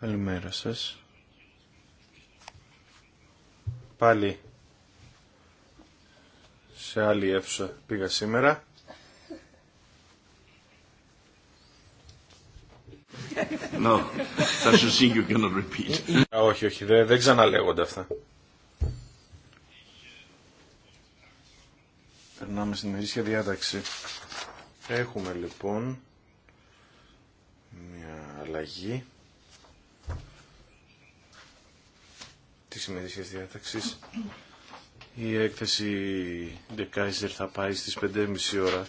Καλημέρα σας. Πάλι σε άλλη αίθουσα πήγα σήμερα. No, θα σου thing you repeat. όχι, όχι, δεν, δεν ξαναλέγονται αυτά. Περνάμε στην ίδια διάταξη. Έχουμε λοιπόν μια αλλαγή της ημερήσιας διάταξης. Η έκθεση Kaiser θα πάει στις 5.30 ώρα.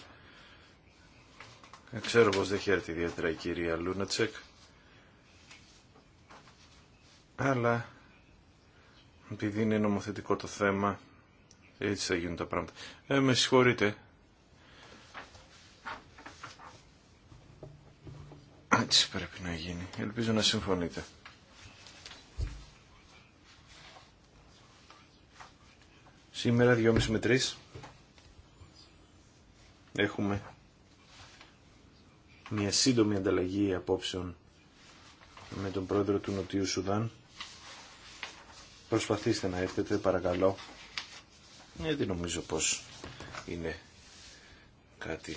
Ε, ξέρω πως δεν χαίρεται ιδιαίτερα η κυρία Λούνατσεκ. Αλλά επειδή είναι νομοθετικό το θέμα, έτσι θα γίνουν τα πράγματα. Ε, με συγχωρείτε, έτσι πρέπει να γίνει. Ελπίζω να συμφωνείτε. Σήμερα δυόμιση με έχουμε μια σύντομη ανταλλαγή απόψεων με τον πρόεδρο του Νοτιού Σουδάν. Προσπαθήστε να έρθετε παρακαλώ γιατί νομίζω πως είναι κάτι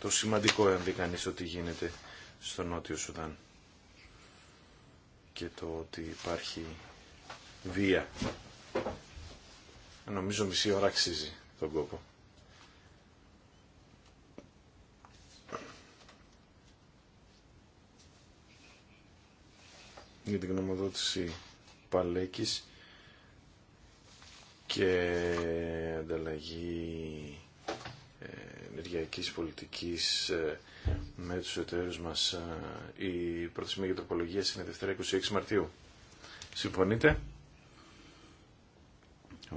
το σημαντικό αν δει κανείς ότι γίνεται στο Νότιο Σουδάν και το ότι υπάρχει βία. Νομίζω μισή ώρα αξίζει τον κόπο. για την γνωμοδότηση Παλέκης και ανταλλαγή ε, ενεργειακής πολιτικής ε, με τους εταίρους μας. Η προθεσμία για τροπολογία είναι Δευτέρα 26 Μαρτίου. Συμφωνείτε?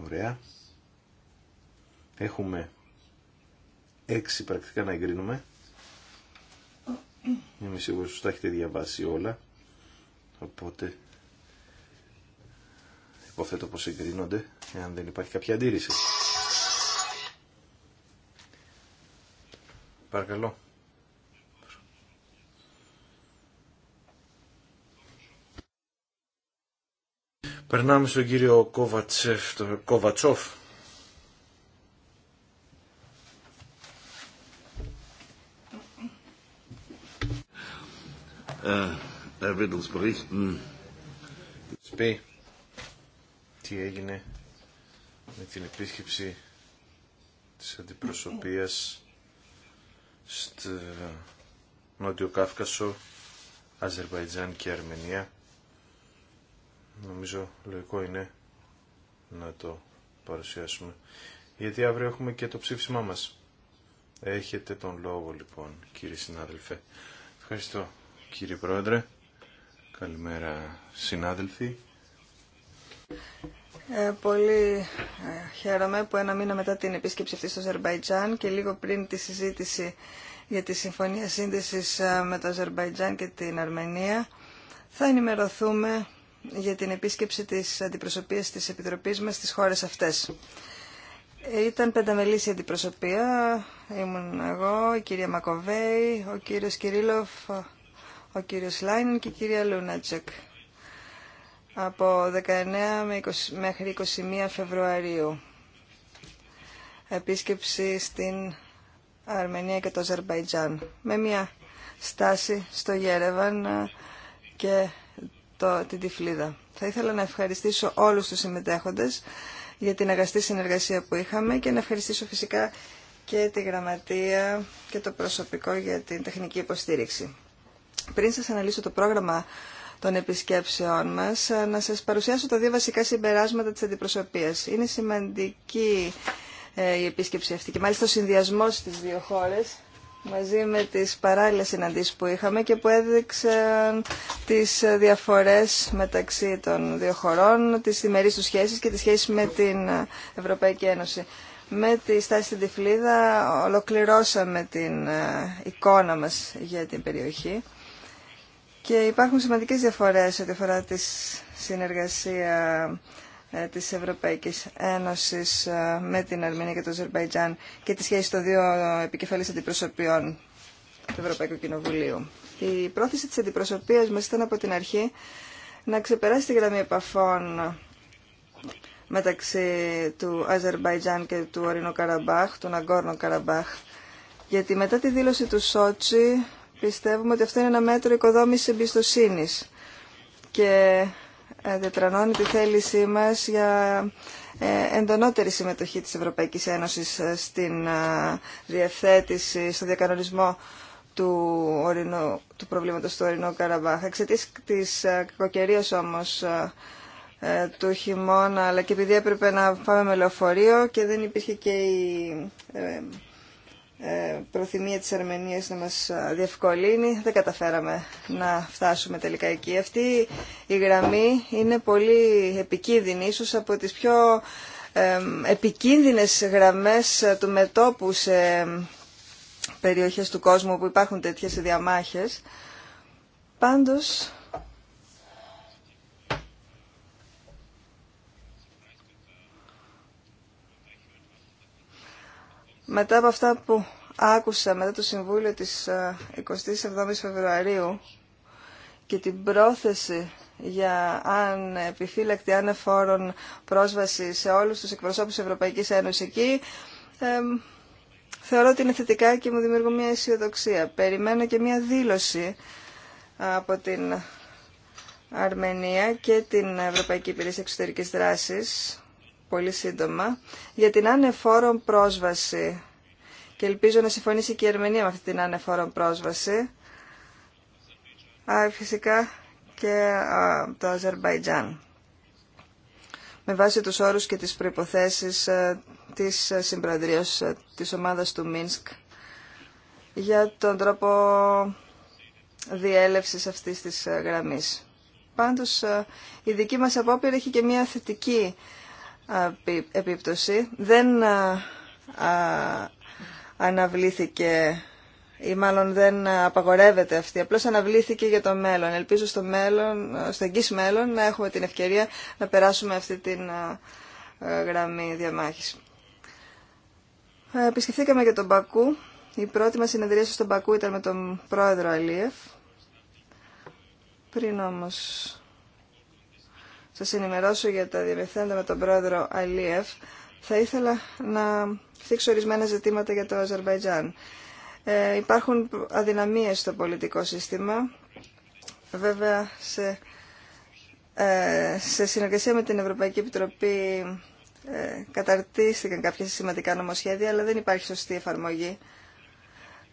Ωραία. Έχουμε έξι πρακτικά να εγκρίνουμε. Είμαι σίγουρος ότι τα έχετε διαβάσει όλα. Οπότε υποθέτω πως εγκρίνονται εάν δεν υπάρχει κάποια αντίρρηση. Παρακαλώ. Περνάμε στον κύριο Κόβατσεφ, το Κόβατσοφ. Θα ε, wird ε, τι έγινε με την επίσκεψη της αντιπροσωπείας στο Νότιο Κάφκασο, Αζερβαϊτζάν και Αρμενία νομίζω λογικό είναι να το παρουσιάσουμε. Γιατί αύριο έχουμε και το ψήφισμά μας. Έχετε τον λόγο λοιπόν κύριε συνάδελφε. Ευχαριστώ κύριε Πρόεδρε. Καλημέρα συνάδελφοι. Ε, πολύ ε, χαίρομαι που ένα μήνα μετά την επίσκεψη αυτή στο Αζερβαϊτζάν και λίγο πριν τη συζήτηση για τη Συμφωνία Σύνδεσης ε, με το Αζερβαϊτζάν και την Αρμενία θα ενημερωθούμε για την επίσκεψη της αντιπροσωπείας της Επιτροπής μας στις χώρες αυτές. Ε, ήταν πενταμελή η αντιπροσωπεία, ήμουν εγώ, η κυρία Μακοβέη, ο κύριος Κυρίλοφ, ο κύριος Λάιν και η κυρία Λούνατσεκ. Από 19 μέχρι 21 Φεβρουαρίου. Επίσκεψη στην Αρμενία και το Αζερβαϊτζάν. Με μια στάση στο Γέρεβαν ε, και το, την τυφλίδα. Θα ήθελα να ευχαριστήσω όλους τους συμμετέχοντες για την αγαστή συνεργασία που είχαμε και να ευχαριστήσω φυσικά και τη γραμματεία και το προσωπικό για την τεχνική υποστήριξη. Πριν σας αναλύσω το πρόγραμμα των επισκέψεών μας, να σας παρουσιάσω τα δύο βασικά συμπεράσματα της αντιπροσωπείας. Είναι σημαντική ε, η επίσκεψη αυτή και μάλιστα ο συνδυασμός στις δύο χώρες μαζί με τις παράλληλες συναντήσεις που είχαμε και που έδειξαν τις διαφορές μεταξύ των δύο χωρών, τις ημερείς του σχέσεις και τις σχέσεις με την Ευρωπαϊκή Ένωση. Με τη στάση στην Τυφλίδα ολοκληρώσαμε την ε, εικόνα μας για την περιοχή και υπάρχουν σημαντικές διαφορές ό,τι αφορά τη συνεργασία ε, της Ευρωπαϊκής Ένωσης ε, με την Αρμενία και το Αζερβαϊτζάν και τη σχέση των δύο επικεφαλής αντιπροσωπιών του Ευρωπαϊκού Κοινοβουλίου. Η πρόθεση της αντιπροσωπείας μας ήταν από την αρχή να ξεπεράσει τη γραμμή επαφών μεταξύ του Αζερβαϊτζάν και του Ορεινού Καραμπάχ, του Ναγκόρνο Καραμπάχ. Γιατί μετά τη δήλωση του Σότσι πιστεύουμε ότι αυτό είναι ένα μέτρο οικοδόμησης εμπιστοσύνης και ε, διατρανώνει τη θέλησή μας για ε, εντονότερη συμμετοχή της Ευρωπαϊκής Ένωσης ε, στην διευθέτηση, στο διακανονισμό του, ορεινού, του προβλήματος του ορεινού Καραμπάχ. Εξαιτής της κακοκαιρίας όμως του χειμώνα, αλλά και επειδή έπρεπε να πάμε με λεωφορείο και δεν υπήρχε και η ε, προθυμία της Αρμενίας να μας ε, διευκολύνει. Δεν καταφέραμε να φτάσουμε τελικά εκεί. Αυτή η γραμμή είναι πολύ επικίνδυνη, ίσως από τις πιο επικίνδυνες γραμμές ε, του μετόπου σε περιοχές του κόσμου που υπάρχουν τέτοιες διαμάχες. Πάντως, Μετά από αυτά που άκουσα μετά το Συμβούλιο της 27ης ε, Φεβρουαρίου και την πρόθεση για αν επιφύλακτη ανεφόρον πρόσβαση σε όλους τους εκπροσώπους της Ευρωπαϊκής Ένωσης εκεί, θεωρώ ότι είναι θετικά και μου δημιουργώ μια αισιοδοξία. Περιμένω και μια δήλωση από την Αρμενία και την Ευρωπαϊκή Υπηρεσία Εξωτερικής Δράσης πολύ σύντομα για την ανεφόρον πρόσβαση. Και ελπίζω να συμφωνήσει και η Ερμενία με αυτή την ανεφόρον πρόσβαση. Α, φυσικά και το Αζερμπαϊτζάν. Με βάση τους όρους και τις προϋποθέσεις ε, της α, ε, της ομάδας του Μίνσκ για τον τρόπο διέλευσης αυτής της ε, γραμμής. Πάντως η δική μας απόπειρα έχει και μια θετική επίπτωση. Δεν αναβλήθηκε ή μάλλον δεν απαγορεύεται αυτή, απλώς αναβλήθηκε για το μέλλον. Ελπίζω στο μέλλον, στο εγγύς μέλλον να έχουμε την ευκαιρία να περάσουμε αυτή την γραμμή διαμάχης. Ε, επισκεφθήκαμε και τον Πακού. Η πρώτη μας συνεδρία στον Πακού ήταν με τον πρόεδρο Αλίεφ. Πριν όμως σας ενημερώσω για τα διαμεθέντα με τον πρόεδρο Αλίεφ, θα ήθελα να θίξω ορισμένα ζητήματα για το Αζερβαϊτζάν. Ε, υπάρχουν αδυναμίες στο πολιτικό σύστημα. Βέβαια, σε, ε, σε συνεργασία με την Ευρωπαϊκή Επιτροπή ε, καταρτίστηκαν κάποια σημαντικά νομοσχέδια, αλλά δεν υπάρχει σωστή εφαρμογή.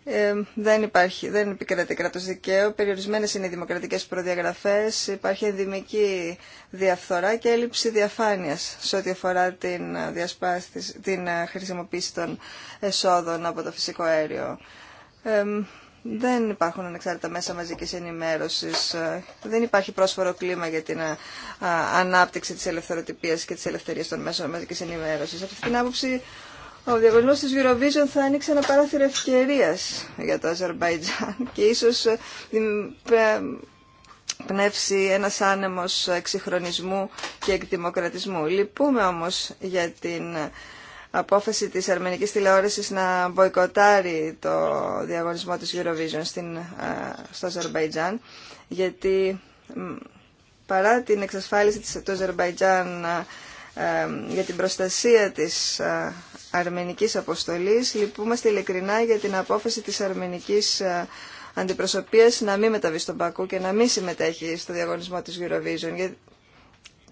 Ε, δεν, υπάρχει, δεν επικρατεί κράτος δικαίου, περιορισμένες είναι οι δημοκρατικές προδιαγραφές, υπάρχει ενδημική διαφθορά και έλλειψη διαφάνειας σε ό,τι αφορά την, ε, την ε, χρησιμοποίηση των εσόδων από το φυσικό αέριο. Ε, δεν υπάρχουν ανεξάρτητα μέσα μαζικής ενημέρωσης, ε, δεν υπάρχει πρόσφορο κλίμα για την ανάπτυξη της ελευθεροτυπίας και της ελευθερίας των μέσων μαζικής ενημέρωσης. Από αυτή την άποψη ο διαγωνισμός της Eurovision θα ανοίξει ένα παράθυρο ευκαιρίας για το Αζερβαϊτζάν και ίσως ε, πνεύσει ένας άνεμος εξυγχρονισμού και εκδημοκρατισμού. Λυπούμε όμως για την απόφαση της αρμενικής τηλεόρασης να μποϊκοτάρει το διαγωνισμό της Eurovision στην, ε, στο Αζερβαϊτζάν γιατί παρά την εξασφάλιση του Αζερβαϊτζάν... Ε, για την προστασία της ε, αρμενικής αποστολής. Λυπούμαστε ειλικρινά για την απόφαση της αρμενικής ε, αντιπροσωπείας να μην μεταβεί στον Πακού και να μην συμμετέχει στο διαγωνισμό της Eurovision.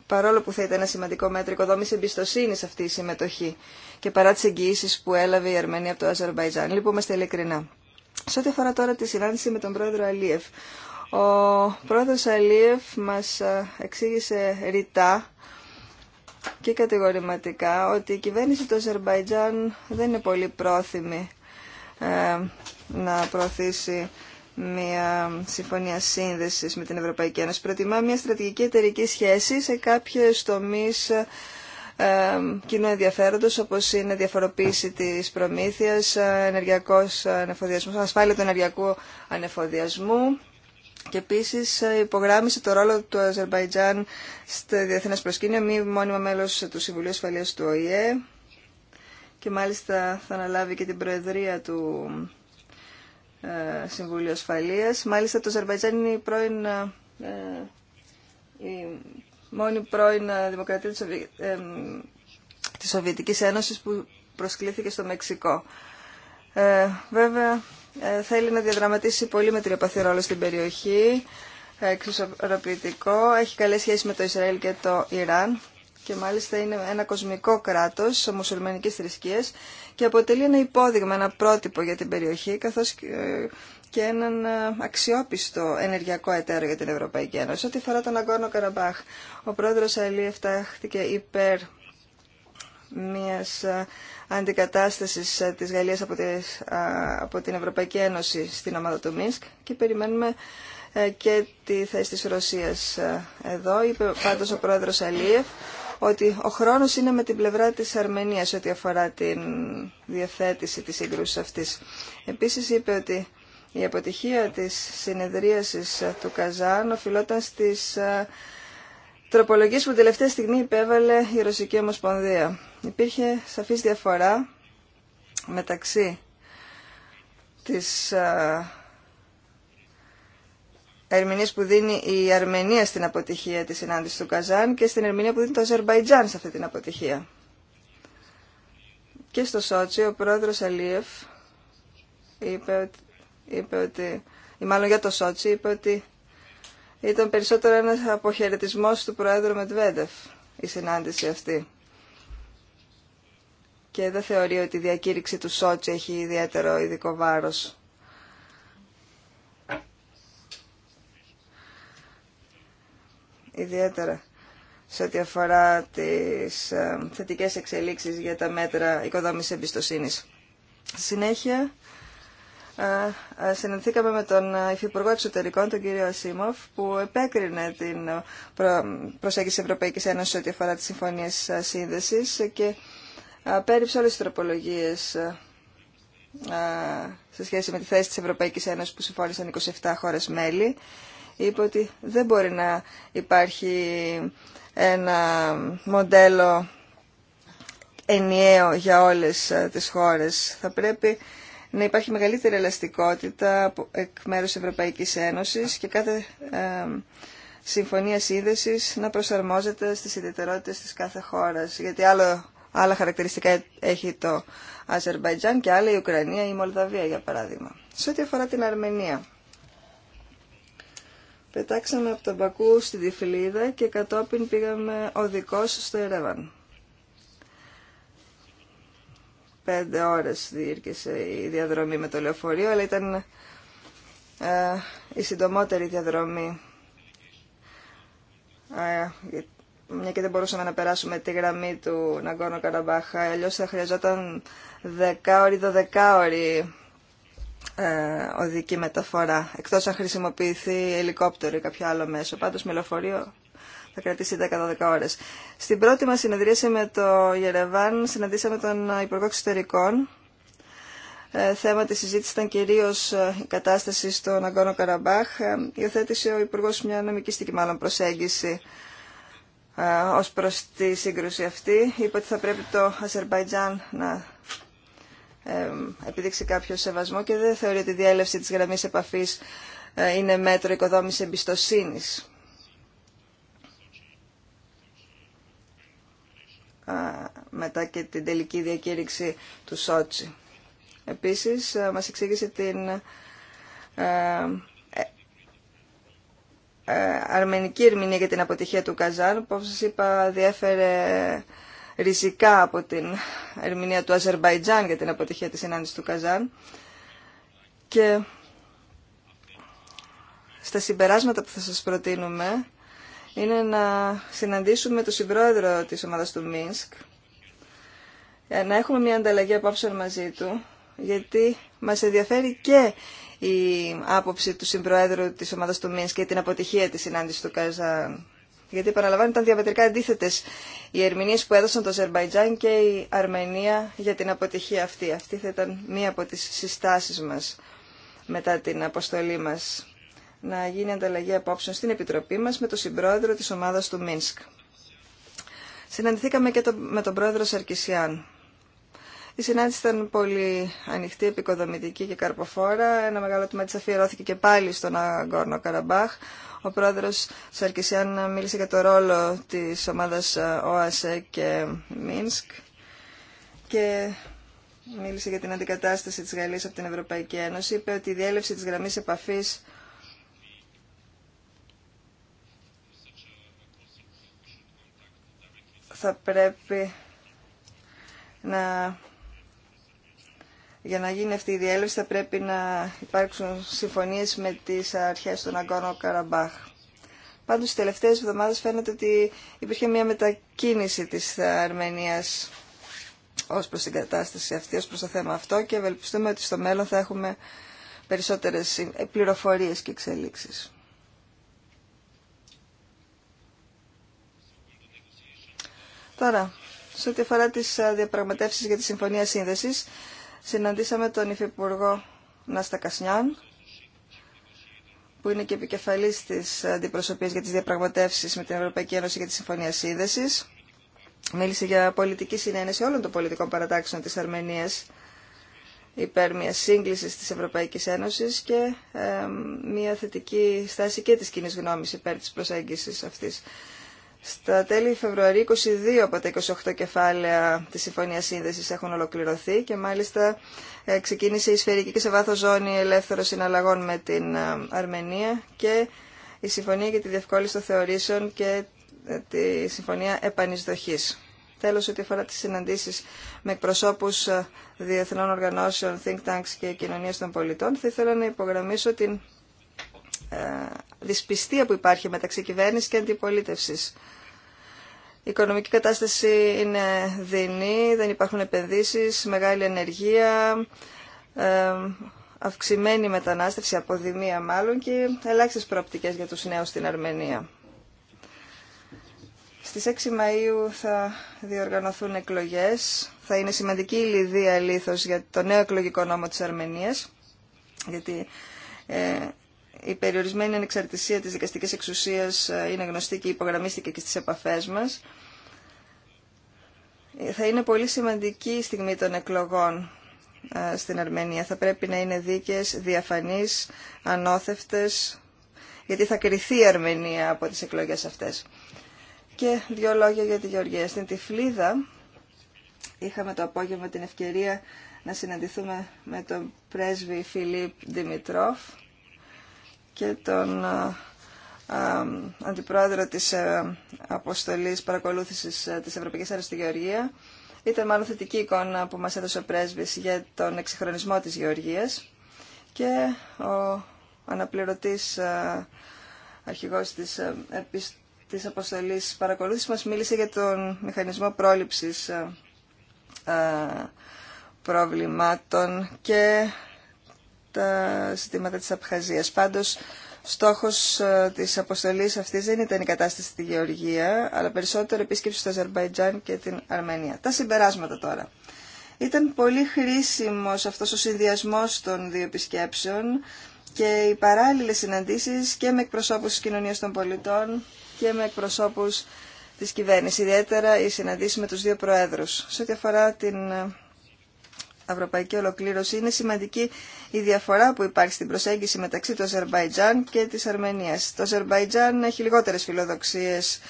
Παρόλο που θα ήταν ένα σημαντικό μέτρο οικοδόμηση εμπιστοσύνη αυτή η συμμετοχή και παρά τι εγγυήσει που έλαβε η Αρμενία από το Αζερβαϊτζάν. Λυπούμαστε ειλικρινά. Σε ό,τι αφορά τώρα τη συνάντηση με τον πρόεδρο Αλίεφ. Ο πρόεδρος Αλίεφ μας ε, εξήγησε ρητά και κατηγορηματικά ότι η κυβέρνηση του Αζερμπαϊτζάν δεν είναι πολύ πρόθυμη ε, να προωθήσει μια συμφωνία σύνδεσης με την Ευρωπαϊκή Ένωση. Προτιμά μια στρατηγική εταιρική σχέση σε κάποιες τομείς ε, κοινού ενδιαφέροντος όπως είναι διαφοροποίηση της προμήθειας, ενεργειακός ασφάλεια του ενεργειακού ανεφοδιασμού και επίση ε, υπογράμμισε το ρόλο του Αζερβαϊτζάν στο διεθνέ προσκήνιο, μη μόνιμα μέλο του Συμβουλίου Ασφαλεία του ΟΗΕ και μάλιστα θα αναλάβει και την Προεδρία του ε, Συμβουλίου Ασφαλείας. Μάλιστα το Αζερβαϊτζάν είναι η, πρώην, ε, ε η μόνη πρώην δημοκρατία της, ε, της Σοβιετικής Ένωσης που προσκλήθηκε στο Μεξικό. βέβαια ε, θέλει να διαδραματίσει πολύ με μετριοπαθή ρόλο στην περιοχή, ε, εξισορροπητικό, έχει καλές σχέσεις με το Ισραήλ και το Ιράν και μάλιστα είναι ένα κοσμικό κράτος μουσουλμανικής θρησκείας και αποτελεί ένα υπόδειγμα, ένα πρότυπο για την περιοχή καθώς και ε, έναν αξιόπιστο ενεργειακό εταίρο για την Ευρωπαϊκή Ένωση. Ό,τι φορά τον Αγκόρνο Καραμπάχ, ο πρόεδρος Αλή εφτάχτηκε υπέρ μιας αντικατάστασης ε, της Γαλλίας ε, από την Ευρωπαϊκή Ένωση στην ομάδα του Μίνσκ και περιμένουμε ε, και τη θέση της Ρωσίας εδώ. Είπε πάντως ο πρόεδρος Αλίεφ ότι ο χρόνος είναι με την πλευρά της Αρμενίας ό,τι αφορά την διαθέτηση της σύγκρουσης αυτής. Επίσης είπε ότι η αποτυχία της συνεδρίασης του Καζάν οφειλόταν στις τροπολογίες που τελευταία στιγμή υπέβαλε η Ρωσική Ομοσπονδία. Υπήρχε σαφής διαφορά μεταξύ της ερμηνείας που δίνει η Αρμενία στην αποτυχία της συνάντησης του Καζάν και στην ερμηνεία που δίνει το Αζερμπαϊτζάν σε αυτή την αποτυχία. Και στο Σότσι ο πρόεδρος Αλίεφ είπε ότι, είπε ότι ή μάλλον για το Σότσι είπε ότι ήταν περισσότερο ένας αποχαιρετισμός του Προέδρου Μετβέντεφ η συνάντηση αυτή. Και δεν θεωρεί ότι η διακήρυξη του Σότσι έχει ιδιαίτερο ειδικό βάρος. Ιδιαίτερα σε ό,τι αφορά τις ε, θετικές εξελίξεις για τα μέτρα οικοδόμησης εμπιστοσύνης. συνέχεια, συναντηθήκαμε με τον Υφυπουργό Εξωτερικών, τον κύριο Ασίμοφ, που επέκρινε την προσέγγιση Ευρωπαϊκής Ένωσης ό,τι αφορά τις συμφωνίες σύνδεσης και πέριψε όλες τις τροπολογίες σε σχέση με τη θέση της Ευρωπαϊκής Ένωσης που συμφώνησαν 27 χώρες μέλη. Είπε ότι δεν μπορεί να υπάρχει ένα μοντέλο ενιαίο για όλες τις χώρες. Θα πρέπει να υπάρχει μεγαλύτερη ελαστικότητα εκ μέρους Ευρωπαϊκής Ένωσης και κάθε συμφωνία σύνδεσης να προσαρμόζεται στις ιδιαιτερότητες της κάθε χώρας. Γιατί άλλο, άλλα χαρακτηριστικά έχει το Αζερβαϊτζάν και άλλα η Ουκρανία ή η Μολδαβία για παράδειγμα. Σε ό,τι αφορά την Αρμενία. Πετάξαμε από τον Πακού στη Διφλίδα και κατόπιν πήγαμε οδικός στο Ερεβάν. πέντε ώρες διήρκησε η διαδρομή με το λεωφορείο, αλλά ήταν ε, η συντομότερη διαδρομή. Ε, μια και δεν μπορούσαμε να περάσουμε τη γραμμή του Ναγκόνο Καραμπάχα, αλλιώς θα χρειαζόταν δεκάωρη, δωδεκάωρη ε, οδική μεταφορά, εκτός αν χρησιμοποιηθεί ελικόπτερο ή κάποιο άλλο μέσο. Πάντως με λεωφορείο θα κρατήσει 10-12 ώρες. Στην πρώτη μας συνεδρίαση με το Γερεβάν συναντήσαμε τον Υπουργό Εξωτερικών. Ε, θέμα της συζήτησης ήταν κυρίως ε, η κατάσταση στον Αγκόνο Καραμπάχ. Ε, υιοθέτησε ο Υπουργός μια νομικήστικη μάλλον προσέγγιση ως προς τη σύγκρουση αυτή. Είπε ότι θα πρέπει το Αζερβαϊτζάν να επιδείξει κάποιο σεβασμό και δεν θεωρεί ότι η διέλευση της γραμμής επαφής είναι μέτρο οικοδόμηση εμπιστοσύνης. μετά και την τελική διακήρυξη του Σότσι. Επίσης, μας εξήγησε την ε, ε, αρμενική ερμηνεία για την αποτυχία του Καζάν, που όπως σας είπα διέφερε ριζικά από την ερμηνεία του Αζερβαϊτζάν για την αποτυχία της συνάντησης του Καζάν. Και στα συμπεράσματα που θα σας προτείνουμε είναι να συναντήσουμε τον συμπρόεδρο της ομάδας του Μίνσκ, ε, να έχουμε μια ανταλλαγή απόψεων μαζί του, γιατί μας ενδιαφέρει και η άποψη του συμπροέδρου της ομάδας του Μίνσκ και την αποτυχία της συνάντησης του Καζάν. Γιατί επαναλαμβάνω ήταν διαμετρικά αντίθετες οι ερμηνείες που έδωσαν το Αζερβαϊτζάν και η Αρμενία για την αποτυχία αυτή. Αυτή θα ήταν μία από τις συστάσεις μας μετά την αποστολή μας να γίνει ανταλλαγή απόψεων στην Επιτροπή μας με τον συμπρόεδρο της ομάδας του Μίνσκ. Συναντηθήκαμε και με τον πρόεδρο Σαρκισιάν. Η συνάντηση ήταν πολύ ανοιχτή, επικοδομητική και καρποφόρα. Ένα μεγάλο τμήμα της αφιερώθηκε και πάλι στον Αγκόρνο Καραμπάχ. Ο πρόεδρος Σαρκισιάν μίλησε για το ρόλο της ομάδας ε, ΟΑΣΕ και Μίνσκ και μίλησε για την αντικατάσταση της Γαλλίας από την Ευρωπαϊκή Ένωση. Είπε ότι η διέλευση τη γραμμή επαφή θα πρέπει να... Για να γίνει αυτή η διέλευση θα πρέπει να υπάρξουν συμφωνίες με τις αρχές των Αγκόνο Καραμπάχ. Πάντως τις τελευταίες εβδομάδες φαίνεται ότι υπήρχε μια μετακίνηση της Αρμενίας ως προς την κατάσταση αυτή, ως προς το θέμα αυτό και ευελπιστούμε ότι στο μέλλον θα έχουμε περισσότερες πληροφορίες και εξελίξεις. Τώρα, σε ό,τι αφορά τις ε, διαπραγματεύσεις για τη Συμφωνία Σύνδεσης, συναντήσαμε τον Υφυπουργό Νάστα Κασνιάν, που είναι και επικεφαλής της αντιπροσωπείας για τις διαπραγματεύσεις με την Ευρωπαϊκή Ένωση για τη Συμφωνία Σύνδεσης. Μίλησε για πολιτική συνένεση όλων των πολιτικών παρατάξεων της Αρμενίας υπέρ μια σύγκληση της Ευρωπαϊκής Ένωσης και ε, μια θετική στάση και της κοινή γνώμης υπέρ της προσέγγιση αυτή. Στα τέλη Φεβρουαρίου 22 από τα 28 κεφάλαια της Συμφωνίας Σύνδεσης έχουν ολοκληρωθεί και μάλιστα ε, ξεκίνησε η σφαιρική και σε βάθος ζώνη ελεύθερων συναλλαγών με την ε, Αρμενία και η Συμφωνία για τη Διευκόλυνση των Θεωρήσεων και ε, τη Συμφωνία Επανεισδοχής. Τέλος, ό,τι αφορά τις συναντήσεις με προσώπους διεθνών οργανώσεων, think tanks και κοινωνίας των πολιτών, θα ήθελα να υπογραμμίσω την δυσπιστία που υπάρχει μεταξύ κυβέρνηση και αντιπολίτευσης η οικονομική κατάσταση είναι δεινή, δεν υπάρχουν επενδύσεις, μεγάλη ενεργεία, ε, αυξημένη μετανάστευση, αποδημία μάλλον και ελάχιστες προοπτικές για τους νέους στην Αρμενία. Στις 6 Μαΐου θα διοργανωθούν εκλογές. Θα είναι σημαντική η λιδία για το νέο εκλογικό νόμο της Αρμενίας, γιατί ε, η περιορισμένη ανεξαρτησία της δικαστικής εξουσίας ε, είναι γνωστή και υπογραμμίστηκε και στις επαφές μας. Ε, θα είναι πολύ σημαντική η στιγμή των εκλογών ε, στην Αρμενία. Θα πρέπει να είναι δίκαιες, διαφανείς, ανώθευτες, γιατί θα κριθεί η Αρμενία από τις εκλογές αυτές. Και δύο λόγια για τη Γεωργία. Στην Τυφλίδα είχαμε το απόγευμα την ευκαιρία να συναντηθούμε με τον πρέσβη Φιλίπ Δημητρόφ, και τον ε, ε, αντιπρόεδρο της ε, αποστολής παρακολούθησης της Ευρωπαϊκής Ένωσης στη Γεωργία. Ήταν μάλλον θετική εικόνα που μας έδωσε ο πρέσβης για τον εξυγχρονισμό της Γεωργίας και ο αναπληρωτής αρχηγός της, της αποστολής παρακολούθησης μας μίλησε για τον μηχανισμό πρόληψης προβλημάτων και τα ζητήματα της Απχαζίας. Πάντως, στόχος ε, της αποστολής αυτής δεν ήταν η κατάσταση στη Γεωργία, αλλά περισσότερο επίσκεψη στο Αζερβαϊτζάν και την Αρμενία. Τα συμπεράσματα τώρα. Ήταν πολύ χρήσιμος αυτός ο συνδυασμός των δύο επισκέψεων και οι παράλληλες συναντήσεις και με εκπροσώπους της κοινωνίας των πολιτών και με εκπροσώπους της κυβέρνησης, ιδιαίτερα οι συναντήσεις με τους δύο προέδρους. Σε ό,τι αφορά την ε, ευρωπαϊκή ολοκλήρωση. Είναι σημαντική η διαφορά που υπάρχει στην προσέγγιση μεταξύ του Αζερβαϊτζάν και της Αρμενίας. Το Αζερβαϊτζάν έχει λιγότερες φιλοδοξίες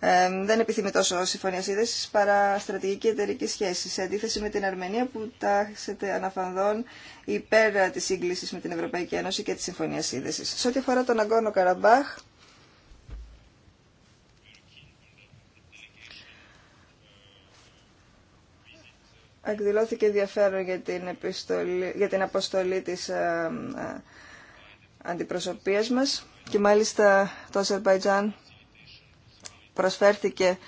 ε, δεν επιθυμεί τόσο συμφωνία σύνδεση παρά στρατηγική εταιρική σχέση. Σε αντίθεση με την Αρμενία που τάξεται αναφανδόν υπέρ τη σύγκληση με την Ευρωπαϊκή Ένωση και τη συμφωνία σύνδεση. Σε ό,τι αφορά τον Αγκόνο Καραμπάχ, εκδηλώθηκε ενδιαφέρον για την, επιστολή, την αποστολή της α, ε, ε, αντιπροσωπείας μας και μάλιστα το Αζερβαϊτζάν προσφέρθηκε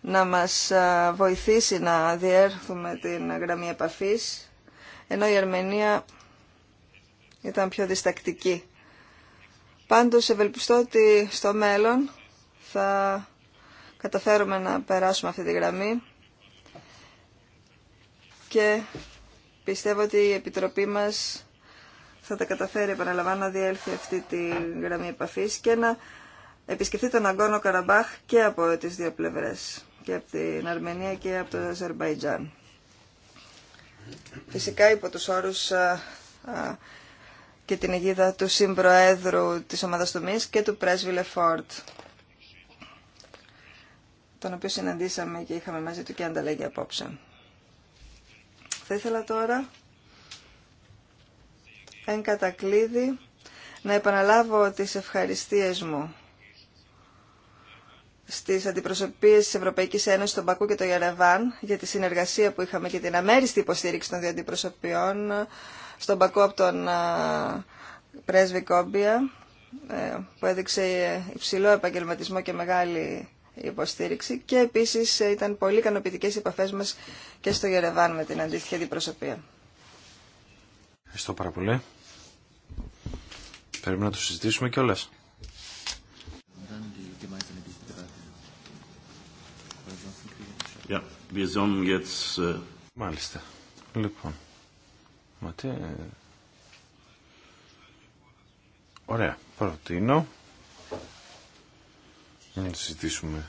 να μας ε, βοηθήσει να διέρθουμε την γραμμή επαφής ενώ η Αρμενία ήταν πιο διστακτική. Πάντως ευελπιστώ ότι στο μέλλον θα καταφέρουμε να περάσουμε αυτή τη γραμμή και πιστεύω ότι η Επιτροπή μας θα τα καταφέρει, επαναλαμβάνω, να διέλθει αυτή τη γραμμή επαφής και να επισκεφθεί τον Αγκόνο Καραμπάχ και από τις δύο πλευρές, και από την Αρμενία και από το Αζερμπαϊτζάν. Φυσικά υπό τους όρους και την αιγίδα του Συμπροέδρου της Ομάδας του και του Πρέσβη Λεφόρτ, τον οποίο συναντήσαμε και είχαμε μαζί του και ανταλλαγή απόψε. Θα ήθελα τώρα, εν κατακλείδη, να επαναλάβω τις ευχαριστίες μου στις αντιπροσωπείες της Ευρωπαϊκής Ένωσης τον Πακού και το Ιερεβάν για τη συνεργασία που είχαμε και την αμέριστη υποστήριξη των δύο αντιπροσωπιών στον Πακού από τον πρέσβη Κόμπια ε, που έδειξε υψηλό επαγγελματισμό και μεγάλη υποστήριξη και επίσης ήταν πολύ ικανοποιητικέ οι επαφές μας και στο Γερεβάν με την αντίστοιχη αντιπροσωπεία. Ευχαριστώ πάρα πολύ. Πρέπει να το συζητήσουμε κιόλα. Uh, Μάλιστα. Λοιπόν. Ε, ωραία. Προτείνω να συζητήσουμε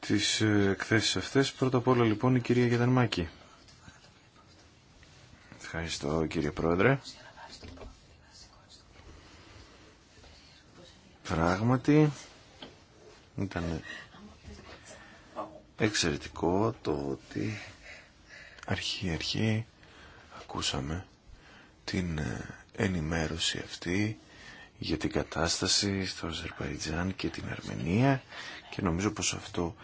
τις ε, εκθέσεις αυτές. Πρώτα απ' όλα λοιπόν η κυρία Γεδανμάκη. Ευχαριστώ κύριε Πρόεδρε. Πράγματι ήταν εξαιρετικό το ότι αρχή αρχή ακούσαμε την ε, ενημέρωση αυτή για την κατάσταση στο Αζερβαϊτζάν και την Αρμενία και νομίζω πως αυτό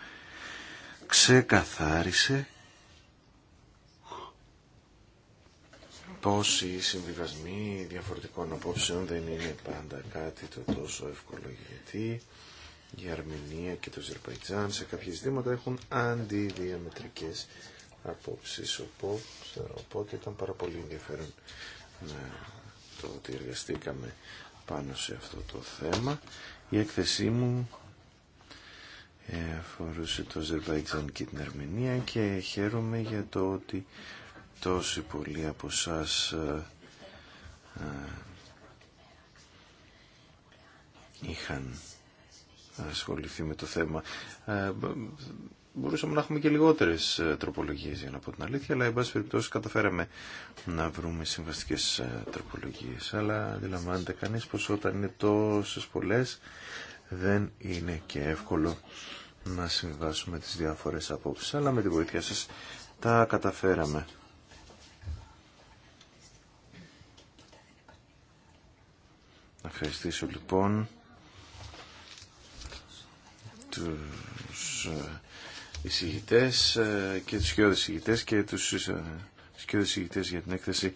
ξεκαθάρισε πως οι συμβιβασμοί διαφορετικών απόψεων δεν είναι πάντα κάτι το τόσο εύκολο γιατί η Αρμενία και το Αζερβαϊτζάν σε κάποια ζητήματα έχουν αντιδιαμετρικές απόψεις οπότε, οπότε ήταν πάρα πολύ ενδιαφέρον το ότι εργαστήκαμε πάνω σε αυτό το θέμα. Η έκθεσή μου ε, αφορούσε το Αζερβαϊτζάν και την Αρμενία και χαίρομαι για το ότι τόσοι πολλοί από εσά ε, ε, είχαν ασχοληθεί με το θέμα μπορούσαμε να έχουμε και λιγότερες ε, τροπολογίε για να πω την αλήθεια, αλλά εν πάση περιπτώσει καταφέραμε να βρούμε συμβαστικέ ε, τροπολογίε. Αλλά αντιλαμβάνεται κανείς πως όταν είναι τόσε πολλέ δεν είναι και εύκολο να συμβάσουμε τις διάφορες απόψει. Αλλά με τη βοήθεια σας τα καταφέραμε. Να ευχαριστήσω λοιπόν τους ε, ε, εισηγητές και τους σκιώδες εισηγητές και τους σκιώδες εισηγητές για την έκθεση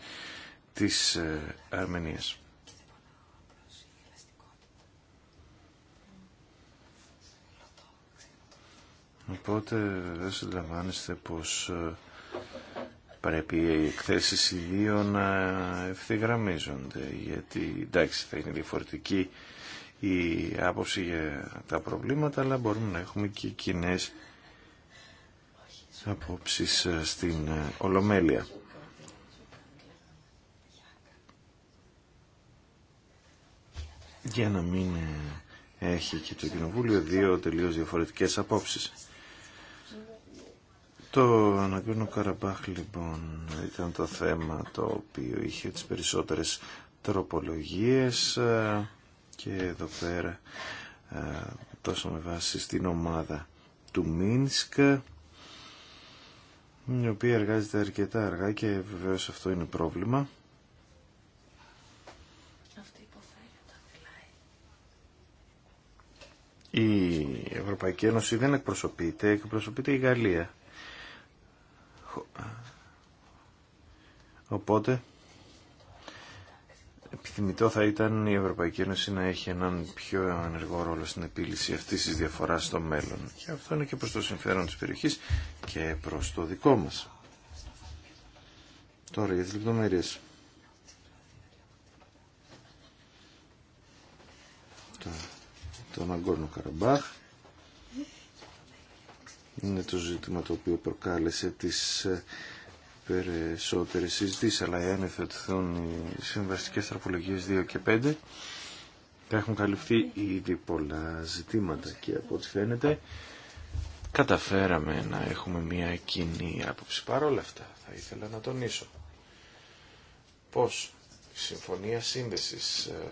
της ε, Αρμενίας. Οπότε δεν συλλαμβάνεστε πως ε, πρέπει οι εκθέσει οι να ευθυγραμμίζονται γιατί εντάξει θα είναι διαφορετική η άποψη για τα προβλήματα αλλά μπορούμε να έχουμε και κοινέ απόψεις ε, στην ε, Ολομέλεια. Για να μην ε, έχει και το Κοινοβούλιο δύο τελείως διαφορετικές απόψεις. Το Αναγκρίνο Καραμπάχ λοιπόν ήταν το θέμα το οποίο είχε τις περισσότερες τροπολογίες και εδώ πέρα τόσο με βάση στην ομάδα του Μίνσκα η οποία εργάζεται αρκετά αργά και βεβαίω αυτό είναι πρόβλημα. Η Ευρωπαϊκή Ένωση δεν εκπροσωπείται, εκπροσωπείται η Γαλλία. Οπότε Επιθυμητό θα ήταν η Ευρωπαϊκή Ένωση να έχει έναν πιο ενεργό ρόλο στην επίλυση αυτής της διαφοράς στο μέλλον. Και αυτό είναι και προς το συμφέρον της περιοχής και προς το δικό μας. Τώρα για τις λεπτομέρειες. Το, το Ναγκόρνο Καραμπάχ είναι το ζήτημα το οποίο προκάλεσε τις ε, περισσότερε συζητήσεις, αλλά εάν εθετηθούν οι συμβαστικές τροπολογίες 2 και 5, θα έχουν καλυφθεί ήδη πολλά ζητήματα και από ό,τι φαίνεται καταφέραμε να έχουμε μια κοινή άποψη. Παρ' αυτά θα ήθελα να τονίσω πως η συμφωνία σύνδεσης ε,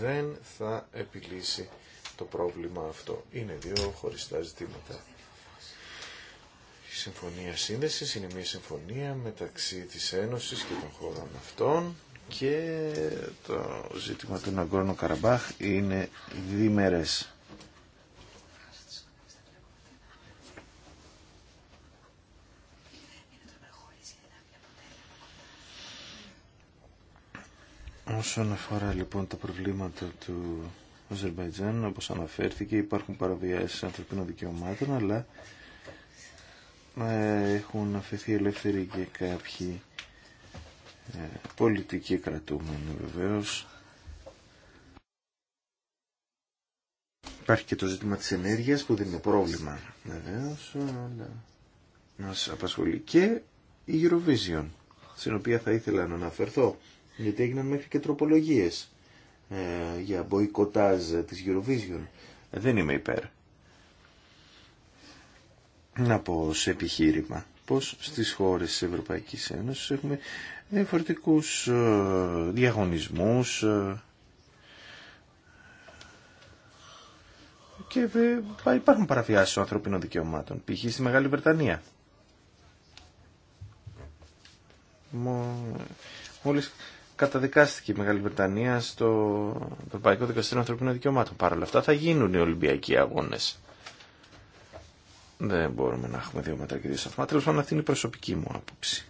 δεν θα επιλύσει το πρόβλημα αυτό. Είναι δύο χωριστά ζητήματα. Η Συμφωνία Σύνδεσης είναι μια συμφωνία μεταξύ της Ένωσης και των χωρών αυτών και το ζήτημα του Ναγκόρνο Καραμπάχ είναι διμερές. Όσον αφορά λοιπόν τα προβλήματα του Αζερβαϊτζάν, όπως αναφέρθηκε, υπάρχουν παραβιάσεις ανθρωπίνων δικαιωμάτων, αλλά ε, έχουν αφαιθεί ελεύθεροι και κάποιοι ε, πολιτικοί κρατούμενοι βεβαίως. Υπάρχει και το ζήτημα της ενέργειας που δεν είναι πρόβλημα βεβαίως, αλλά μας απασχολεί και η Eurovision, στην οποία θα ήθελα να αναφερθώ, γιατί έγιναν μέχρι και τροπολογίες ε, για μποϊκοτάζ της Eurovision. Δεν είμαι υπέρ να πω σε επιχείρημα πως στις χώρες της Ευρωπαϊκής Ένωσης έχουμε διαφορετικούς ε, διαγωνισμούς ε, και ε, υπάρχουν παραβιάσεις των ανθρωπίνων δικαιωμάτων, π.χ. στη Μεγάλη Βρετανία. Μόλις καταδικάστηκε η Μεγάλη Βρετανία στο Ευρωπαϊκό Δικαστήριο Ανθρωπίνων Δικαιωμάτων. Παρόλα αυτά θα γίνουν οι Ολυμπιακοί Αγώνες. Δεν μπορούμε να έχουμε δύο μέτρα και δύο σταθμά. πάντων αυτή είναι η προσωπική μου άποψη.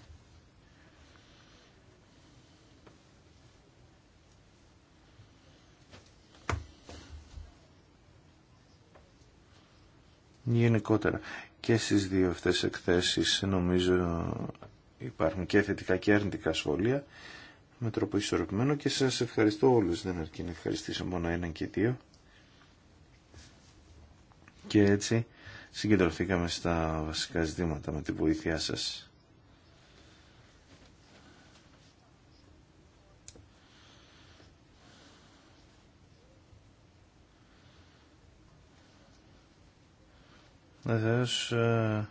Γενικότερα και στις δύο αυτές εκθέσεις νομίζω υπάρχουν και θετικά και αρνητικά σχόλια με τρόπο ισορροπημένο και σας ευχαριστώ όλους. Δεν αρκεί να ευχαριστήσω μόνο έναν και δύο. Και έτσι συγκεντρωθήκαμε στα βασικά ζητήματα με τη βοήθειά σας. Βεβαίω, ε,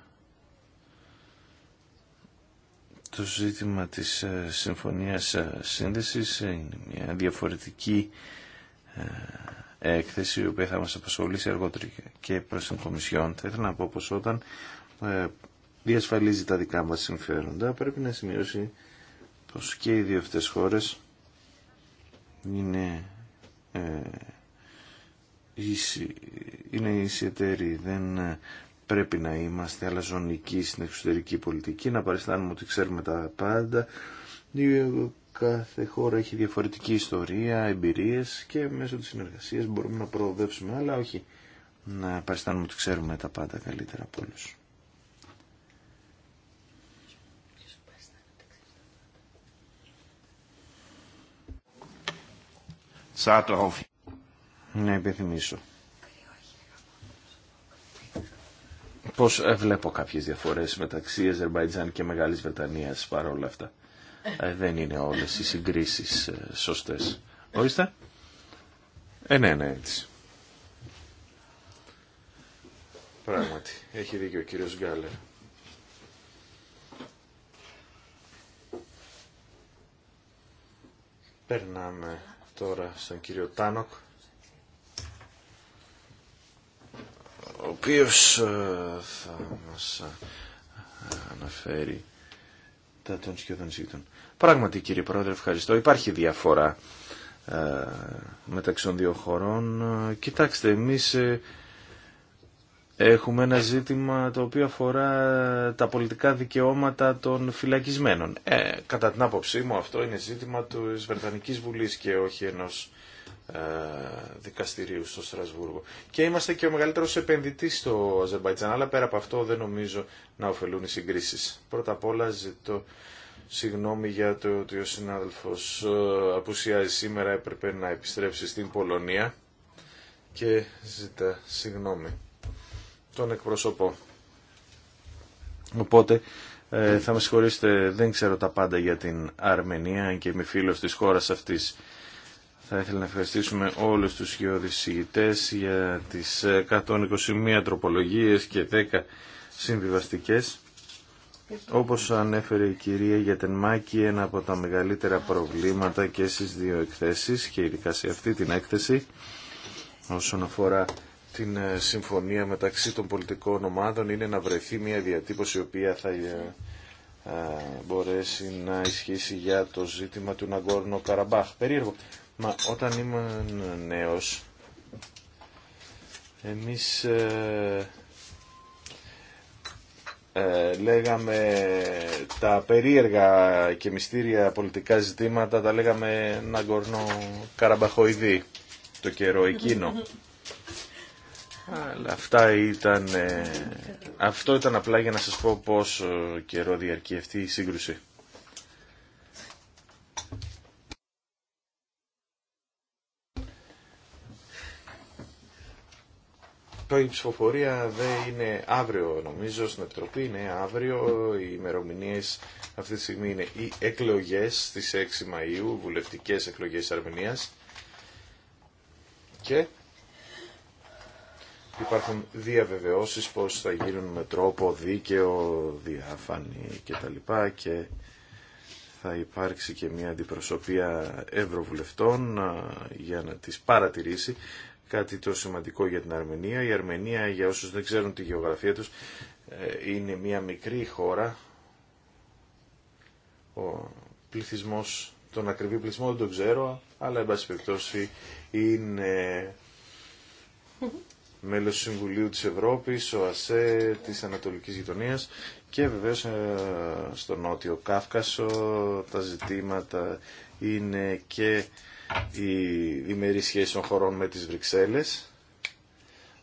το ζήτημα της ε, συμφωνίας ε, σύνδεσης είναι μια διαφορετική έκθεση η οποία θα μα απασχολήσει αργότερα και προς την Κομισιόν. Θα ήθελα να πω πως όταν ε, διασφαλίζει τα δικά μας συμφέροντα πρέπει να σημειώσει πως και οι δύο αυτές χώρες είναι ε, είναι Δεν ε, πρέπει να είμαστε αλαζονικοί στην εξωτερική πολιτική, να παριστάνουμε ότι ξέρουμε τα πάντα κάθε χώρα έχει διαφορετική ιστορία, εμπειρίες και μέσω της συνεργασίας μπορούμε να προοδεύσουμε, αλλά όχι να παριστάνουμε ότι ξέρουμε τα πάντα καλύτερα από όλους. Να υπενθυμίσω πως βλέπω κάποιες διαφορές μεταξύ Αζερμπαϊτζάν και Μεγάλης Βρετανίας παρόλα αυτά. Ε, δεν είναι όλες οι συγκρίσεις ε, σωστές. Ορίστε. Ε, ναι, ναι, έτσι. Πράγματι, έχει δίκιο ο κύριος Γκάλερ. Περνάμε τώρα στον κύριο Τάνοκ, ο οποίος ε, θα μας αναφέρει των σχεδόν Πράγματι κύριε Πρόεδρε, ευχαριστώ. Υπάρχει διαφορά ε, μεταξύ των δύο χωρών. Κοιτάξτε, εμείς ε, έχουμε ένα ζήτημα το οποίο αφορά τα πολιτικά δικαιώματα των φυλακισμένων. Ε, κατά την άποψή μου αυτό είναι ζήτημα του Βρετανικής Βουλής και όχι ενός ε, δικαστηρίου στο Στρασβούργο. Και είμαστε και ο μεγαλύτερος επενδυτής στο Αζερβαϊτζάν, αλλά πέρα από αυτό δεν νομίζω να ωφελούν οι συγκρίσει. Πρώτα απ' όλα ζητώ συγγνώμη για το ότι ο συνάδελφος ε, απουσιάζει σήμερα, έπρεπε να επιστρέψει στην Πολωνία και ζητά συγγνώμη. Τον εκπροσωπώ. Οπότε ε, θα με συγχωρήσετε, δεν ξέρω τα πάντα για την Αρμενία και είμαι φίλος της χώρας αυτής. Θα ήθελα να ευχαριστήσουμε όλους τους γεωδησηγητές για τις 121 τροπολογίες και 10 συμβιβαστικές. Όπως ανέφερε η κυρία Γιατενμάκη, ένα από τα μεγαλύτερα προβλήματα και στις δύο εκθέσεις και ειδικά σε αυτή την έκθεση όσον αφορά την ε, συμφωνία μεταξύ των πολιτικών ομάδων είναι να βρεθεί μια διατύπωση η οποία θα ε, ε, μπορέσει να ισχύσει για το ζήτημα του Ναγκόρνο Καραμπάχ. Περίεργο. Μα όταν ήμουν νέος, εμείς ε, ε, λέγαμε τα περίεργα και μυστήρια πολιτικά ζητήματα, τα λέγαμε να γκορνό Καραμπαχοειδή, το καιρό εκείνο. Αλλά αυτά ήταν, ε, αυτό ήταν απλά για να σας πω πόσο καιρό διαρκεί αυτή η σύγκρουση. Αυτό η ψηφοφορία δεν είναι αύριο νομίζω στην Επιτροπή, είναι αύριο. Οι ημερομηνίε αυτή τη στιγμή είναι οι εκλογές στις 6 Μαΐου, βουλευτικές εκλογές Αρμενίας. Και υπάρχουν διαβεβαιώσεις πως θα γίνουν με τρόπο δίκαιο, διαφανή τα Και, και θα υπάρξει και μια αντιπροσωπεία ευρωβουλευτών ε, για να τις παρατηρήσει κάτι το σημαντικό για την Αρμενία. Η Αρμενία, για όσους δεν ξέρουν τη γεωγραφία τους, ε, είναι μια μικρή χώρα. Ο πληθυσμός, τον ακριβή πληθυσμό δεν τον ξέρω, αλλά εν πάση περιπτώσει είναι μέλος Συμβουλίου της Ευρώπης, ο ΑΣΕ της Ανατολικής Γειτονίας και βεβαίως ε, στο Νότιο Κάυκασο τα ζητήματα είναι και η διμερή σχέση των χωρών με τις Βρυξέλλες,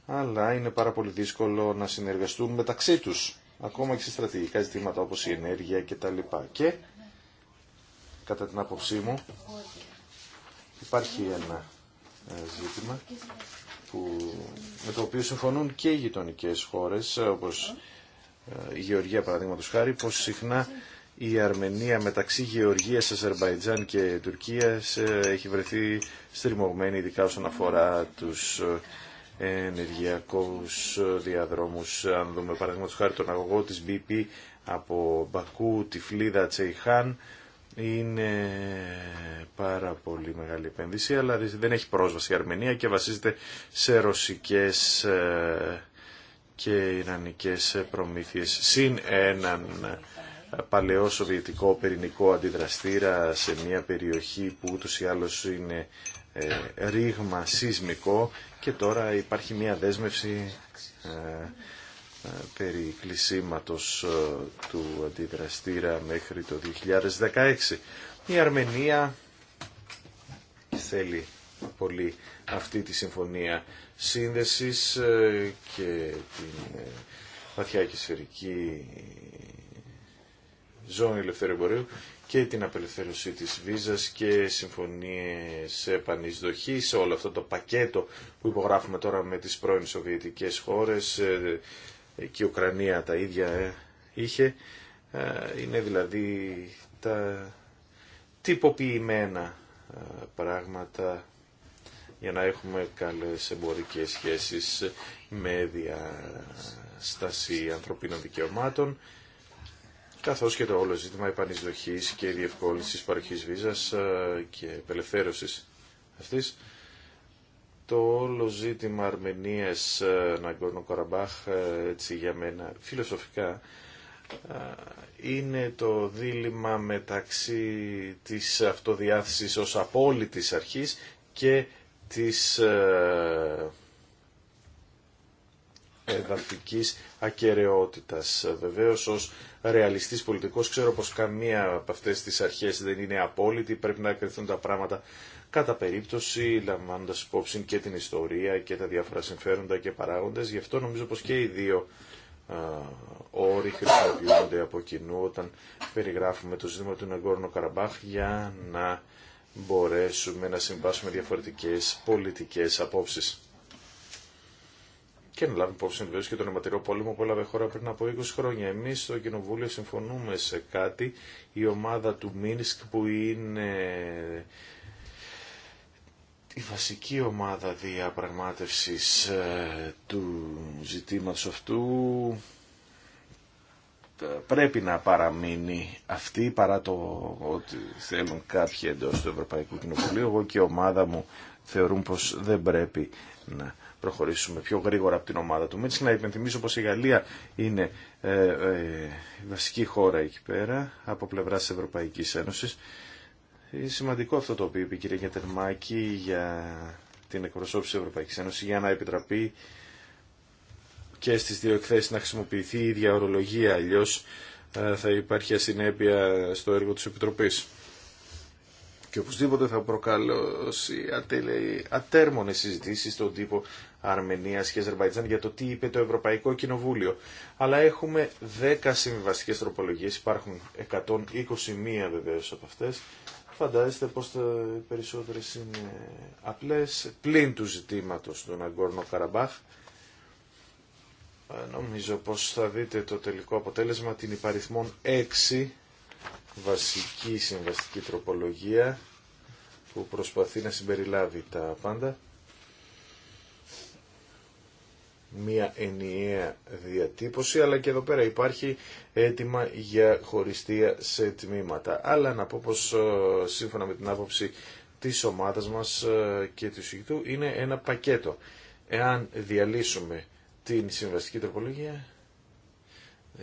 αλλά είναι πάρα πολύ δύσκολο να συνεργαστούν μεταξύ τους, ακόμα και σε στρατηγικά ζητήματα όπως η ενέργεια κτλ. Και, κατά την άποψή μου, υπάρχει ένα ε, ζήτημα που, με το οποίο συμφωνούν και οι γειτονικέ χώρες, όπως ε, η Γεωργία παραδείγματο χάρη, πως συχνά η Αρμενία μεταξύ Γεωργίας, Αζερβαϊτζάν και Τουρκίας ε, έχει βρεθεί στριμωγμένη ειδικά όσον αφορά τους ε, ενεργειακούς ε, διαδρόμους. Αν δούμε παραδείγματος χάρη τον αγωγό της BP από Μπακού, Τυφλίδα, Τσεϊχάν, είναι πάρα πολύ μεγάλη επένδυση, αλλά δεν έχει πρόσβαση η Αρμενία και βασίζεται σε ρωσικές και ιρανικές προμήθειες, συν έναν παλαιό σοβιετικό πυρηνικό αντιδραστήρα σε μια περιοχή που ούτως ή άλλως είναι ε, ρήγμα σεισμικό και τώρα υπάρχει μια δέσμευση ε, ε, περί κλεισίματος του αντιδραστήρα μέχρι το 2016. Η Αρμενία θέλει πολύ αυτή τη συμφωνία σύνδεσης και την βαθιά και σφαιρική ζώνη ελευθερίου εμπορίου και την απελευθέρωση της βίζας και συμφωνίες σε όλο αυτό το πακέτο που υπογράφουμε τώρα με τις πρώην Σοβιετικές χώρες ε, και η Ουκρανία τα ίδια ε, είχε, ε, είναι δηλαδή τα τυποποιημένα πράγματα για να έχουμε καλές εμπορικές σχέσεις με διαστασία ανθρωπίνων δικαιωμάτων καθώς και το όλο ζήτημα επανεισδοχής και διευκόλυνσης παροχής βίζας ε, και επελευθέρωσης αυτής. Το όλο ζήτημα Αρμενίας ε, Ναγκόρνο Καραμπάχ, ε, έτσι για μένα, φιλοσοφικά, είναι το δίλημα μεταξύ της αυτοδιάθεσης ως απόλυτης αρχής και της εδαφικής ακαιρεότητας. Βεβαίως ως ρεαλιστής πολιτικός ξέρω πως καμία από αυτές τις αρχές δεν είναι απόλυτη, πρέπει να κρυθούν τα πράγματα κατά περίπτωση, λαμβάνοντα υπόψη και την ιστορία και τα διάφορα συμφέροντα και παράγοντες. Γι' αυτό νομίζω πως και οι δύο όροι χρησιμοποιούνται από κοινού όταν περιγράφουμε το ζήτημα του Νεγκόρνο Καραμπάχ για να μπορέσουμε να συμβάσουμε διαφορετικές πολιτικές απόψεις και να λάβει υπόψη βεβαίω και τον αιματηρό πόλεμο που έλαβε χώρα πριν από 20 χρόνια. Εμεί στο Κοινοβούλιο συμφωνούμε σε κάτι. Η ομάδα του Μίνσκ που είναι η βασική ομάδα διαπραγμάτευσης ε, του ζητήματος αυτού ε, πρέπει να παραμείνει αυτή παρά το ότι θέλουν κάποιοι εντός του Ευρωπαϊκού Κοινοβουλίου. Εγώ και η ομάδα μου θεωρούν πως δεν πρέπει να προχωρήσουμε πιο γρήγορα από την ομάδα του Μίτσελ. Να υπενθυμίσω πως η Γαλλία είναι ε, ε βασική χώρα εκεί πέρα από πλευράς της Ευρωπαϊκής Ένωσης. Είναι σημαντικό αυτό το οποίο είπε η κυρία Γιατερμάκη για την εκπροσώπηση της Ευρωπαϊκής Ένωσης για να επιτραπεί και στις δύο εκθέσεις να χρησιμοποιηθεί η ίδια ορολογία, αλλιώς ε, θα υπάρχει ασυνέπεια στο έργο της Επιτροπής και οπωσδήποτε θα προκαλώσει ατέρμονες συζητήσει στον τύπο Αρμενία και Αζερβαϊτζάν για το τι είπε το Ευρωπαϊκό Κοινοβούλιο. Αλλά έχουμε 10 συμβιβαστικέ τροπολογίε, υπάρχουν 121 βεβαίω από αυτές. Φαντάζεστε πως τα περισσότερες είναι απλές, πλην του ζητήματο του Ναγκόρνο Καραμπάχ. Ε, νομίζω πως θα δείτε το τελικό αποτέλεσμα την υπαριθμών 6 βασική συμβαστική τροπολογία που προσπαθεί να συμπεριλάβει τα πάντα. Μία ενιαία διατύπωση, αλλά και εδώ πέρα υπάρχει έτοιμα για χωριστία σε τμήματα. Αλλά να πω πως ε, σύμφωνα με την άποψη της ομάδας μας ε, και του ΣΥΚΤΟΥ είναι ένα πακέτο. Εάν διαλύσουμε την συμβαστική τροπολογία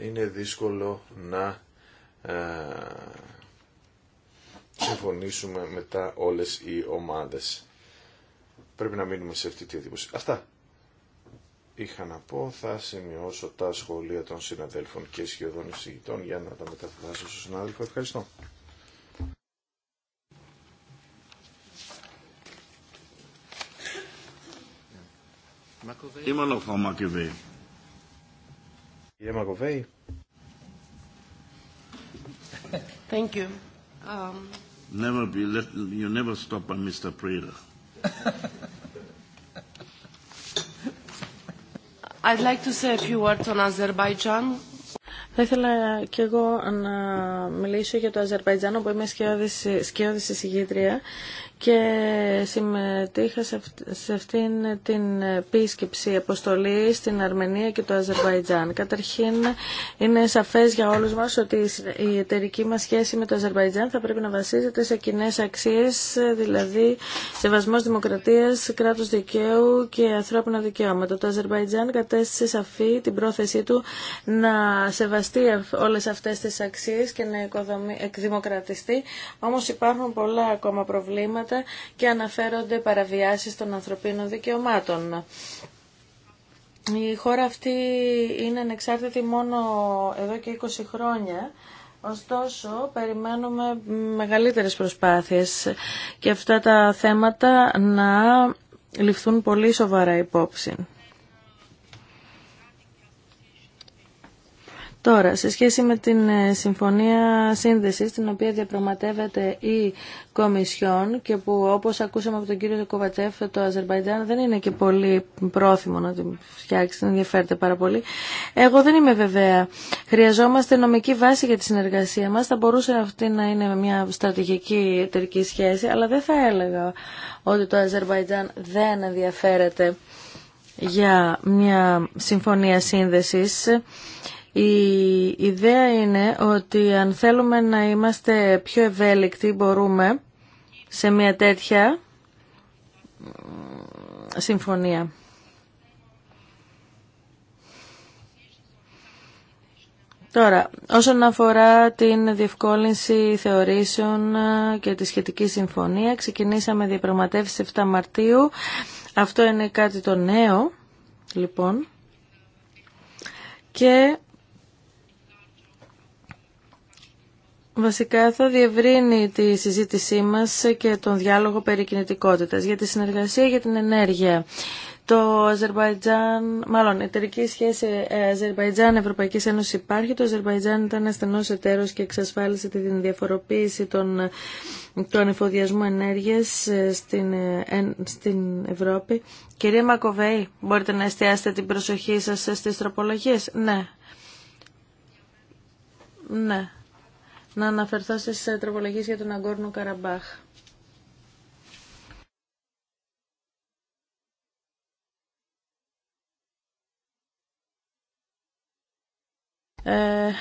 είναι δύσκολο να ε, συμφωνήσουμε μετά όλες οι ομάδες. Πρέπει να μείνουμε σε αυτή τη εντύπωση. Αυτά είχα να πω. Θα σημειώσω τα σχολεία των συναδέλφων και σχεδόν εισηγητών για να τα μεταφράσω στον συνάδελφο. Ευχαριστώ. Είμαι Μακοβέη. Thank you. Um, never be let, you never stop on Mr. Preda. I'd like to say a few words on Azerbaijan. Θα ήθελα και εγώ να μιλήσω για το Αζερβαϊτζάν, όπου είμαι σκιώδης εισηγήτρια και συμμετείχα σε αυτήν την επίσκεψη αποστολή στην Αρμενία και το Αζερβαϊτζάν. Καταρχήν είναι σαφές για όλους μας ότι η εταιρική μας σχέση με το Αζερβαϊτζάν θα πρέπει να βασίζεται σε κοινέ αξίες, δηλαδή σεβασμός δημοκρατίας, κράτους δικαίου και ανθρώπινα δικαιώματα. Το Αζερβαϊτζάν κατέστησε σαφή την πρόθεσή του να σεβαστεί όλες αυτές τις αξίες και να εκδημοκρατιστεί. Όμως υπάρχουν πολλά ακόμα προβλήματα και αναφέρονται παραβιάσεις των ανθρωπίνων δικαιωμάτων. Η χώρα αυτή είναι ανεξάρτητη μόνο εδώ και 20 χρόνια. Ωστόσο, περιμένουμε μεγαλύτερες προσπάθειες και αυτά τα θέματα να ληφθούν πολύ σοβαρά υπόψη. Τώρα, σε σχέση με την ε, συμφωνία σύνδεσης, την οποία διαπραγματεύεται η Κομισιόν και που όπως ακούσαμε από τον κύριο Κοβατσέφ, το Αζερβαϊτζάν δεν είναι και πολύ πρόθυμο να την φτιάξει, δεν ενδιαφέρεται πάρα πολύ. Εγώ δεν είμαι βεβαία. Χρειαζόμαστε νομική βάση για τη συνεργασία μας. Θα μπορούσε αυτή να είναι μια στρατηγική εταιρική σχέση, αλλά δεν θα έλεγα ότι το Αζερβαϊτζάν δεν ενδιαφέρεται για μια συμφωνία σύνδεσης η ιδέα είναι ότι αν θέλουμε να είμαστε πιο ευέλικτοι μπορούμε σε μια τέτοια συμφωνία. Τώρα, όσον αφορά την διευκόλυνση θεωρήσεων ε, και τη σχετική συμφωνία, ξεκινήσαμε διαπραγματεύσεις 7 Μαρτίου. Αυτό είναι κάτι το νέο, λοιπόν. Και Βασικά θα διευρύνει τη συζήτησή μας και τον διάλογο περί κινητικότητας για τη συνεργασία για την ενέργεια. Το Αζερβαϊτζάν, μάλλον εταιρική σχέση ε, Αζερβαϊτζάν-Ευρωπαϊκή Ένωση υπάρχει. Το Αζερβαϊτζάν ήταν ασθενό εταίρο και εξασφάλισε τη διαφοροποίηση των, των εφοδιασμού ενέργεια ε, στην, ε, στην Ευρώπη. Κυρία Μακοβέη, μπορείτε να εστιάσετε την προσοχή σα στι τροπολογίε. Ναι. Ναι να αναφερθώ στι ε, τροπολογίε για τον Αγκόρνο Καραμπάχ. Ε,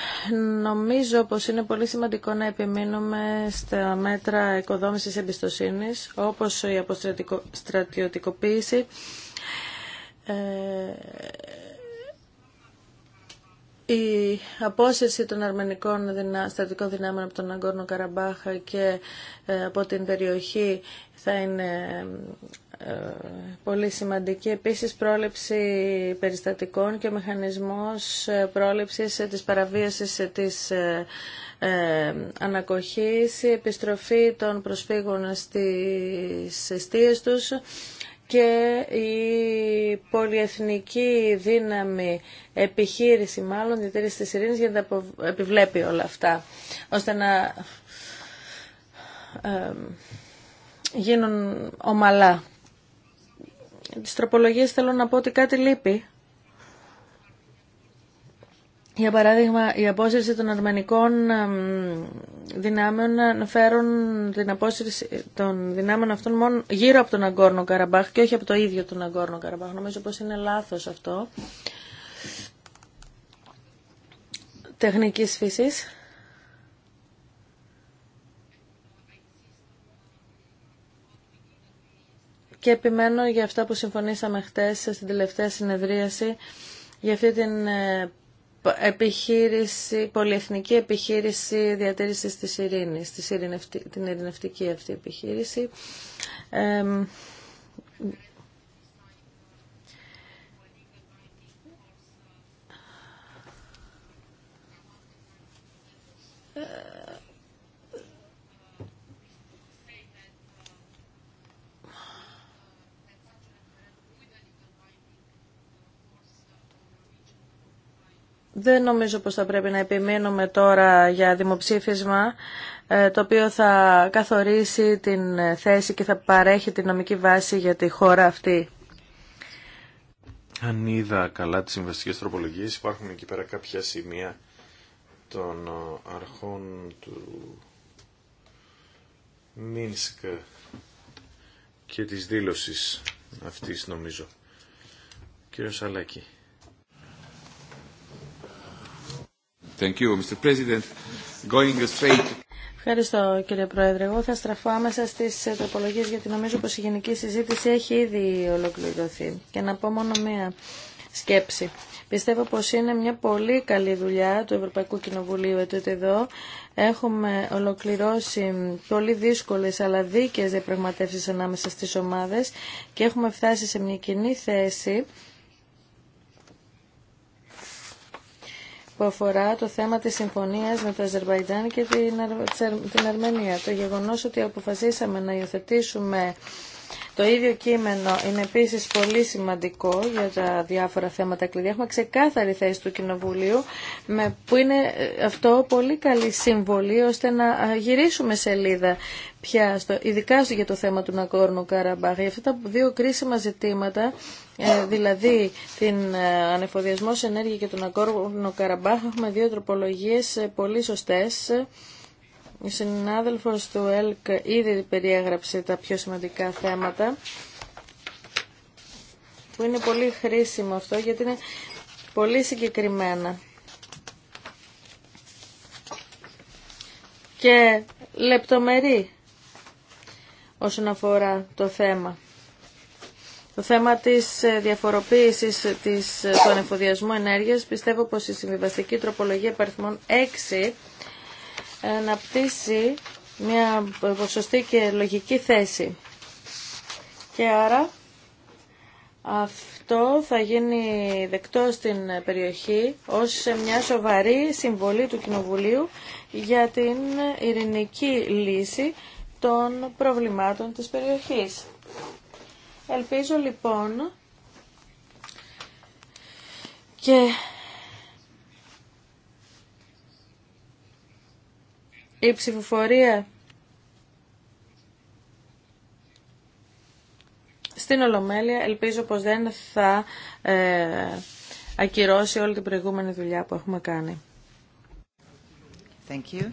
νομίζω πως είναι πολύ σημαντικό να επιμείνουμε στα μέτρα οικοδόμησης εμπιστοσύνης, όπως η αποστρατιωτικοποίηση, ε, η απόσυρση των αρμενικών στρατικών δυνάμεων από τον Αγκόρνο Καραμπάχα και ε, από την περιοχή θα είναι ε, πολύ σημαντική. Επίσης, πρόληψη περιστατικών και μηχανισμός ε, πρόληψης της παραβίασης της ανακοχής, η επιστροφή των προσφύγων στις αιστείες τους και η πολυεθνική δύναμη επιχείρηση μάλλον διατήρηση της ειρήνης για να τα επιβλέπει όλα αυτά ώστε να γίνουν ομαλά. Τις τροπολογίες θέλω να πω ότι κάτι λείπει για παράδειγμα, η απόσυρση των αρμενικών δυνάμεων ε, φέρουν την απόσυρση των δυνάμεων αυτών μόνο γύρω από τον Αγκόρνο Καραμπάχ και όχι από το ίδιο τον Αγκόρνο Καραμπάχ. Νομίζω πως είναι λάθος αυτό. Τεχνικής φύσης. Και επιμένω για αυτά που συμφωνήσαμε χτες στην τελευταία συνεδρίαση για αυτή την ε, επιχείρηση, πολυεθνική επιχείρηση διατήρησης της ειρήνης, της την ειρηνευτική αυτή επιχείρηση. Δεν νομίζω πως θα πρέπει να επιμείνουμε τώρα για δημοψήφισμα ε, το οποίο θα καθορίσει την ε, θέση και θα παρέχει την νομική βάση για τη χώρα αυτή. Αν είδα καλά τις συμβαστικές τροπολογίες υπάρχουν εκεί πέρα κάποια σημεία των ε, αρχών του Μίνσκ και της δήλωσης αυτής νομίζω. Κύριο Σαλάκη. Ευχαριστώ κύριε Πρόεδρε. Εγώ θα στραφώ άμεσα στις ε, τροπολογίε, γιατί νομίζω πω η γενική συζήτηση έχει ήδη ολοκληρωθεί. Και να πω μόνο μία σκέψη. Πιστεύω πως είναι μια πολύ καλή δουλειά του Ευρωπαϊκού Κοινοβουλίου ετούτε εδώ. Έχουμε ολοκληρώσει πολύ δύσκολες αλλά δίκαιες διαπραγματεύσει ανάμεσα στις ομάδες και έχουμε φτάσει σε μια κοινή θέση που αφορά το θέμα της συμφωνίας με το Αζερβαϊτζάν και την, Αρ... την Αρμενία. Το γεγονός ότι αποφασίσαμε να υιοθετήσουμε το ίδιο κείμενο είναι επίσης πολύ σημαντικό για τα διάφορα θέματα κλειδιά. Έχουμε ξεκάθαρη θέση του Κοινοβουλίου που είναι ε, αυτό πολύ καλή συμβολή ώστε να ε, γυρίσουμε σελίδα πια, στο, ειδικά για το θέμα του Νακόρνου Καραμπάχ, για αυτά τα δύο κρίσιμα ζητήματα, ε, δηλαδή την ε, ανεφοδιασμό σε ενέργεια και τον Νακόρνου Καραμπάχ, έχουμε δύο τροπολογίες ε, πολύ σωστές. Ο συνάδελφος του ΕΛΚ ήδη περιέγραψε τα πιο σημαντικά θέματα που είναι πολύ χρήσιμο αυτό γιατί είναι πολύ συγκεκριμένα. Και λεπτομερή όσον αφορά το θέμα. Το θέμα της ε, διαφοροποίησης της, ε, του ανεφοδιασμού ενέργειας πιστεύω πως η συμβιβαστική τροπολογία παριθμών 6 ε, αναπτύσσει μια ποσοστή και λογική θέση. Και άρα αυτό θα γίνει δεκτό στην περιοχή ως μια σοβαρή συμβολή του Κοινοβουλίου για την ειρηνική λύση των προβλημάτων της περιοχής. Ελπίζω λοιπόν και η ψηφοφορία στην Ολομέλεια ελπίζω πως δεν θα ε, ακυρώσει όλη την προηγούμενη δουλειά που έχουμε κάνει. Thank you.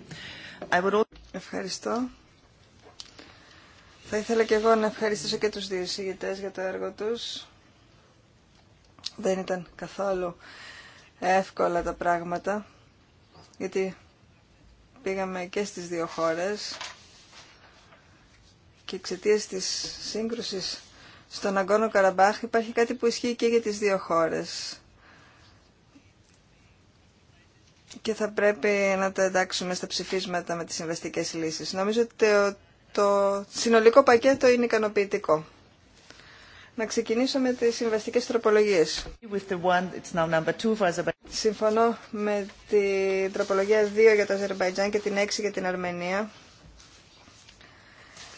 I Ευχαριστώ. Θα ήθελα και εγώ να ευχαριστήσω και τους δύο για το έργο τους. Δεν ήταν καθόλου εύκολα τα πράγματα, γιατί πήγαμε και στις δύο χώρες και εξαιτία της σύγκρουσης στον Αγκόνο Καραμπάχ υπάρχει κάτι που ισχύει και για τις δύο χώρες. Και θα πρέπει να τα εντάξουμε στα ψηφίσματα με τις συμβαστικές λύσεις. Νομίζω ότι το συνολικό πακέτο είναι ικανοποιητικό. Να ξεκινήσω με τις συμβαστικές τροπολογίες. Συμφωνώ με την τροπολογία 2 για το Αζερμπαϊτζάν και την 6 για την Αρμενία.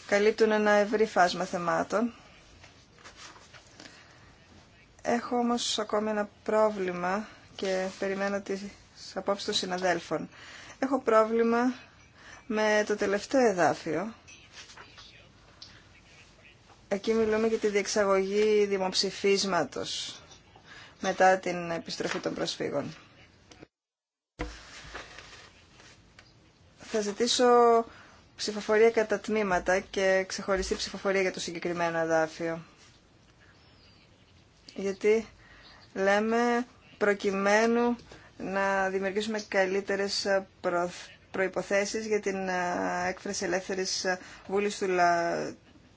Καλύπτουν ένα ευρύ φάσμα θεμάτων. Έχω όμως ακόμη ένα πρόβλημα και περιμένω τις απόψεις των συναδέλφων. Έχω πρόβλημα με το τελευταίο εδάφιο Εκεί μιλούμε για τη διεξαγωγή δημοψηφίσματος μετά την επιστροφή των προσφύγων. Θα ζητήσω ψηφοφορία κατά τμήματα και ξεχωριστή ψηφοφορία για το συγκεκριμένο εδάφιο. Γιατί λέμε προκειμένου να δημιουργήσουμε καλύτερες προϋποθέσεις για την ε, έκφραση ελεύθερης ε, βούλης του, λα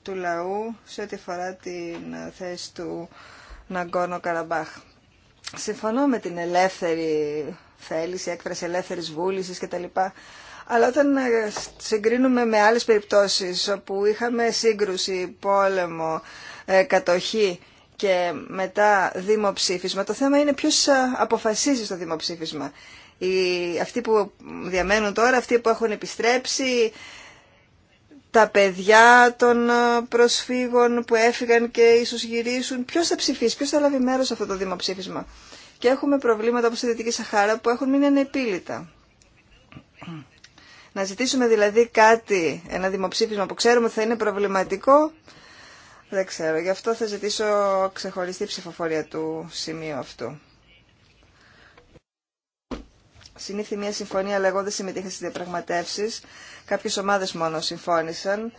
του λαού σε ό,τι αφορά την θέση του Ναγκόνο Καραμπάχ. Συμφωνώ με την ελεύθερη θέληση, έκφραση ελεύθερης βούλησης κτλ. Αλλά όταν ε, συγκρίνουμε με άλλες περιπτώσεις όπου είχαμε σύγκρουση, πόλεμο, ε, κατοχή και μετά δημοψήφισμα, το θέμα είναι ποιος ε, αποφασίζει στο δημοψήφισμα. Οι, αυτοί που διαμένουν τώρα, αυτοί που έχουν επιστρέψει, τα παιδιά των ε, προσφύγων που έφυγαν και ίσως γυρίσουν. Ποιος θα ψηφίσει, ποιος θα λάβει μέρος σε αυτό το δημοψήφισμα. Και έχουμε προβλήματα όπως η Δυτική Σαχάρα που έχουν μείνει ανεπίλητα. Να ζητήσουμε δηλαδή κάτι, ένα δημοψήφισμα που ξέρουμε ότι θα είναι προβληματικό, δεν ξέρω. Γι' αυτό θα ζητήσω ξεχωριστή ψηφοφορία του σημείου αυτού συνήθι μια συμφωνία, αλλά εγώ δεν συμμετείχα στις διαπραγματεύσεις. Κάποιες ομάδες μόνο συμφώνησαν.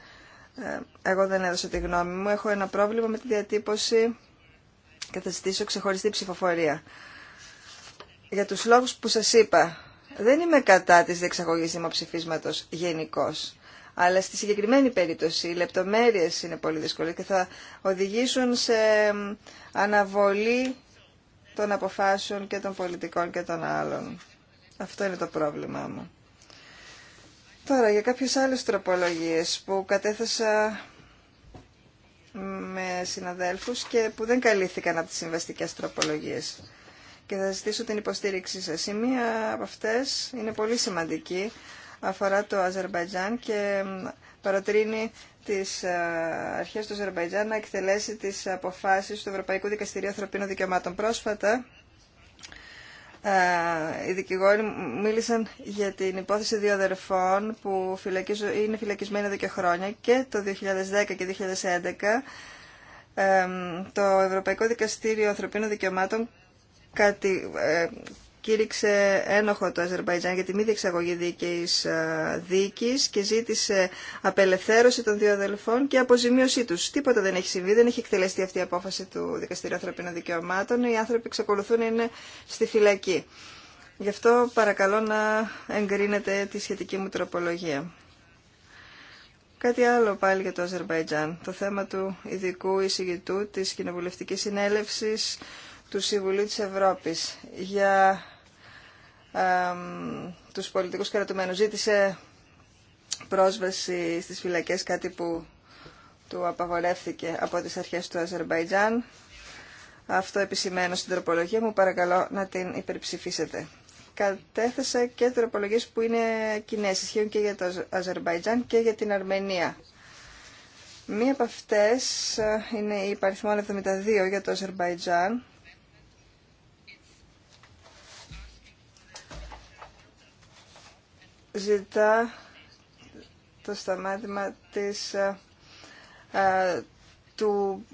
Ε, εγώ δεν έδωσα τη γνώμη μου. Έχω ένα πρόβλημα με τη διατύπωση και θα ζητήσω ξεχωριστή ψηφοφορία. Για τους λόγους που σας είπα, δεν είμαι κατά της διεξαγωγής δημοψηφίσματος γενικώ. Αλλά στη συγκεκριμένη περίπτωση οι λεπτομέρειες είναι πολύ δύσκολες και θα οδηγήσουν σε αναβολή των αποφάσεων και των πολιτικών και των άλλων. Αυτό είναι το πρόβλημά μου. Τώρα, για κάποιες άλλες τροπολογίες που κατέθεσα με συναδέλφους και που δεν καλύφθηκαν από τις συμβαστικές τροπολογίες. Και θα ζητήσω την υποστήριξή σας. Η μία από αυτές είναι πολύ σημαντική, αφορά το Αζερμπαϊτζάν και παροτρύνει τις ε, αρχές του Αζερμπαϊτζάν να εκτελέσει τις αποφάσεις του Ευρωπαϊκού Δικαστηρίου Ανθρωπίνων Δικαιωμάτων. Πρόσφατα ε, οι δικηγόροι μίλησαν για την υπόθεση δύο αδερφών που είναι φυλακισμένοι εδώ και χρόνια και το 2010 και 2011 ε, το Ευρωπαϊκό Δικαστήριο Ανθρωπίνων Δικαιωμάτων ε, κήρυξε ένοχο το Αζερβαϊτζάν για τη μη διεξαγωγή δίκαιη ε, δίκη και ζήτησε απελευθέρωση των δύο αδελφών και αποζημίωσή του. Τίποτα δεν έχει συμβεί, δεν έχει εκτελεστεί αυτή η απόφαση του Δικαστηρίου Ανθρωπίνων Δικαιωμάτων. Οι άνθρωποι εξακολουθούν να είναι στη φυλακή. Γι' αυτό παρακαλώ να εγκρίνετε τη σχετική μου τροπολογία. Κάτι άλλο πάλι για το Αζερβαϊτζάν. Το θέμα του ειδικού εισηγητού της κοινοβουλευτική συνέλευση του Συμβουλίου της Ευρώπης για ε, τους πολιτικούς κρατουμένους. Ζήτησε πρόσβαση στις φυλακές, κάτι που του απαγορεύθηκε από τις αρχές του Αζερμπαϊτζάν. Αυτό επισημένω στην τροπολογία μου, παρακαλώ να την υπερψηφίσετε. Κατέθεσα και τροπολογίες που είναι κοινέ, ισχύουν και για το Αζερμπαϊτζάν και για την Αρμενία. Μία από αυτές ε, είναι η παριθμόν 72 για το Αζερμπαϊτζάν, ζητά το σταμάτημα της, ε, ε, του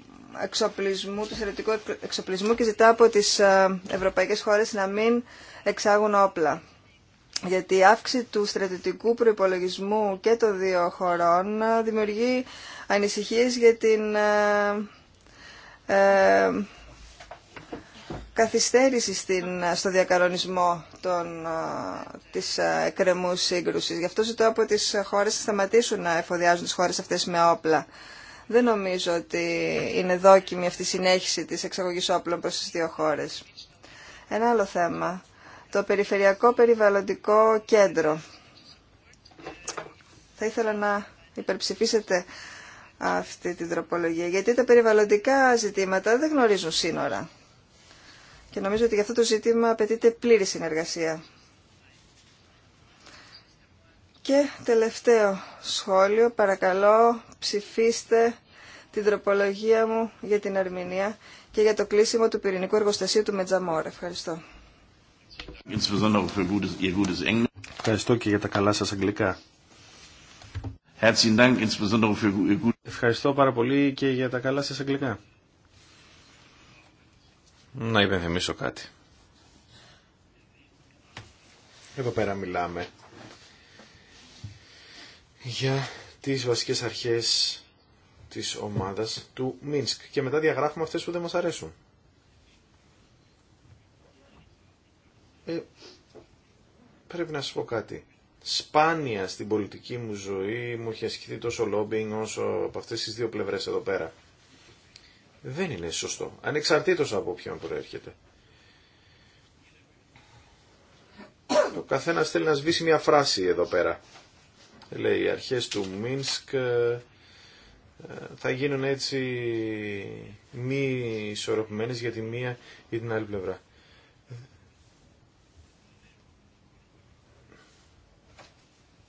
εξοπλισμού, του στρατιωτικού εξοπλισμού και ζητά από τις ε, ευρωπαϊκές χώρες να μην εξάγουν όπλα. Γιατί η αύξηση του στρατιωτικού προϋπολογισμού και των δύο χωρών δημιουργεί ανησυχίες για την καθυστέρηση στην, στο διακανονισμό των, της εκκρεμού σύγκρουσης. Γι' αυτό ζητώ από τις χώρες να σταματήσουν να εφοδιάζουν τις χώρες αυτές με όπλα. Δεν νομίζω ότι είναι δόκιμη αυτή η συνέχιση της εξαγωγής όπλων προς τις δύο χώρες. Ένα άλλο θέμα. Το Περιφερειακό Περιβαλλοντικό Κέντρο. Θα ήθελα να υπερψηφίσετε αυτή την τροπολογία, γιατί τα περιβαλλοντικά ζητήματα δεν γνωρίζουν σύνορα. Και νομίζω ότι για αυτό το ζήτημα απαιτείται πλήρη συνεργασία. Και τελευταίο σχόλιο, παρακαλώ ψηφίστε την τροπολογία μου για την Ερμηνεία και για το κλείσιμο του πυρηνικού εργοστασίου του Μετζαμόρ. Ευχαριστώ. Ευχαριστώ και για τα καλά σας αγγλικά. Ευχαριστώ πάρα πολύ και για τα καλά σας αγγλικά να υπενθυμίσω κάτι. Εδώ πέρα μιλάμε για τις βασικές αρχές της ομάδας του Μίνσκ και μετά διαγράφουμε αυτές που δεν μας αρέσουν. Ε, πρέπει να σας πω κάτι. Σπάνια στην πολιτική μου ζωή μου έχει ασκηθεί τόσο λόμπινγκ όσο από αυτές τις δύο πλευρές εδώ πέρα δεν είναι σωστό, ανεξαρτήτως από ποιον προέρχεται. Ο καθένας θέλει να σβήσει μια φράση εδώ πέρα. Λέει, οι αρχές του Μίνσκ ε, θα γίνουν έτσι μη ισορροπημένες για τη μία ή την άλλη πλευρά.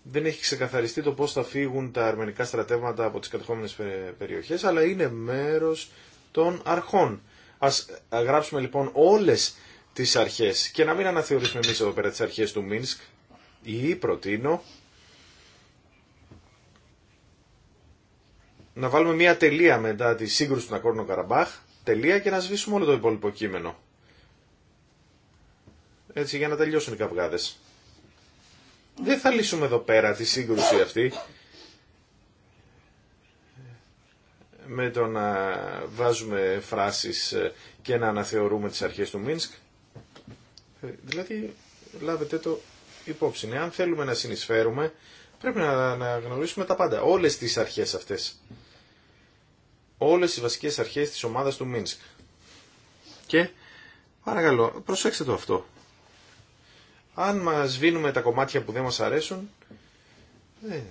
δεν έχει ξεκαθαριστεί το πώς θα φύγουν τα αρμενικά στρατεύματα από τις κατεχόμενες περιοχές, αλλά είναι μέρος των αρχών. Ας ε, γράψουμε λοιπόν όλες τις αρχές και να μην αναθεωρήσουμε εμεί εδώ πέρα τις αρχές του Μίνσκ ή προτείνω να βάλουμε μια τελεία μετά τη σύγκρουση του Νακόρνο Καραμπάχ, τελεία και να σβήσουμε όλο το υπόλοιπο κείμενο. Έτσι για να τελειώσουν οι καυγάδες. Δεν θα λύσουμε εδώ πέρα τη σύγκρουση αυτή. με το να βάζουμε φράσεις ε, και να αναθεωρούμε τις αρχές του Μίνσκ. Ε, δηλαδή, λάβετε το υπόψη. Ναι, αν θέλουμε να συνεισφέρουμε, πρέπει να, να γνωρίσουμε τα πάντα. Όλες τις αρχές αυτές. Όλες τις βασικές αρχές της ομάδας του Μίνσκ. Και, παρακαλώ, προσέξτε το αυτό. Αν μας βίνουμε τα κομμάτια που δεν μας αρέσουν, δεν,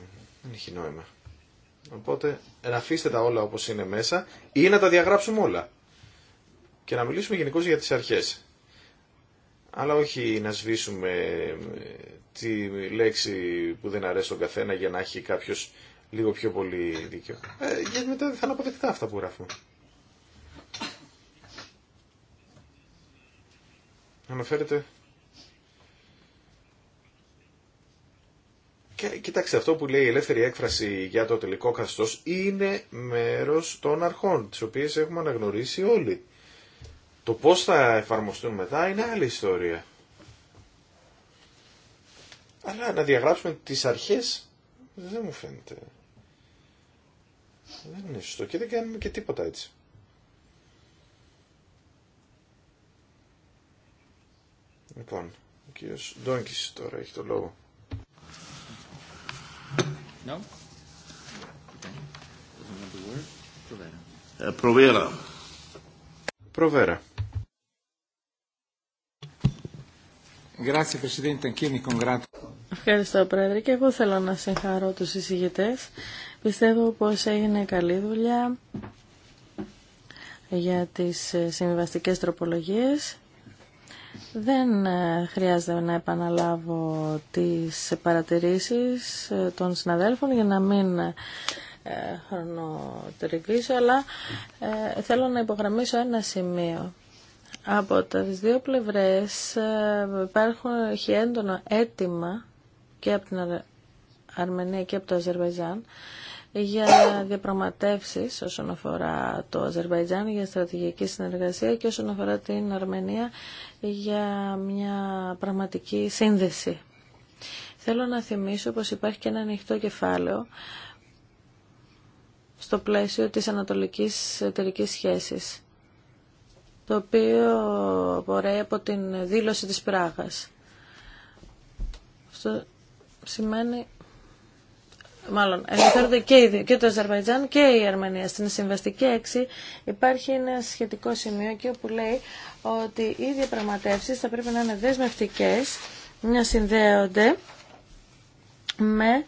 δεν έχει νόημα. Οπότε να αφήστε τα όλα όπως είναι μέσα ή να τα διαγράψουμε όλα. Και να μιλήσουμε γενικώ για τις αρχές. Αλλά όχι να σβήσουμε τη λέξη που δεν αρέσει τον καθένα για να έχει κάποιο λίγο πιο πολύ δίκιο. Ε, γιατί μετά δεν θα είναι αποδεκτά αυτά που γράφουμε. Αναφέρεται Κοιτάξτε, αυτό που λέει η ελεύθερη έκφραση για το τελικό καθεστώς είναι μέρος των αρχών, τις οποίες έχουμε αναγνωρίσει όλοι. Το πώς θα εφαρμοστούν μετά είναι άλλη ιστορία. Αλλά να διαγράψουμε τις αρχές δεν μου φαίνεται. Δεν είναι σωστό και δεν κάνουμε και τίποτα έτσι. Λοιπόν, ο κύριος Ντόγκης τώρα έχει το λόγο. Ευχαριστώ Πρόεδρε και εγώ θέλω να συγχαρώ τους εισηγητές. Πιστεύω πως έγινε καλή δουλειά για τις ε, συμβιβαστικές τροπολογίες. Δεν ε, χρειάζεται να επαναλάβω τις παρατηρήσεις ε, των συναδέλφων για να μην ε, χρονοτριβήσω, αλλά θέλω να υπογραμμίσω ένα σημείο. Από τις δύο πλευρές υπάρχουν έντονο αίτημα και από την Αρμενία και από το Αζερμπαϊτζάν για διαπραγματεύσεις όσον αφορά το Αζερβαϊτζάν για στρατηγική συνεργασία και όσον αφορά την Αρμενία για μια πραγματική σύνδεση. Θέλω να θυμίσω πως υπάρχει και ένα ανοιχτό κεφάλαιο στο πλαίσιο της ανατολικής εταιρικής σχέσης, το οποίο μπορεί από την δήλωση της Πράγας. Αυτό σημαίνει μάλλον ενδιαφέρονται και, και το Αζερβαϊτζάν και η Αρμενία. Στην συμβαστική 6 υπάρχει ένα σχετικό σημείο και όπου λέει ότι οι διαπραγματεύσει θα πρέπει να είναι δεσμευτικέ, να συνδέονται με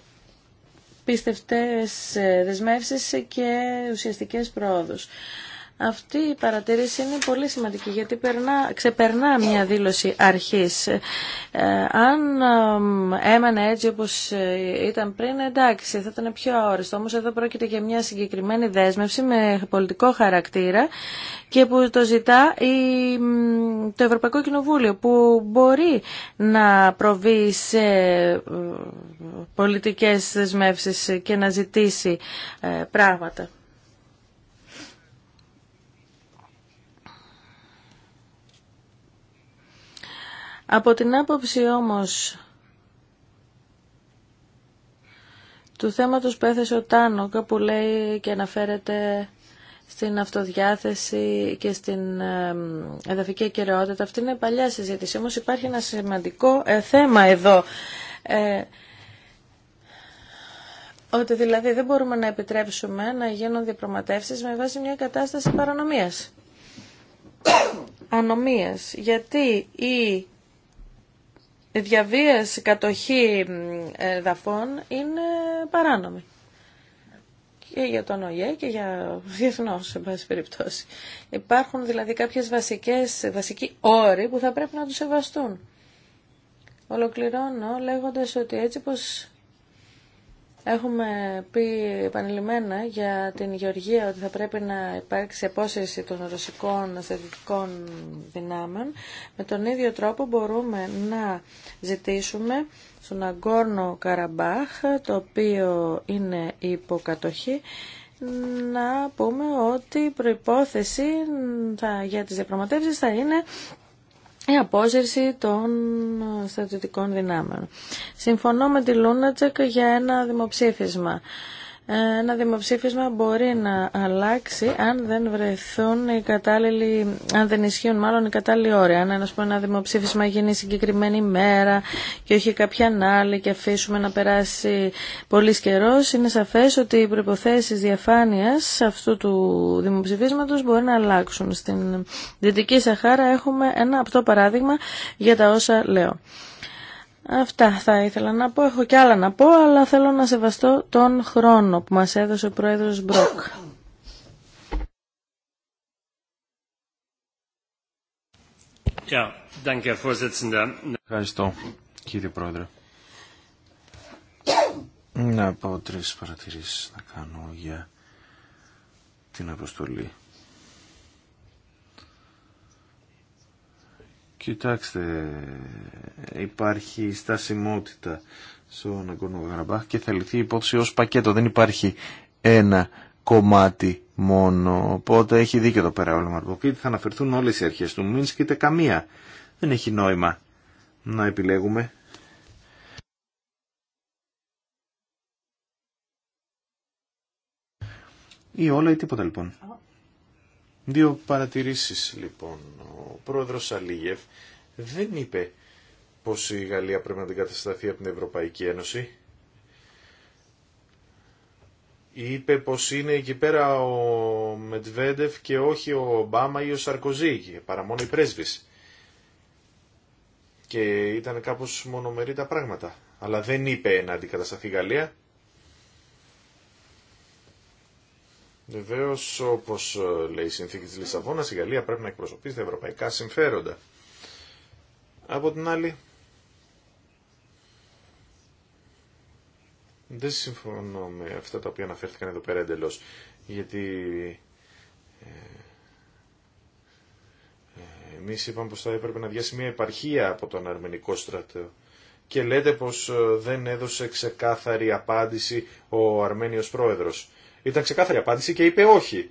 πιστευτές ε, δεσμεύσεις και ουσιαστικές πρόοδους. Αυτή η παρατήρηση είναι πολύ σημαντική γιατί περνά, ξεπερνά μια δήλωση αρχής. Ε, αν έμενε έτσι όπως ε, ήταν πριν, εντάξει, θα ήταν πιο αόριστο. Όμως εδώ πρόκειται για μια συγκεκριμένη δέσμευση με πολιτικό χαρακτήρα και που το ζητά η, το Ευρωπαϊκό Κοινοβούλιο που μπορεί να προβεί σε ε, πολιτικές δεσμεύσεις και να ζητήσει πράγματα. Από την άποψη όμως του θέματος που έθεσε ο Τάνοκα που λέει και αναφέρεται στην αυτοδιάθεση και στην εδαφική κυριότητα Αυτή είναι παλιά συζήτηση, όμως υπάρχει ένα σημαντικό ε, θέμα εδώ. Ε, ότι δηλαδή δεν μπορούμε να επιτρέψουμε να γίνουν διαπραγματεύσεις με βάση μια κατάσταση παρανομίας. Ανομίας. Γιατί η διαβίες κατοχή δαφών είναι παράνομη. Και για τον ΟΙΕ και για διεθνώ, σε πάση περιπτώσει. Υπάρχουν δηλαδή κάποιες βασικές, βασικοί όροι που θα πρέπει να τους σεβαστούν. Ολοκληρώνω λέγοντας ότι έτσι πως Έχουμε πει επανειλημμένα για την Γεωργία ότι θα πρέπει να υπάρξει απόσυρση των ρωσικών στρατιωτικών δυνάμεων. Με τον ίδιο τρόπο μπορούμε να ζητήσουμε στον Αγκόρνο Καραμπάχ, το οποίο είναι υποκατοχή, να πούμε ότι προϋπόθεση θα, για τις διαπραγματεύσεις θα είναι η απόσυρση των στρατιωτικών δυνάμεων. Συμφωνώ με τη Λούνατσεκ για ένα δημοψήφισμα ένα δημοψήφισμα μπορεί να αλλάξει αν δεν βρεθούν οι κατάλληλοι, αν δεν ισχύουν μάλλον οι κατάλληλοι όρια. Αν ένα δημοψήφισμα γίνει συγκεκριμένη μέρα και όχι κάποια άλλη και αφήσουμε να περάσει πολύ καιρό, είναι σαφές ότι οι προποθέσει διαφάνειας αυτού του δημοψηφίσματος μπορεί να αλλάξουν. Στην Δυτική Σαχάρα έχουμε ένα απτό παράδειγμα για τα όσα λέω. Αυτά θα ήθελα να πω. Έχω κι άλλα να πω, αλλά θέλω να σεβαστώ τον χρόνο που μας έδωσε ο Πρόεδρος Μπρόκ. Ευχαριστώ, κύριε Πρόεδρε. Να πω τρεις παρατηρήσεις να κάνω για την αποστολή Κοιτάξτε, υπάρχει στασιμότητα στον Αγκόνο και θα λυθεί υπόψη ως πακέτο. Δεν υπάρχει ένα κομμάτι μόνο. Οπότε έχει δίκιο εδώ πέρα ο Θα αναφερθούν όλες οι αρχές του Μίνσκ και καμία. Δεν έχει νόημα να επιλέγουμε. Ή όλα ή τίποτα λοιπόν. Δύο παρατηρήσεις λοιπόν. Ο πρόεδρος Αλίγεφ δεν είπε πως η Γαλλία πρέπει να την από την Ευρωπαϊκή Ένωση. Είπε πως είναι εκεί πέρα ο Μετβέντεφ και όχι ο Ομπάμα ή ο Σαρκοζή, παρά μόνο οι πρέσβεις. Και ήταν κάπως μονομερή τα πράγματα. Αλλά δεν είπε να αντικατασταθεί η Γαλλία. Βεβαίω, όπω ε, λέει η συνθήκη τη Λισαβόνα, η Γαλλία πρέπει να εκπροσωπεί τα ευρωπαϊκά συμφέροντα. Από την άλλη, δεν συμφωνώ με αυτά τα οποία αναφέρθηκαν εδώ πέρα εντελώς, γιατί ε, ε, εμείς είπαμε πως θα έπρεπε να διάσει μια επαρχία από τον αρμενικό στρατό και λέτε πως δεν έδωσε ξεκάθαρη απάντηση ο Αρμένιος πρόεδρος. Ήταν ξεκάθαρη απάντηση και είπε όχι.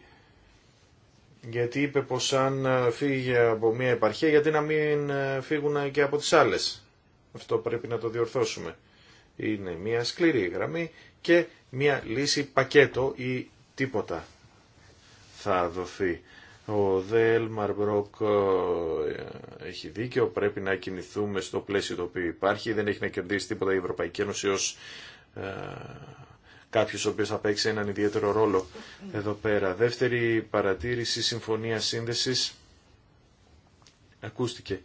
Γιατί είπε πως αν ε, φύγει από μία επαρχία γιατί να μην ε, φύγουν και από τις άλλες. Αυτό πρέπει να το διορθώσουμε. Είναι μία σκληρή γραμμή και μία λύση πακέτο ή τίποτα θα δοθεί. Ο Δέλμαρ Μπρόκ ε, έχει δίκιο, πρέπει να κινηθούμε στο πλαίσιο το οποίο υπάρχει, δεν έχει να κερδίσει τίποτα η Ευρωπαϊκή Ένωση ως κάποιος ο οποίος θα παίξει έναν ιδιαίτερο ρόλο εδώ πέρα. Δεύτερη παρατήρηση συμφωνία σύνδεσης. Ακούστηκε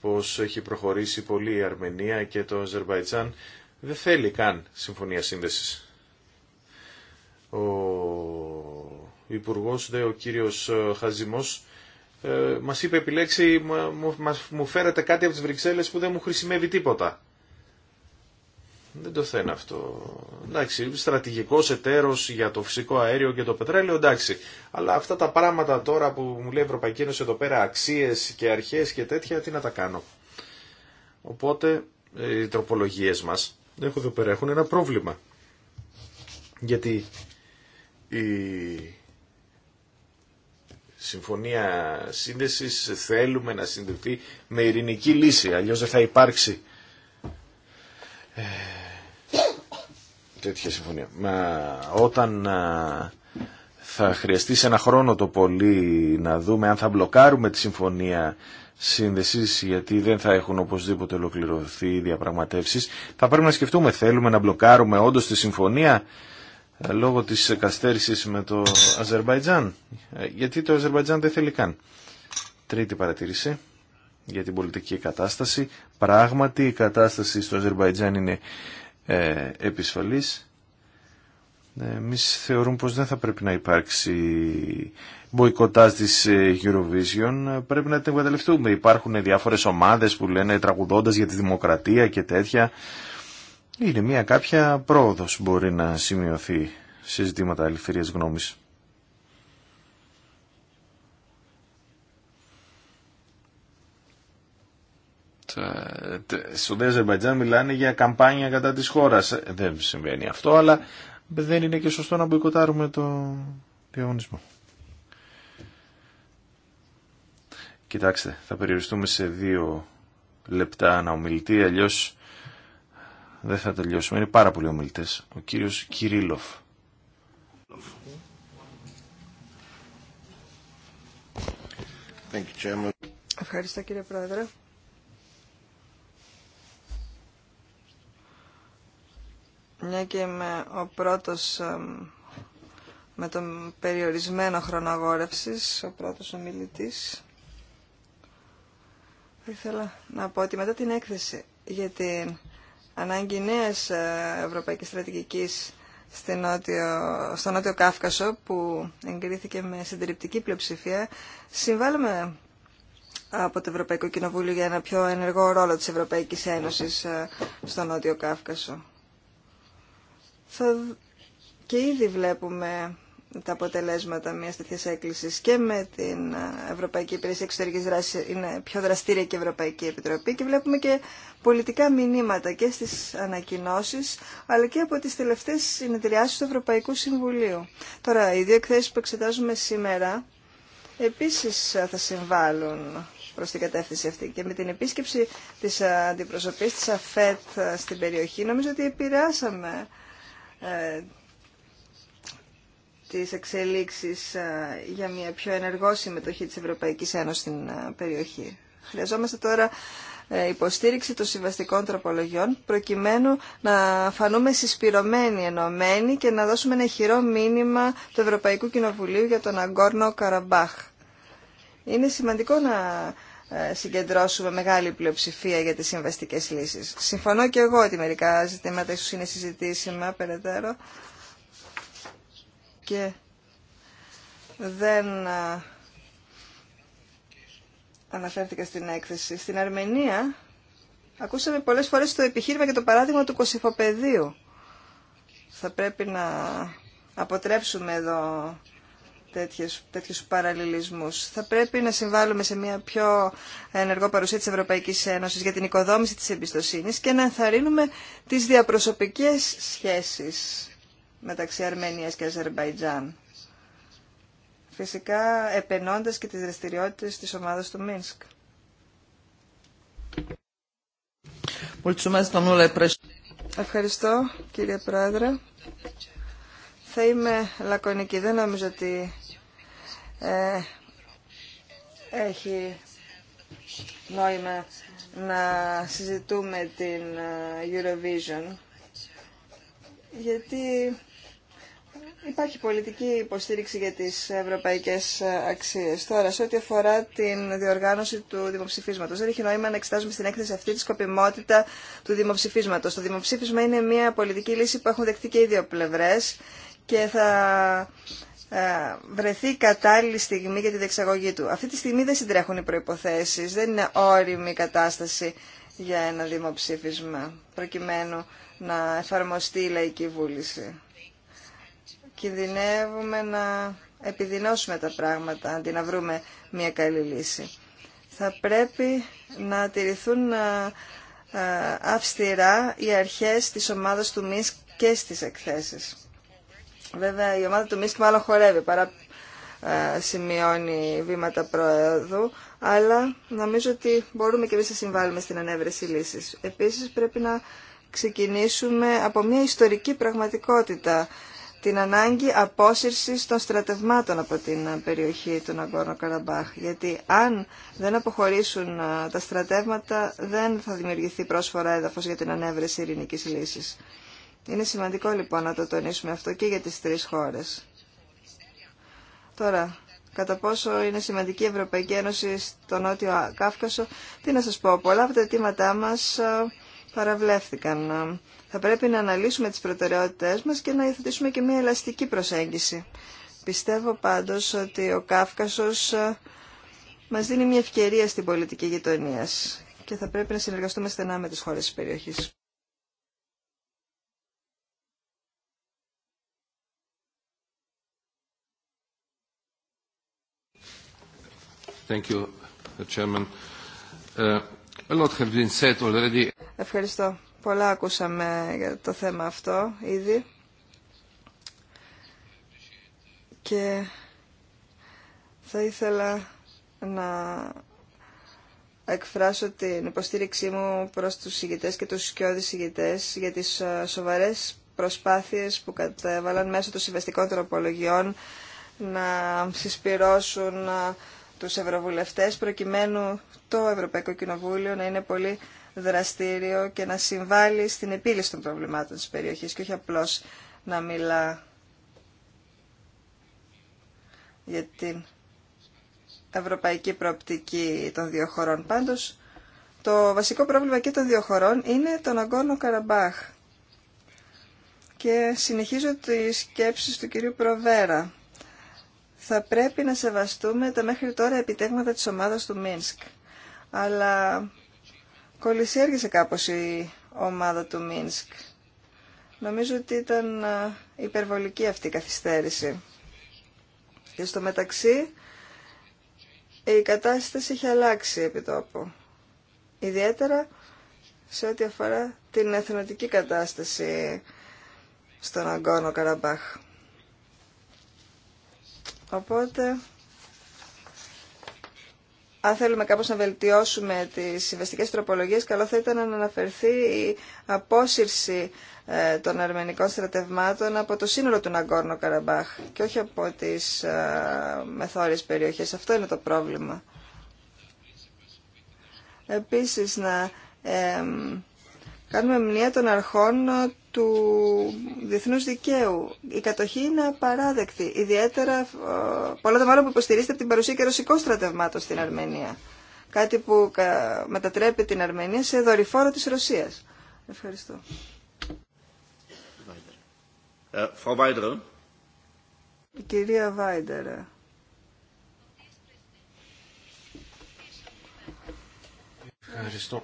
πως έχει προχωρήσει πολύ η Αρμενία και το Αζερβαϊτζάν δεν θέλει καν συμφωνία σύνδεσης. Ο Υπουργός, δε, ο κύριος ε, Χαζημός, ε, μας είπε επιλέξει, μου, μου φέρατε κάτι από τις Βρυξέλλες που δεν μου χρησιμεύει τίποτα. Δεν το θέλω αυτό. Εντάξει, στρατηγικό εταίρο για το φυσικό αέριο και το πετρέλαιο, εντάξει. Αλλά αυτά τα πράγματα τώρα που μου λέει η Ευρωπαϊκή Ένωση εδώ πέρα, αξίε και αρχέ και τέτοια, τι να τα κάνω. Οπότε οι τροπολογίε μα έχουν εδώ πέρα έχουν ένα πρόβλημα. Γιατί η συμφωνία σύνδεση θέλουμε να συνδεθεί με ειρηνική λύση, Αλλιώ δεν θα υπάρξει ε, τέτοια συμφωνία. Μα όταν ε, θα χρειαστεί σε ένα χρόνο το πολύ να δούμε αν θα μπλοκάρουμε τη συμφωνία σύνδεση γιατί δεν θα έχουν οπωσδήποτε ολοκληρωθεί οι διαπραγματεύσει. θα πρέπει να σκεφτούμε θέλουμε να μπλοκάρουμε όντω τη συμφωνία ε, λόγω τη καστέρησης με το Αζερβαϊτζάν ε, γιατί το Αζερβαϊτζάν δεν θέλει καν τρίτη παρατήρηση για την πολιτική κατάσταση πράγματι η κατάσταση στο Αζερβαϊτζάν είναι ε, επισφαλής. Ε, εμείς θεωρούμε πως δεν θα πρέπει να υπάρξει μποϊκοτάς της ε, Eurovision. Ε, πρέπει να την εγκαταλευτούμε. Υπάρχουν διάφορες ομάδες που λένε τραγουδώντας για τη δημοκρατία και τέτοια. Είναι μια κάποια πρόοδος μπορεί να σημειωθεί σε ζητήματα ελευθερίας γνώμης. Ε, στον Αζερβαϊτζάν μιλάνε για καμπάνια κατά της χώρας. Δεν συμβαίνει αυτό, αλλά δεν είναι και σωστό να μποϊκοτάρουμε το διαγωνισμό. Κοιτάξτε, θα περιοριστούμε σε δύο λεπτά να ομιλητή, αλλιώς δεν θα τελειώσουμε. Είναι πάρα πολλοί ομιλητές. Ο κύριος Κυρίλοφ. Ευχαριστώ κύριε Πρόεδρε. Μια και είμαι ο πρώτος με τον περιορισμένο χρόνο ο πρώτος ομιλητής. ήθελα να πω ότι μετά την έκθεση για την ανάγκη νέας ε, ευρωπαϊκής στρατηγικής στο Νότιο, στο Νότιο Κάφκασο που εγκρίθηκε με συντριπτική πλειοψηφία συμβάλλουμε από το Ευρωπαϊκό Κοινοβούλιο για ένα πιο ενεργό ρόλο της Ευρωπαϊκής Ένωσης ε, στο Νότιο Κάφκασο θα... και ήδη βλέπουμε τα αποτελέσματα μιας τέτοιας έκκλησης και με την ε, Ευρωπαϊκή Υπηρεσία Εξωτερικής Δράσης είναι πιο δραστήρια και η Ευρωπαϊκή Επιτροπή και βλέπουμε και πολιτικά μηνύματα και στις ανακοινώσεις αλλά και από τις τελευταίες συνεδριάσεις του Ευρωπαϊκού Συμβουλίου. Τώρα, οι δύο εκθέσεις που εξετάζουμε σήμερα επίσης θα συμβάλλουν προς την κατεύθυνση αυτή και με την επίσκεψη της αντιπροσωπής της ΑΦΕΤ στην περιοχή νομίζω ότι επηρεάσαμε ε, τις εξελίξεις ε, για μια πιο ενεργό συμμετοχή της Ευρωπαϊκής Ένωσης στην ε, περιοχή. Χρειαζόμαστε τώρα υποστήριξη των συμβαστικών τροπολογιών προκειμένου να φανούμε συσπηρωμένοι, ενωμένοι και να δώσουμε ένα χειρό μήνυμα του Ευρωπαϊκού Κοινοβουλίου για τον Αγκόρνο Καραμπάχ. Είναι σημαντικό να ε, συγκεντρώσουμε μεγάλη πλειοψηφία για τι συμβαστικέ λύσεις. Συμφωνώ και εγώ ότι μερικά ζητήματα ίσω είναι συζητήσιμα περαιτέρω και δεν ε, αναφέρθηκα στην έκθεση. Στην Αρμενία ακούσαμε πολλές φορές το επιχείρημα και το παράδειγμα του Κωσυφοπεδίου. Θα πρέπει να αποτρέψουμε εδώ τέτοιες, τέτοιους παραλληλισμούς. Θα πρέπει να συμβάλλουμε σε μια πιο ενεργό παρουσία της Ευρωπαϊκής Ένωσης για την οικοδόμηση της εμπιστοσύνης και να ενθαρρύνουμε τις διαπροσωπικές σχέσεις μεταξύ Αρμενίας και Αζερμπαϊτζάν. Φυσικά επενώντας και τις δραστηριότητες της ομάδας του Μίνσκ. Ευχαριστώ κύριε Πρόεδρε θα είμαι λακωνική. Δεν νομίζω ότι ε, έχει νόημα να συζητούμε την ε, Eurovision γιατί υπάρχει πολιτική υποστήριξη για τις ευρωπαϊκές ε, αξίες. Τώρα, σε ό,τι αφορά την διοργάνωση του δημοψηφίσματος, δεν έχει νόημα να εξετάζουμε στην έκθεση αυτή τη σκοπιμότητα του δημοψηφίσματος. Το δημοψήφισμα είναι μια πολιτική λύση που έχουν δεχτεί και οι δύο πλευρές και θα ε, βρεθεί κατάλληλη στιγμή για τη διεξαγωγή του. Αυτή τη στιγμή δεν συντρέχουν οι προϋποθέσεις, δεν είναι όριμη η κατάσταση για ένα δημοψήφισμα, προκειμένου να εφαρμοστεί η λαϊκή βούληση. Κινδυνεύουμε να επιδεινώσουμε τα πράγματα, αντί να βρούμε μια καλή λύση. Θα πρέπει να τηρηθούν ε, ε, αυστηρά οι αρχές της ομάδας του ΜΙΣ και στις εκθέσεις. Βέβαια η ομάδα του Μίσκ μάλλον χορεύει παρά ε, σημειώνει βήματα προέδρου, αλλά νομίζω ότι μπορούμε και εμείς να συμβάλλουμε στην ανέβρεση λύση. Επίση πρέπει να ξεκινήσουμε από μια ιστορική πραγματικότητα την ανάγκη απόσυρσης των στρατευμάτων από την περιοχή του Ναγκόρνο Καραμπάχ. Γιατί αν δεν αποχωρήσουν ε, τα στρατεύματα, δεν θα δημιουργηθεί πρόσφορα έδαφος για την ανέβρεση ειρηνικής λύσης. Είναι σημαντικό λοιπόν να το τονίσουμε αυτό και για τις τρεις χώρες. Τώρα, κατά πόσο είναι σημαντική η Ευρωπαϊκή Ένωση στο Νότιο Κάφκασο, τι να σας πω, πολλά από τα αιτήματά μας ε, παραβλέφθηκαν. Θα πρέπει να αναλύσουμε τις προτεραιότητές μας και να υιοθετήσουμε και μια ελαστική προσέγγιση. Πιστεύω πάντως ότι ο Κάφκασος ε, μας δίνει μια ευκαιρία στην πολιτική γειτονία και θα πρέπει να συνεργαστούμε στενά με τις χώρες της περιοχής. Ευχαριστώ. Πολλά ακούσαμε για το θέμα αυτό ήδη. Και θα ήθελα να εκφράσω την υποστήριξή μου προς τους ηγητές και τους σκιώδεις ηγητές για τις ε, σοβαρές προσπάθειες που κατέβαλαν μέσω των συμβαστικών τροπολογιών να συσπυρώσουν ε, τους ευρωβουλευτές προκειμένου το Ευρωπαϊκό Κοινοβούλιο να είναι πολύ δραστήριο και να συμβάλλει στην επίλυση των προβλημάτων της περιοχής και όχι απλώς να μιλά για την ευρωπαϊκή προοπτική των δύο χωρών. Πάντως, το βασικό πρόβλημα και των δύο χωρών είναι τον Αγκόνο Καραμπάχ. Και συνεχίζω τις σκέψεις του κυρίου Προβέρα θα πρέπει να σεβαστούμε τα μέχρι τώρα επιτέγματα της ομάδας του Μίνσκ. Αλλά κολλησιέργησε κάπως η ομάδα του Μίνσκ. Νομίζω ότι ήταν υπερβολική αυτή η καθυστέρηση. Και στο μεταξύ η κατάσταση έχει αλλάξει επί τόπου. Ιδιαίτερα σε ό,τι αφορά την εθνοτική κατάσταση στον Αγκόνο Καραμπάχ. Οπότε, αν θέλουμε κάπως να βελτιώσουμε τις συμβεστικές τροπολογίες, καλό θα ήταν να αναφερθεί η απόσυρση ε, των αρμενικών στρατευμάτων από το σύνολο του Ναγκόρνο Καραμπάχ και όχι από τις ε, μεθόριες περιοχές. Αυτό είναι το πρόβλημα. Επίσης, να ε, κάνουμε μνήμα των αρχών του διεθνούς δικαίου. Η κατοχή είναι απαράδεκτη, ιδιαίτερα ε, πολλά τα μάλλον που υποστηρίζεται από την παρουσία και ρωσικών στρατευμάτων στην Αρμενία. Κάτι που μετατρέπει την Αρμενία σε δορυφόρο της Ρωσίας. Ευχαριστώ. Ε, κυρία Βάιντερ. Ευχαριστώ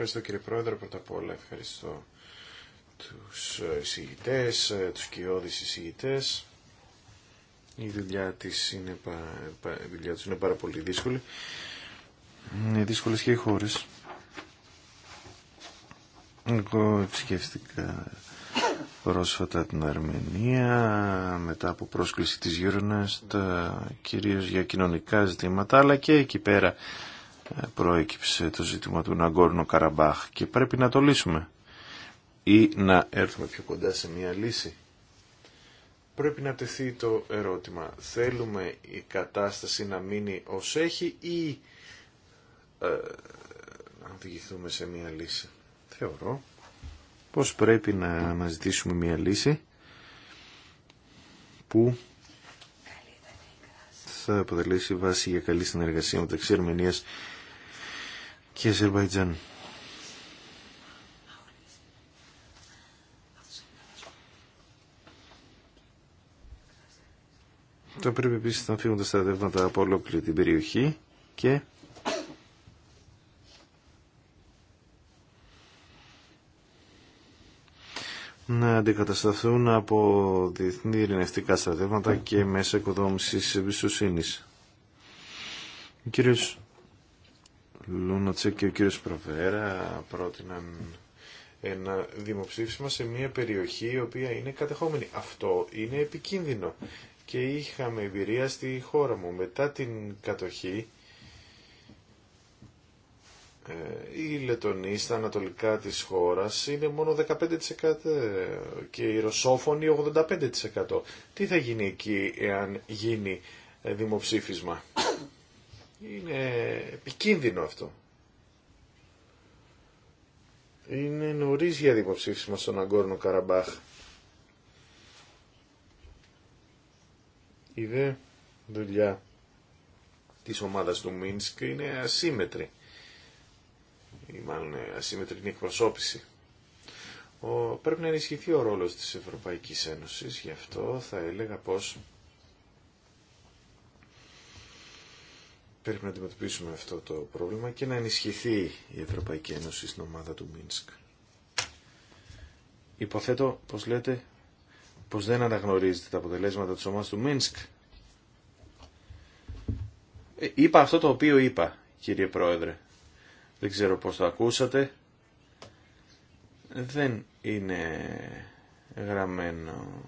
Ευχαριστώ κύριε Πρόεδρε, πρώτα απ' όλα ευχαριστώ τους ε, εισηγητές, ε, τους κοιόδης εισηγητές. Η δουλειά, της είναι, η δουλειά είναι πάρα πολύ δύσκολη. Είναι δύσκολες και οι χώρες. Εγώ επισκέφτηκα πρόσφατα την Αρμενία μετά από πρόσκληση της Euronest ε, κυρίως για κοινωνικά ζητήματα αλλά και εκεί πέρα ε, προέκυψε το ζήτημα του Ναγκόρνο Καραμπάχ και πρέπει να το λύσουμε ή να έρθουμε πιο κοντά σε μια λύση. Πρέπει να τεθεί το ερώτημα, θέλουμε η κατάσταση να μείνει ως έχει ή ε, να οδηγηθούμε σε μια λύση. Θεωρώ πως πρέπει να αναζητήσουμε μια λύση που θα αποτελέσει βάση για καλή συνεργασία μεταξύ Αρμενίας και Αζερβαϊτζάν. Θα πρέπει επίσης να φύγουν τα στρατεύματα από ολόκληρη την περιοχή και να αντικατασταθούν από διεθνή ειρηνευτικά στρατεύματα και μέσα οικοδόμησης εμπιστοσύνη. κύριος Τσέκ και ο κύριος Προβέρα πρότειναν ένα δημοψήφισμα σε μια περιοχή η οποία είναι κατεχόμενη. Αυτό είναι επικίνδυνο και είχαμε εμπειρία στη χώρα μου. Μετά την κατοχή η ε, Λετονοί στα ανατολικά της χώρας είναι μόνο 15% και οι Ρωσόφωνοι 85%. Τι θα γίνει εκεί εάν γίνει ε, δημοψήφισμα. Είναι επικίνδυνο αυτό. Είναι νωρί για δημοψήφισμα στον Αγκόρνο Καραμπάχ. Η δε δουλειά της ομάδας του Μίνσκ είναι ασύμετρη. Ή μάλλον ασύμετρη είναι εκπροσώπηση. Ο, πρέπει να ενισχυθεί ο ρόλος της Ευρωπαϊκής Ένωσης, γι' αυτό θα έλεγα πως Πρέπει να αντιμετωπίσουμε αυτό το πρόβλημα και να ενισχυθεί η Ευρωπαϊκή Ένωση στην ομάδα του Μίνσκ. Υποθέτω, πως λέτε, πως δεν αναγνωρίζετε τα αποτελέσματα της ομάδας του Μίνσκ. Ε, είπα αυτό το οποίο είπα, κύριε Πρόεδρε. Δεν ξέρω πώς το ακούσατε. Δεν είναι γραμμένο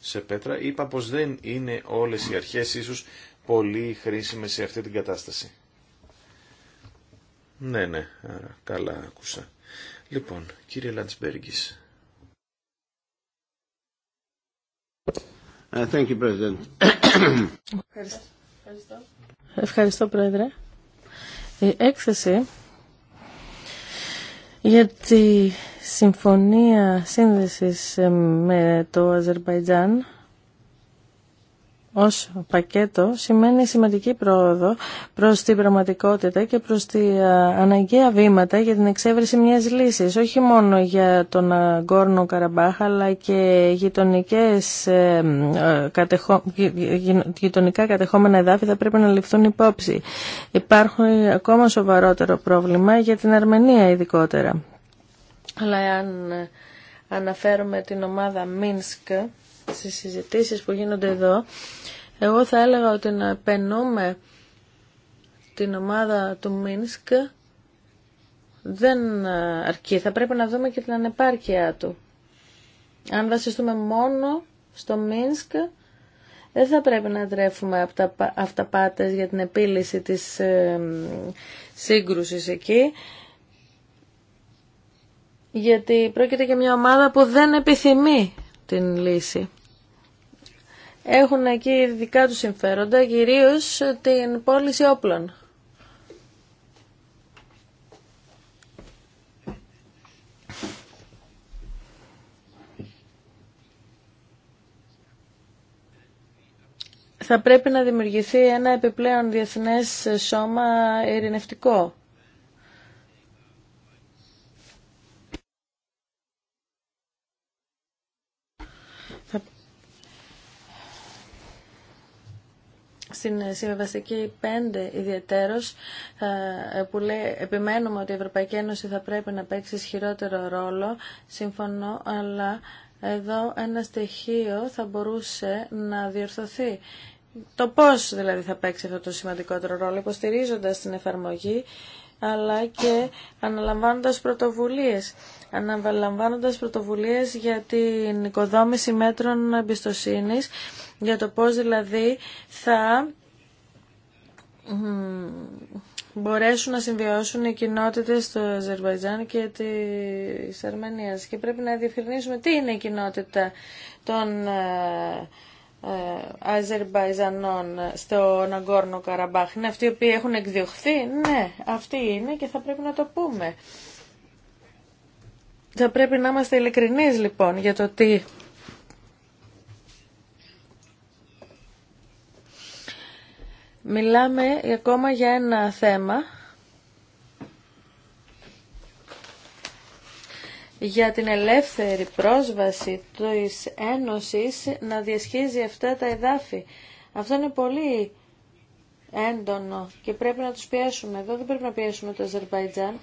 σε πέτρα. Είπα πως δεν είναι όλες οι αρχές ίσως πολύ χρήσιμε σε αυτή την κατάσταση. Ναι, ναι, καλά άκουσα. Λοιπόν, κύριε Λαντσμπέργκης. Ε, thank you, President. Ευχαριστώ. Ευχαριστώ, Πρόεδρε. Η έκθεση για τη συμφωνία σύνδεσης ε, με το Αζερβαϊτζάν ως πακέτο σημαίνει σημαντική πρόοδο προς την πραγματικότητα και προς τη ε, αναγκαία βήματα για την εξέβρεση μιας λύσης, όχι μόνο για τον αγκόρνο Καραμπάχ, αλλά και γειτονικές, ε, ε, γειτονικά κατεχόμενα εδάφη θα πρέπει να ληφθούν υπόψη. Υπάρχουν ακόμα σοβαρότερο πρόβλημα για την Αρμενία ειδικότερα. Αλλά αν αναφέρουμε την ομάδα Μίνσκ, στις συζητήσεις που γίνονται εδώ, εγώ θα έλεγα ότι να επενούμε την ομάδα του Μίνσκ δεν αρκεί. Θα πρέπει να δούμε και την ανεπάρκεια του. Αν βασιστούμε μόνο στο Μίνσκ, δεν θα πρέπει να τρέφουμε αυταπάτες για την επίλυση της ε, σύγκρουσης εκεί, γιατί πρόκειται για μια ομάδα που δεν επιθυμεί την λύση. Έχουν εκεί δικά τους συμφέροντα, κυρίως την πώληση όπλων. Θα πρέπει να δημιουργηθεί ένα επιπλέον διεθνές σώμα ειρηνευτικό. στην συμβιβαστική 5 ιδιαίτερο, που λέει επιμένουμε ότι η Ευρωπαϊκή Ένωση θα πρέπει να παίξει ισχυρότερο ρόλο. Συμφωνώ, αλλά εδώ ένα στοιχείο θα μπορούσε να διορθωθεί. Το πώς δηλαδή θα παίξει αυτό το σημαντικότερο ρόλο, υποστηρίζοντας την εφαρμογή αλλά και αναλαμβάνοντας πρωτοβουλίες αναβαλαμβάνοντας πρωτοβουλίες για την οικοδόμηση μέτρων εμπιστοσύνη, για το πώς δηλαδή θα μπορέσουν να συμβιώσουν οι κοινότητε του Αζερβαϊτζάν και τη Αρμενία. Και πρέπει να διευκρινίσουμε τι είναι η κοινότητα των ε, ε, Αζερβαϊζανών στο Ναγκόρνο Καραμπάχ. Είναι αυτοί οι οποίοι έχουν εκδιωχθεί, ναι, αυτοί είναι και θα πρέπει να το πούμε. Θα πρέπει να είμαστε ειλικρινείς λοιπόν για το τι Μιλάμε ακόμα για ένα θέμα για την ελεύθερη πρόσβαση της Ένωσης να διασχίζει αυτά τα εδάφη. Αυτό είναι πολύ έντονο και πρέπει να τους πιέσουμε. Εδώ δεν πρέπει να πιέσουμε το Αζερβαϊτζάν,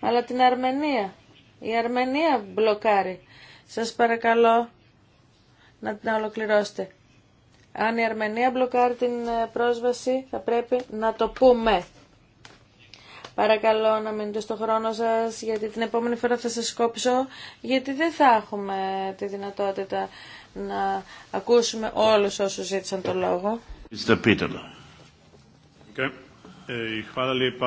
αλλά την Αρμενία. Η Αρμενία μπλοκάρει. Σας παρακαλώ να την ολοκληρώσετε. Αν η Αρμενία μπλοκάρει την ε, πρόσβαση, θα πρέπει να το πούμε. Παρακαλώ να μείνετε στο χρόνο σας, γιατί την επόμενη φορά θα σας κόψω, γιατί δεν θα έχουμε τη δυνατότητα να ακούσουμε όλους όσους ζήτησαν το λόγο. Okay. Ευχαριστώ.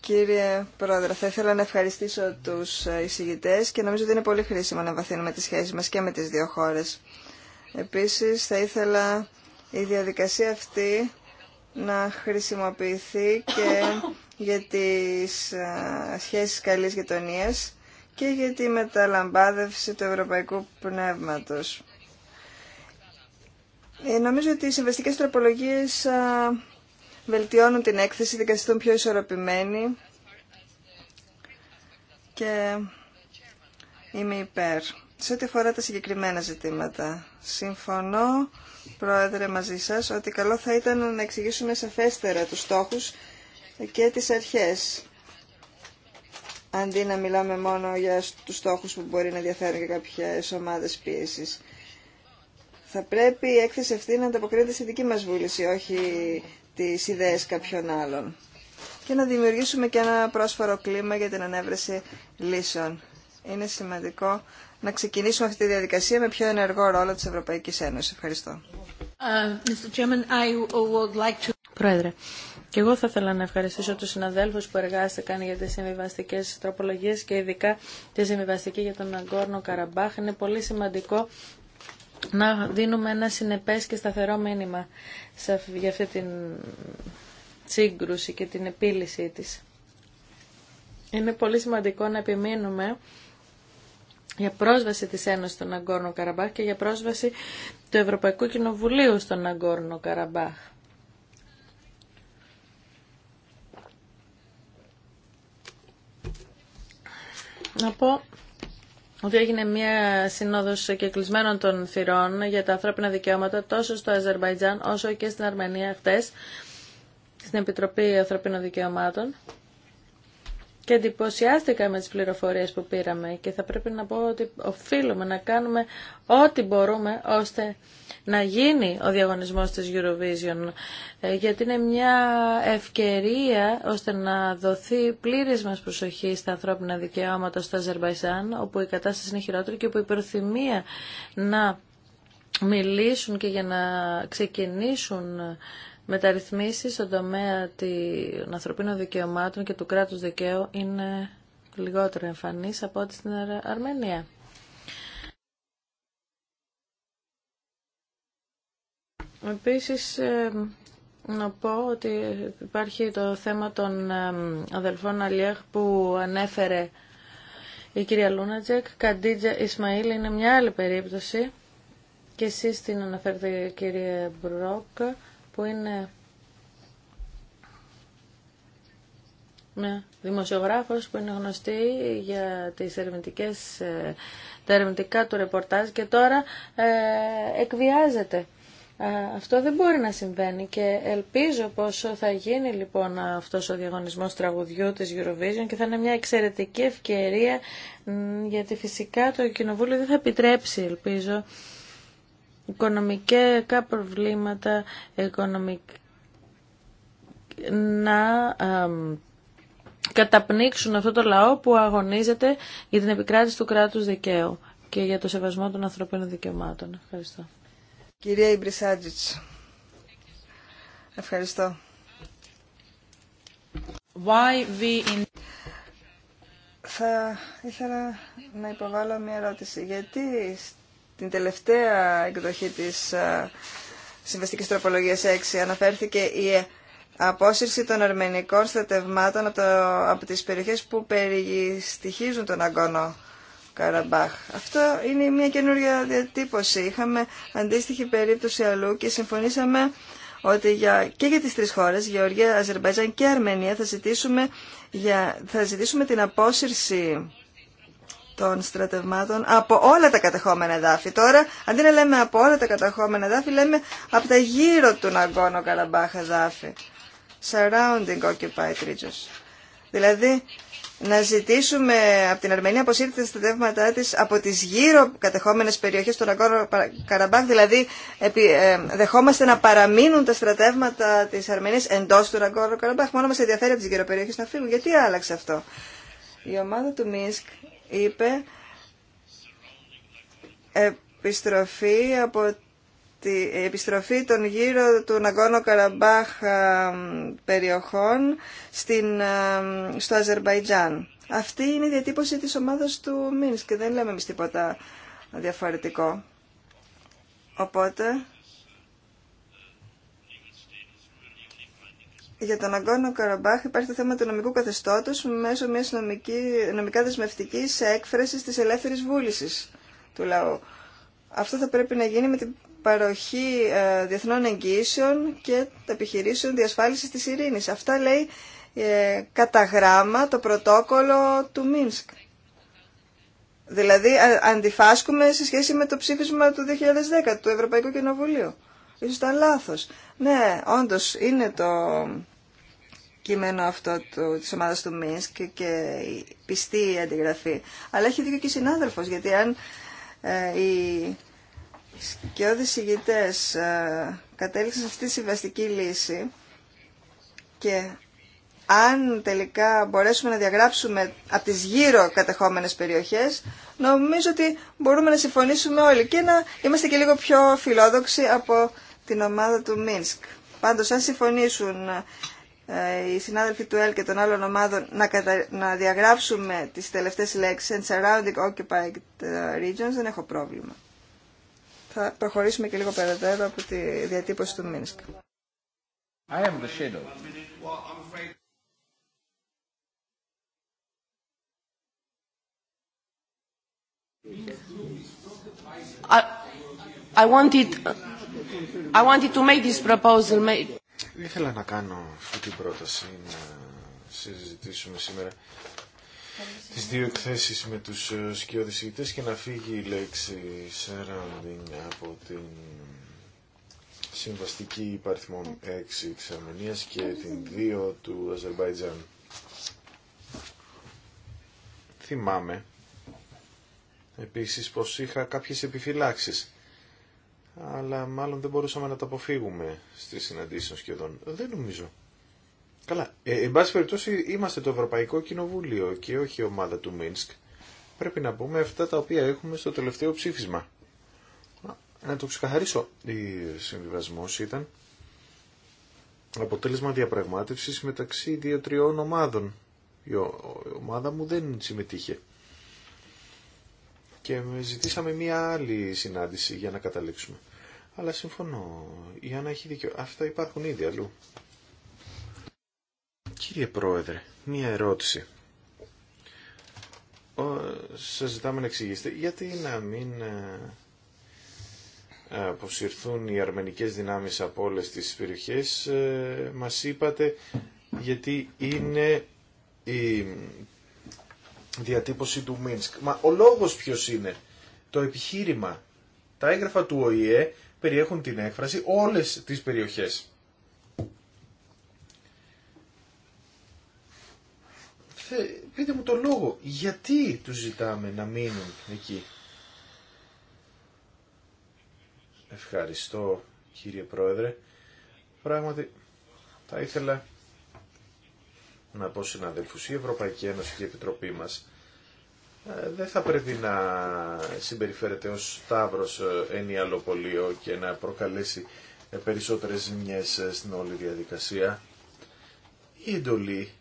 Κύριε Πρόεδρε, θα ήθελα να ευχαριστήσω τους ε, εισηγητές και νομίζω ότι είναι πολύ χρήσιμο να βαθύνουμε τις σχέσεις μας και με τις δύο χώρες. Επίσης, θα ήθελα η διαδικασία αυτή να χρησιμοποιηθεί και για τις ε, σχέσεις καλή γειτονία και για τη μεταλαμπάδευση του ευρωπαϊκού πνεύματος. Ε, νομίζω ότι οι συμβαστικές τροπολογίες βελτιώνουν την έκθεση, δικαστούν πιο ισορροπημένοι και είμαι υπέρ. Σε ό,τι αφορά τα συγκεκριμένα ζητήματα, συμφωνώ, Πρόεδρε, μαζί σας, ότι καλό θα ήταν να εξηγήσουμε σαφέστερα τους στόχους και τις αρχές αντί να μιλάμε μόνο για τους στόχους που μπορεί να διαφέρουν και κάποιες ομάδες πίεσης. Θα πρέπει η έκθεση αυτή να ανταποκρίνεται στη δική μας βούληση, όχι τις ιδέες κάποιων άλλων. Και να δημιουργήσουμε και ένα πρόσφορο κλίμα για την ανέβρεση λύσεων. Είναι σημαντικό να ξεκινήσουμε αυτή τη διαδικασία με πιο ενεργό ρόλο της Ευρωπαϊκής Ένωσης. Ευχαριστώ. Uh, και εγώ θα ήθελα να ευχαριστήσω του συναδέλφου που εργάστηκαν για τι συμβιβαστικέ τροπολογίε και ειδικά τη συμβιβαστική για τον Αγκόρνο Καραμπάχ. Είναι πολύ σημαντικό να δίνουμε ένα συνεπέ και σταθερό μήνυμα για αυτή την σύγκρουση και την επίλυση τη. Είναι πολύ σημαντικό να επιμείνουμε για πρόσβαση της Ένωσης στον Αγκόρνο Καραμπάχ και για πρόσβαση του Ευρωπαϊκού Κοινοβουλίου στον Αγκόρνο Καραμπάχ. να πω ότι έγινε μια συνόδος κεκλεισμένων των θυρών για τα ανθρώπινα δικαιώματα τόσο στο Αζερβαϊτζάν όσο και στην Αρμενία χτες στην Επιτροπή Ανθρωπίνων Δικαιωμάτων και εντυπωσιάστηκα με τις πληροφορίες που πήραμε και θα πρέπει να πω ότι οφείλουμε να κάνουμε ό,τι μπορούμε ώστε να γίνει ο διαγωνισμός της Eurovision ε, γιατί είναι μια ευκαιρία ώστε να δοθεί πλήρης μας προσοχή στα ανθρώπινα δικαιώματα στο Αζερβαϊσάν όπου η κατάσταση είναι χειρότερη και όπου η προθυμία να μιλήσουν και για να ξεκινήσουν μεταρρυθμίσεις στον τομέα των ανθρωπίνων δικαιωμάτων και του κράτους δικαίου είναι λιγότερο εμφανής από ό,τι στην Αρμενία. Επίσης, να πω ότι υπάρχει το θέμα των αδελφών Αλιέχ που ανέφερε η κυρία Λούνατζεκ. Καντίτζα Ισμαήλ είναι μια άλλη περίπτωση και εσείς την αναφέρετε κύριε Μπρόκ που είναι μια ναι, δημοσιογράφος που είναι γνωστή για τις ερευνητικές, ε, τα ερευνητικά του ρεπορτάζ και τώρα ε, εκβιάζεται. Ε, αυτό δεν μπορεί να συμβαίνει και ελπίζω πως θα γίνει λοιπόν αυτός ο διαγωνισμός τραγουδιού της Eurovision και θα είναι μια εξαιρετική ευκαιρία γιατί φυσικά το Κοινοβούλιο δεν θα επιτρέψει ελπίζω οικονομικά προβλήματα, να καταπνίξουν αυτό το λαό που αγωνίζεται για την επικράτηση του κράτους δικαίου και για το σεβασμό των ανθρωπίνων δικαιωμάτων. Ευχαριστώ. Κυρία Ιμπρισάτζιτς. ευχαριστώ. Why we in... Θα ήθελα να υποβάλω μια ερώτηση. Γιατί την τελευταία εκδοχή της ε, Συμβαστικής Τροπολογίας 6 αναφέρθηκε η ε, απόσυρση των αρμενικών στρατευμάτων από, το, από τις περιοχές που περιστοιχίζουν τον αγώνο Καραμπάχ. Αυτό είναι μια καινούργια διατύπωση. Είχαμε αντίστοιχη περίπτωση αλλού και συμφωνήσαμε ότι για, και για τις τρεις χώρες, Γεωργία, Αζερμπαϊτζάν και Αρμενία, θα ζητήσουμε, για, θα ζητήσουμε την απόσυρση των στρατευμάτων από όλα τα κατεχόμενα εδάφη. Τώρα, αντί να λέμε από όλα τα κατεχόμενα εδάφη, λέμε από τα γύρω του Ναγκόνο Καραμπάχ εδάφη. Surrounding occupied regions. Δηλαδή, να ζητήσουμε από την Αρμενία πως ήρθε τα στρατεύματά της από τις γύρω κατεχόμενες περιοχές του Ναγκόνο Καραμπάχ, δηλαδή ε, δεχόμαστε να παραμείνουν τα στρατεύματα τη Αρμενίας εντό του Ναγκόνο Καραμπάχ, μόνο μα ενδιαφέρει από τι γύρω περιοχέ να φύγουν. Γιατί άλλαξε αυτό. Η ομάδα του Μίσκ είπε επιστροφή από τη επιστροφή των γύρω του Ναγκόνο Καραμπάχ περιοχών στην, στο Αζερβαϊτζάν. Αυτή είναι η διατύπωση της ομάδας του Μίνσκ και δεν λέμε εμείς τίποτα διαφορετικό. Οπότε για τον Αγκόνο Καραμπάχ υπάρχει το θέμα του νομικού καθεστώτος μέσω μιας νομικά δεσμευτική έκφραση της ελεύθερης βούλησης του λαού. Αυτό θα πρέπει να γίνει με την παροχή ε, διεθνών εγγύσεων και επιχειρήσεων διασφάλιση της ειρήνης. Αυτά λέει ε, κατά γράμμα το πρωτόκολλο του Μίνσκ. Δηλαδή αντιφάσκουμε σε σχέση με το ψήφισμα του 2010 του Ευρωπαϊκού Κοινοβουλίου. Ίσως ήταν λάθος. Ναι, όντως είναι το κείμενο αυτό του, της ομάδας του Μίνσκ και, και πιστή η αντιγραφή. Αλλά έχει δίκιο και συνάδελφος, γιατί αν ε, οι σκιώδεις ηγητές ε, κατέληξαν σε αυτή τη συμβαστική λύση και αν τελικά μπορέσουμε να διαγράψουμε από τις γύρω κατεχόμενες περιοχές, νομίζω ότι μπορούμε να συμφωνήσουμε όλοι και να είμαστε και λίγο πιο φιλόδοξοι από την ομάδα του Μίνσκ. Πάντως, αν συμφωνήσουν ε, οι συνάδελφοι του ΕΛ και των άλλων ομάδων να, να διαγράψουμε τις τελευταίες λέξεις and surrounding occupied ε, regions, δεν έχω πρόβλημα. Θα προχωρήσουμε και λίγο περαιτέρω από τη διατύπωση του Μίνσκ. I am the shadow. I, I wanted I wanted to make this Ήθελα να κάνω αυτή την πρόταση να συζητήσουμε σήμερα τις δύο εκθέσεις με τους ε, σκιοδησίτες και να φύγει η λέξη surrounding από την συμβαστική υπαριθμό 6 της Αρμενίας και την 2 του Αζερβαϊτζάν. Θυμάμαι επίσης πως είχα κάποιες επιφυλάξεις αλλά μάλλον δεν μπορούσαμε να τα αποφύγουμε στις συναντήσεις των σχεδόν. Δεν νομίζω. Καλά. Ε, εν πάση περιπτώσει είμαστε το Ευρωπαϊκό Κοινοβούλιο και όχι η ομάδα του Μίνσκ. Πρέπει να πούμε αυτά τα οποία έχουμε στο τελευταίο ψήφισμα. Να το ξεκαθαρίσω. Ο συμβιβασμό ήταν αποτέλεσμα διαπραγμάτευσης μεταξύ δύο-τριών ομάδων. Η ομάδα μου δεν συμμετείχε. Και ζητήσαμε μία άλλη συνάντηση για να καταλήξουμε. Αλλά συμφωνώ. Η Άννα έχει δίκιο. Αυτά υπάρχουν ήδη αλλού. Κύριε Πρόεδρε, μία ερώτηση. Σας ζητάμε να εξηγήσετε γιατί να μην ε, αποσυρθούν οι αρμενικές δυνάμεις από όλες τις περιοχές. Ε, μας είπατε γιατί είναι η διατύπωση του Μίνσκ. Μα ο λόγος ποιος είναι. Το επιχείρημα. Τα έγγραφα του ΟΗΕ περιέχουν την έκφραση όλες τις περιοχές. Πείτε μου το λόγο, γιατί τους ζητάμε να μείνουν εκεί. Ευχαριστώ κύριε Πρόεδρε. Πράγματι θα ήθελα να πω συναδέλφους η Ευρωπαϊκή Ένωση και η Επιτροπή μας ε, δεν θα πρέπει να συμπεριφέρεται ως Σταύρος ε, ενιαλοπολείο και να προκαλέσει ε, περισσότερες ζημιές στην όλη διαδικασία. Η εντολή,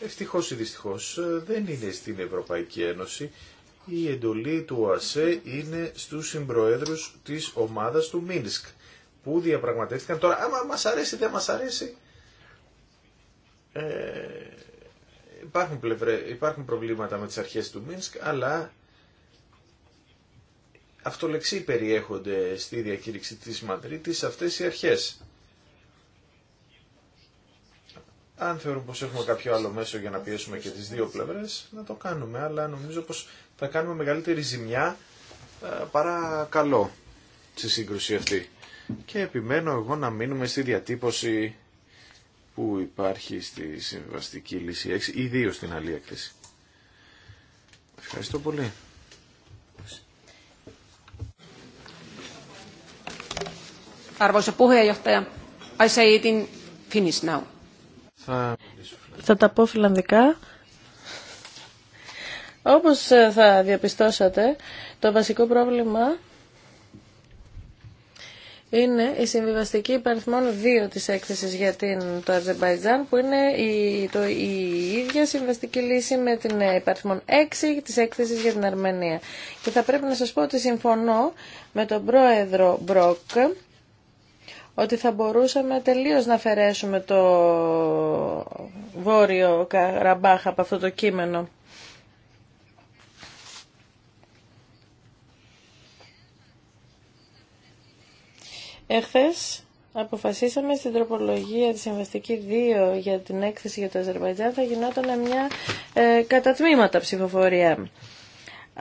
ευτυχώς ή δυστυχώς, δεν είναι στην Ευρωπαϊκή Ένωση. Η εντολή του ΟΑΣΕ είναι στους συμπροέδρους της ομάδας του Μίνσκ, που διαπραγματεύτηκαν τώρα, άμα μας αρέσει, δεν μας αρέσει, υπάρχουν, πλευρέ, υπάρχουν προβλήματα με τις αρχές του Μίνσκ, αλλά αυτολεξί περιέχονται στη διακήρυξη της Μαδρίτης αυτές οι αρχές. Αν θεωρούμε πως έχουμε κάποιο άλλο μέσο για να πιέσουμε και τις δύο πλευρές, να το κάνουμε, αλλά νομίζω πως θα κάνουμε μεγαλύτερη ζημιά ε, παρά καλό στη σύγκρουση αυτή. Και επιμένω εγώ να μείνουμε στη διατύπωση που υπάρχει στη συμβαστική λύση 6, ιδίως στην άλλη έκθεση. Ευχαριστώ πολύ. Arvoisa puheenjohtaja, I say now. Θα... θα τα πω φιλανδικά. Όπως ε, θα διαπιστώσατε, το βασικό πρόβλημα είναι η συμβιβαστική υπαριθμών 2 της έκθεσης για την, το Αζερμπαϊτζάν που είναι η, το, η ίδια συμβιβαστική λύση με την ε, υπαριθμών 6 της έκθεσης για την Αρμενία. Και θα πρέπει να σας πω ότι συμφωνώ με τον πρόεδρο Μπροκ ότι θα μπορούσαμε τελείως να αφαιρέσουμε το Βόρειο Καραμπάχ από αυτό το κείμενο. Εχθές αποφασίσαμε στην τροπολογία τη Συμβαστική 2 για την έκθεση για το Αζερβαϊτζάν θα γινόταν μια ε, ψηφοφορία.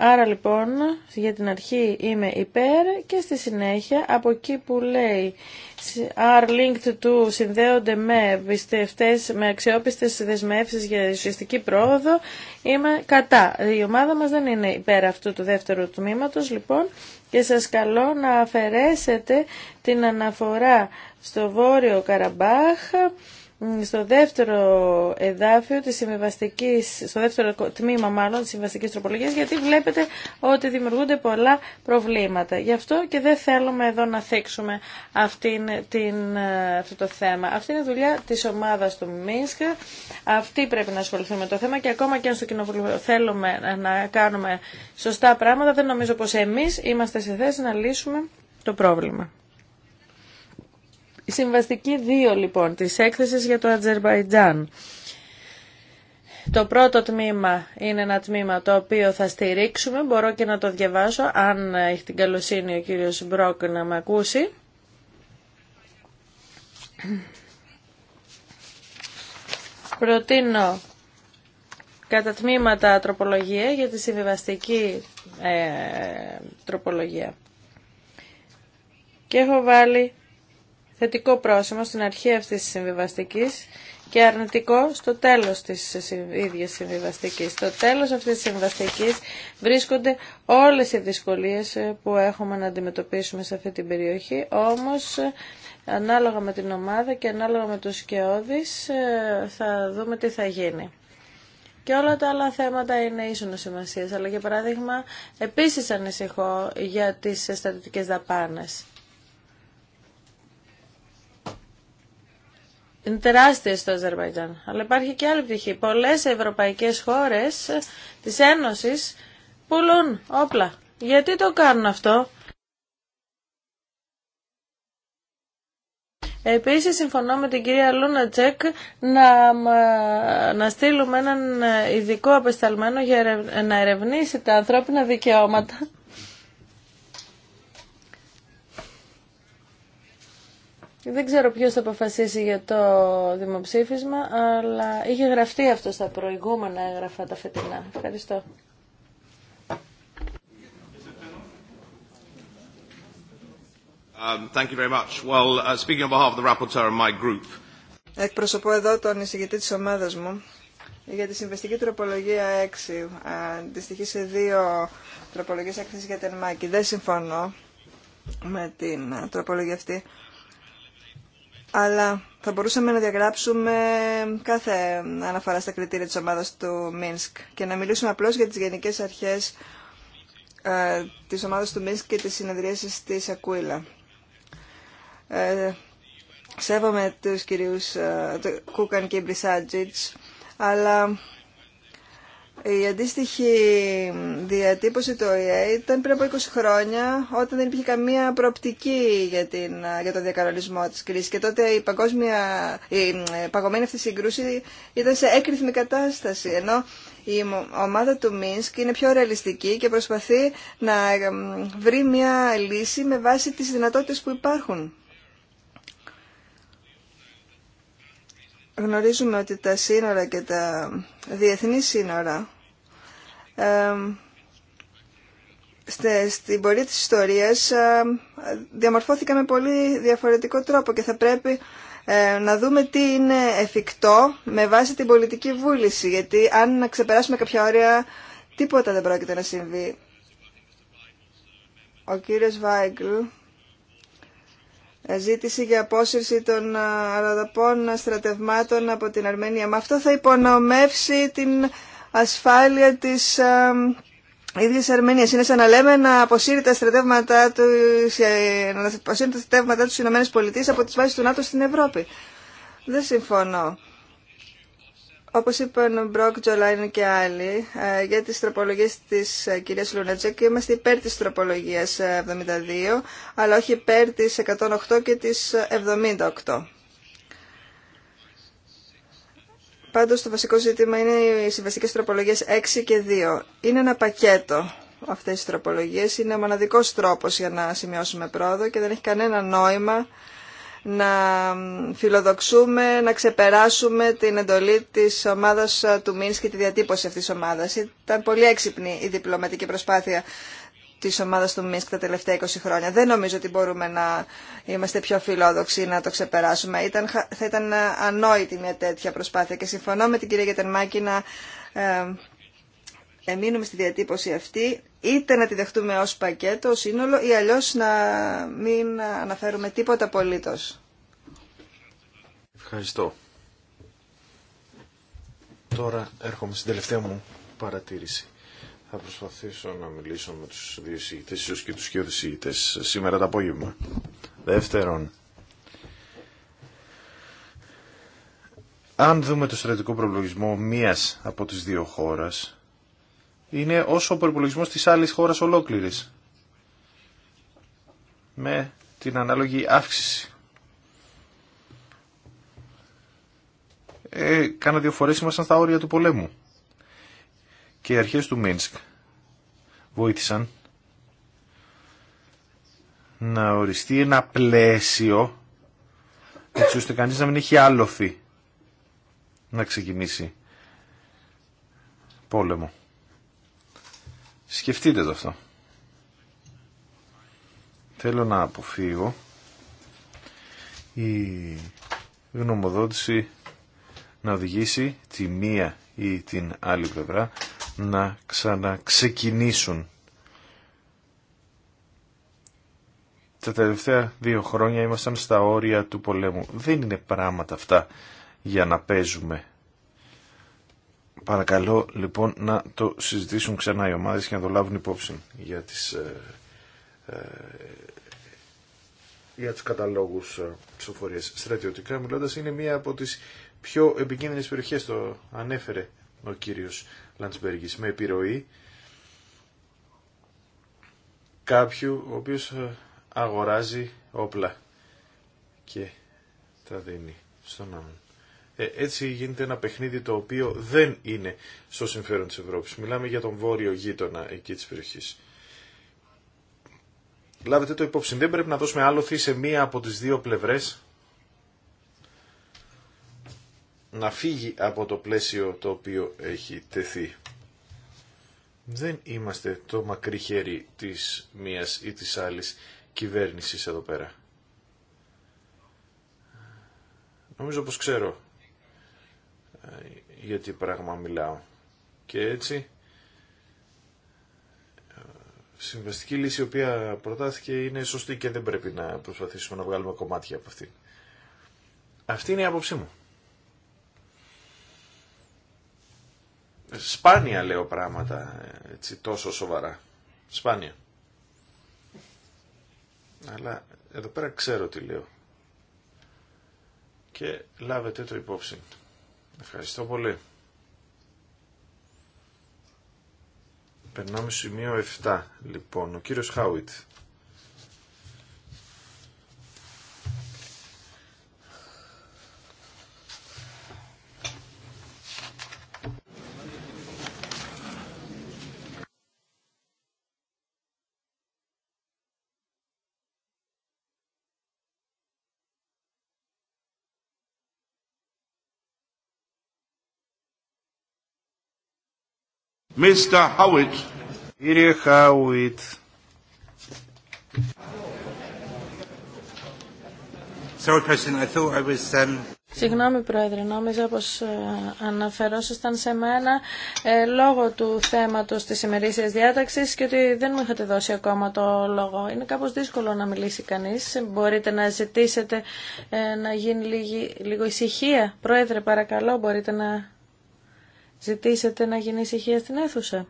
Άρα λοιπόν για την αρχή είμαι υπέρ και στη συνέχεια από εκεί που λέει are linked to συνδέονται με πιστευτές, με αξιόπιστες δεσμεύσεις για ουσιαστική πρόοδο είμαι κατά. Η ομάδα μας δεν είναι υπέρ αυτού του δεύτερου τμήματος λοιπόν και σας καλώ να αφαιρέσετε την αναφορά στο Βόρειο Καραμπάχ στο δεύτερο εδάφιο της συμβαστικής στο δεύτερο τμήμα μάλλον της συμβιβαστικής τροπολογίας, γιατί βλέπετε ότι δημιουργούνται πολλά προβλήματα. Γι' αυτό και δεν θέλουμε εδώ να θέξουμε αυτήν, την, ε, αυτό το θέμα. Αυτή είναι η δουλειά της ομάδας του Μίνσκ. Αυτή πρέπει να ασχοληθούμε με το θέμα και ακόμα και αν στο κοινοβουλίο θέλουμε να κάνουμε σωστά πράγματα, δεν νομίζω πως εμείς είμαστε σε θέση να λύσουμε το πρόβλημα. Η συμβαστική 2 λοιπόν της έκθεσης για το Ατζερβαϊτζάν. Το πρώτο τμήμα είναι ένα τμήμα το οποίο θα στηρίξουμε. Μπορώ και να το διαβάσω αν έχει την καλοσύνη ο κύριος Μπρόκ να με ακούσει. Προτείνω κατά τμήματα τροπολογία για τη συμβιβαστική ε, τροπολογία. Και έχω βάλει θετικό πρόσημο στην αρχή αυτής της συμβιβαστικής και αρνητικό στο τέλος της ίδιας συμβιβαστικής. Στο τέλος αυτής της συμβιβαστικής βρίσκονται όλες οι δυσκολίες ε, που έχουμε να αντιμετωπίσουμε σε αυτή την περιοχή, όμως ε, ανάλογα με την ομάδα και ανάλογα με τους σκεώδεις ε, θα δούμε τι θα γίνει. Και όλα τα άλλα θέματα είναι ίσονο σημασία. Αλλά για παράδειγμα, επίσης ανησυχώ για τις στατιωτικές δαπάνες. είναι τεράστια στο Αζερβαϊτζάν. Αλλά υπάρχει και άλλη πτυχή. Πολλές ευρωπαϊκές χώρες της Ένωσης πουλούν όπλα. Γιατί το κάνουν αυτό. Επίσης συμφωνώ με την κυρία Λούνα Τσέκ να, να στείλουμε έναν ειδικό απεσταλμένο για να ερευνήσει τα ανθρώπινα δικαιώματα Δεν ξέρω ποιος θα αποφασίσει για το δημοψήφισμα, αλλά είχε γραφτεί αυτό στα προηγούμενα έγγραφα τα φετινά. Ευχαριστώ. Εκπροσωπώ εδώ τον εισηγητή της ομάδας μου για τη συμβεστική τροπολογία 6. Αντιστοιχεί σε δύο τροπολογίες έκθεση για την ΜΑΚΙ. Δεν συμφωνώ με την τροπολογία αυτή αλλά θα μπορούσαμε να διαγράψουμε κάθε αναφορά στα κριτήρια της ομάδας του Μίνσκ και να μιλήσουμε απλώς για τις γενικές αρχές ε, της ομάδας του Μίνσκ και της συνεδρίασης της Ακούιλα. Ε, σέβομαι τους κυρίους ε, Κούκαν και Μπρισάτζιτς, αλλά η αντίστοιχη διατύπωση του ΟΗΕ ήταν πριν από 20 χρόνια όταν δεν υπήρχε καμία προοπτική για, την, για τον διακανονισμό της κρίσης και τότε η, παγκόσμια, η ε, παγωμένη αυτή συγκρούση ήταν σε έκριθμη κατάσταση ενώ η ομάδα του Μίνσκ είναι πιο ρεαλιστική και προσπαθεί να ε, βρει μια λύση με βάση τις δυνατότητες που υπάρχουν. γνωρίζουμε ότι τα σύνορα και τα διεθνή σύνορα ε, στην πορεία της ιστορίας διαμορφώθηκαν με πολύ διαφορετικό τρόπο και θα πρέπει να δούμε τι είναι εφικτό με βάση την πολιτική βούληση γιατί αν να ξεπεράσουμε κάποια όρια τίποτα δεν πρόκειται να συμβεί. Ο κύριος Βάιγκλ ζήτηση για απόσυρση των ε, αραδαπών στρατευμάτων από την Αρμενία. Με αυτό θα υπονομεύσει την ασφάλεια της ίδια ε, ίδιας Αρμενίας. Είναι σαν να λέμε να αποσύρει τα στρατεύματά του, ε, να αποσύρει στρατεύματά του από τις βάσεις του ΝΑΤΟ στην Ευρώπη. Δεν συμφωνώ. Όπως είπαν ο Μπροκ, Τζολάιν και άλλοι, ε, για τις τροπολογίες της ε, κυρίας Λούνατζεκ είμαστε υπέρ της τροπολογίας 72, ε, αλλά όχι υπέρ της 108 και της 78. Πάντως το βασικό ζήτημα είναι οι συμβαστικές τροπολογίες 6 και 2. Είναι ένα πακέτο αυτές οι τροπολογίες, είναι ο μοναδικός τρόπος για να σημειώσουμε πρόοδο και δεν έχει κανένα νόημα να φιλοδοξούμε, να ξεπεράσουμε την εντολή της ομάδας ε, του Μίνσκ και τη διατύπωση αυτής της ομάδας. Ήταν πολύ έξυπνη η διπλωματική προσπάθεια της ομάδας του Μίνσκ τα τελευταία 20 χρόνια. Δεν νομίζω ότι μπορούμε να είμαστε πιο φιλόδοξοι να το ξεπεράσουμε. Ήταν, θα ήταν ε, ανόητη μια τέτοια προσπάθεια και συμφωνώ με την κυρία Γετερμάκη να ε, εμείνουμε στη διατύπωση αυτή είτε να τη δεχτούμε ως πακέτο, ως σύνολο ή αλλιώς να μην αναφέρουμε τίποτα απολύτως. Ευχαριστώ. Τώρα έρχομαι στην τελευταία μου παρατήρηση. Θα προσπαθήσω να μιλήσω με τους δύο συγητές, ίσως και τους δύο συγητές, σήμερα το απόγευμα. Δεύτερον, αν δούμε το στρατικό προλογισμό μίας από τις δύο χώρες, είναι όσο ο προπολογισμό τη άλλη χώρα ολόκληρη. Με την ανάλογη αύξηση. Ε, κάνα δύο φορέ ήμασταν στα όρια του πολέμου. Και οι αρχές του Μίνσκ βοήθησαν να οριστεί ένα πλαίσιο έτσι ώστε κανείς να μην έχει άλοφη να ξεκινήσει πόλεμο. Σκεφτείτε το αυτό. Θέλω να αποφύγω η γνωμοδότηση να οδηγήσει τη μία ή την άλλη πλευρά να ξαναξεκινήσουν. Τα τελευταία δύο χρόνια ήμασταν στα όρια του πολέμου. Δεν είναι πράγματα αυτά για να παίζουμε Παρακαλώ λοιπόν να το συζητήσουν ξανά οι ομάδες και να το λάβουν υπόψη για, τις, ε, ε, για τους καταλόγους ε, ψηφοφορίας. Στρατιωτικά μιλώντας είναι μία από τις πιο επικίνδυνες περιοχές, το ανέφερε ο κύριος Λαντσμπεργκης, με επιρροή κάποιου ο οποίος αγοράζει όπλα και τα δίνει στον άνθρωπο. Ε, έτσι γίνεται ένα παιχνίδι το οποίο δεν είναι στο συμφέρον της Ευρώπης. Μιλάμε για τον βόρειο γείτονα εκεί της περιοχής. Λάβετε το υπόψη, δεν πρέπει να δώσουμε άλοθη σε μία από τις δύο πλευρές να φύγει από το πλαίσιο το οποίο έχει τεθεί. Δεν είμαστε το μακρύ χέρι της μίας ή της άλλης κυβέρνησης εδώ πέρα. Νομίζω πως ξέρω για τι πράγμα μιλάω. Και έτσι, ε, συμβαστική λύση η οποία προτάθηκε είναι σωστή και δεν πρέπει να προσπαθήσουμε να βγάλουμε κομμάτια από αυτή. Αυτή είναι η άποψή μου. Σπάνια λέω πράγματα έτσι, τόσο σοβαρά. Σπάνια. Αλλά εδώ πέρα ξέρω τι λέω. Και λάβετε το υπόψη. Ευχαριστώ πολύ. Περνάμε σημείο 7, λοιπόν. Ο κύριος Χάουιτ. Mr. Κύριε Χάουιτ. Um, Συγγνώμη Πρόεδρε, νόμιζα πως ε, αναφερόσασταν σε μένα ε, λόγω του θέματος της ημερήσιας διάταξης και ότι δεν μου είχατε δώσει ακόμα το λόγο. Είναι κάπως δύσκολο να μιλήσει κανείς. Μπορείτε να ζητήσετε ε, να γίνει λίγη, λίγο ησυχία. Πρόεδρε, παρακαλώ, μπορείτε να ζητήσετε να γίνει ησυχία στην αίθουσα.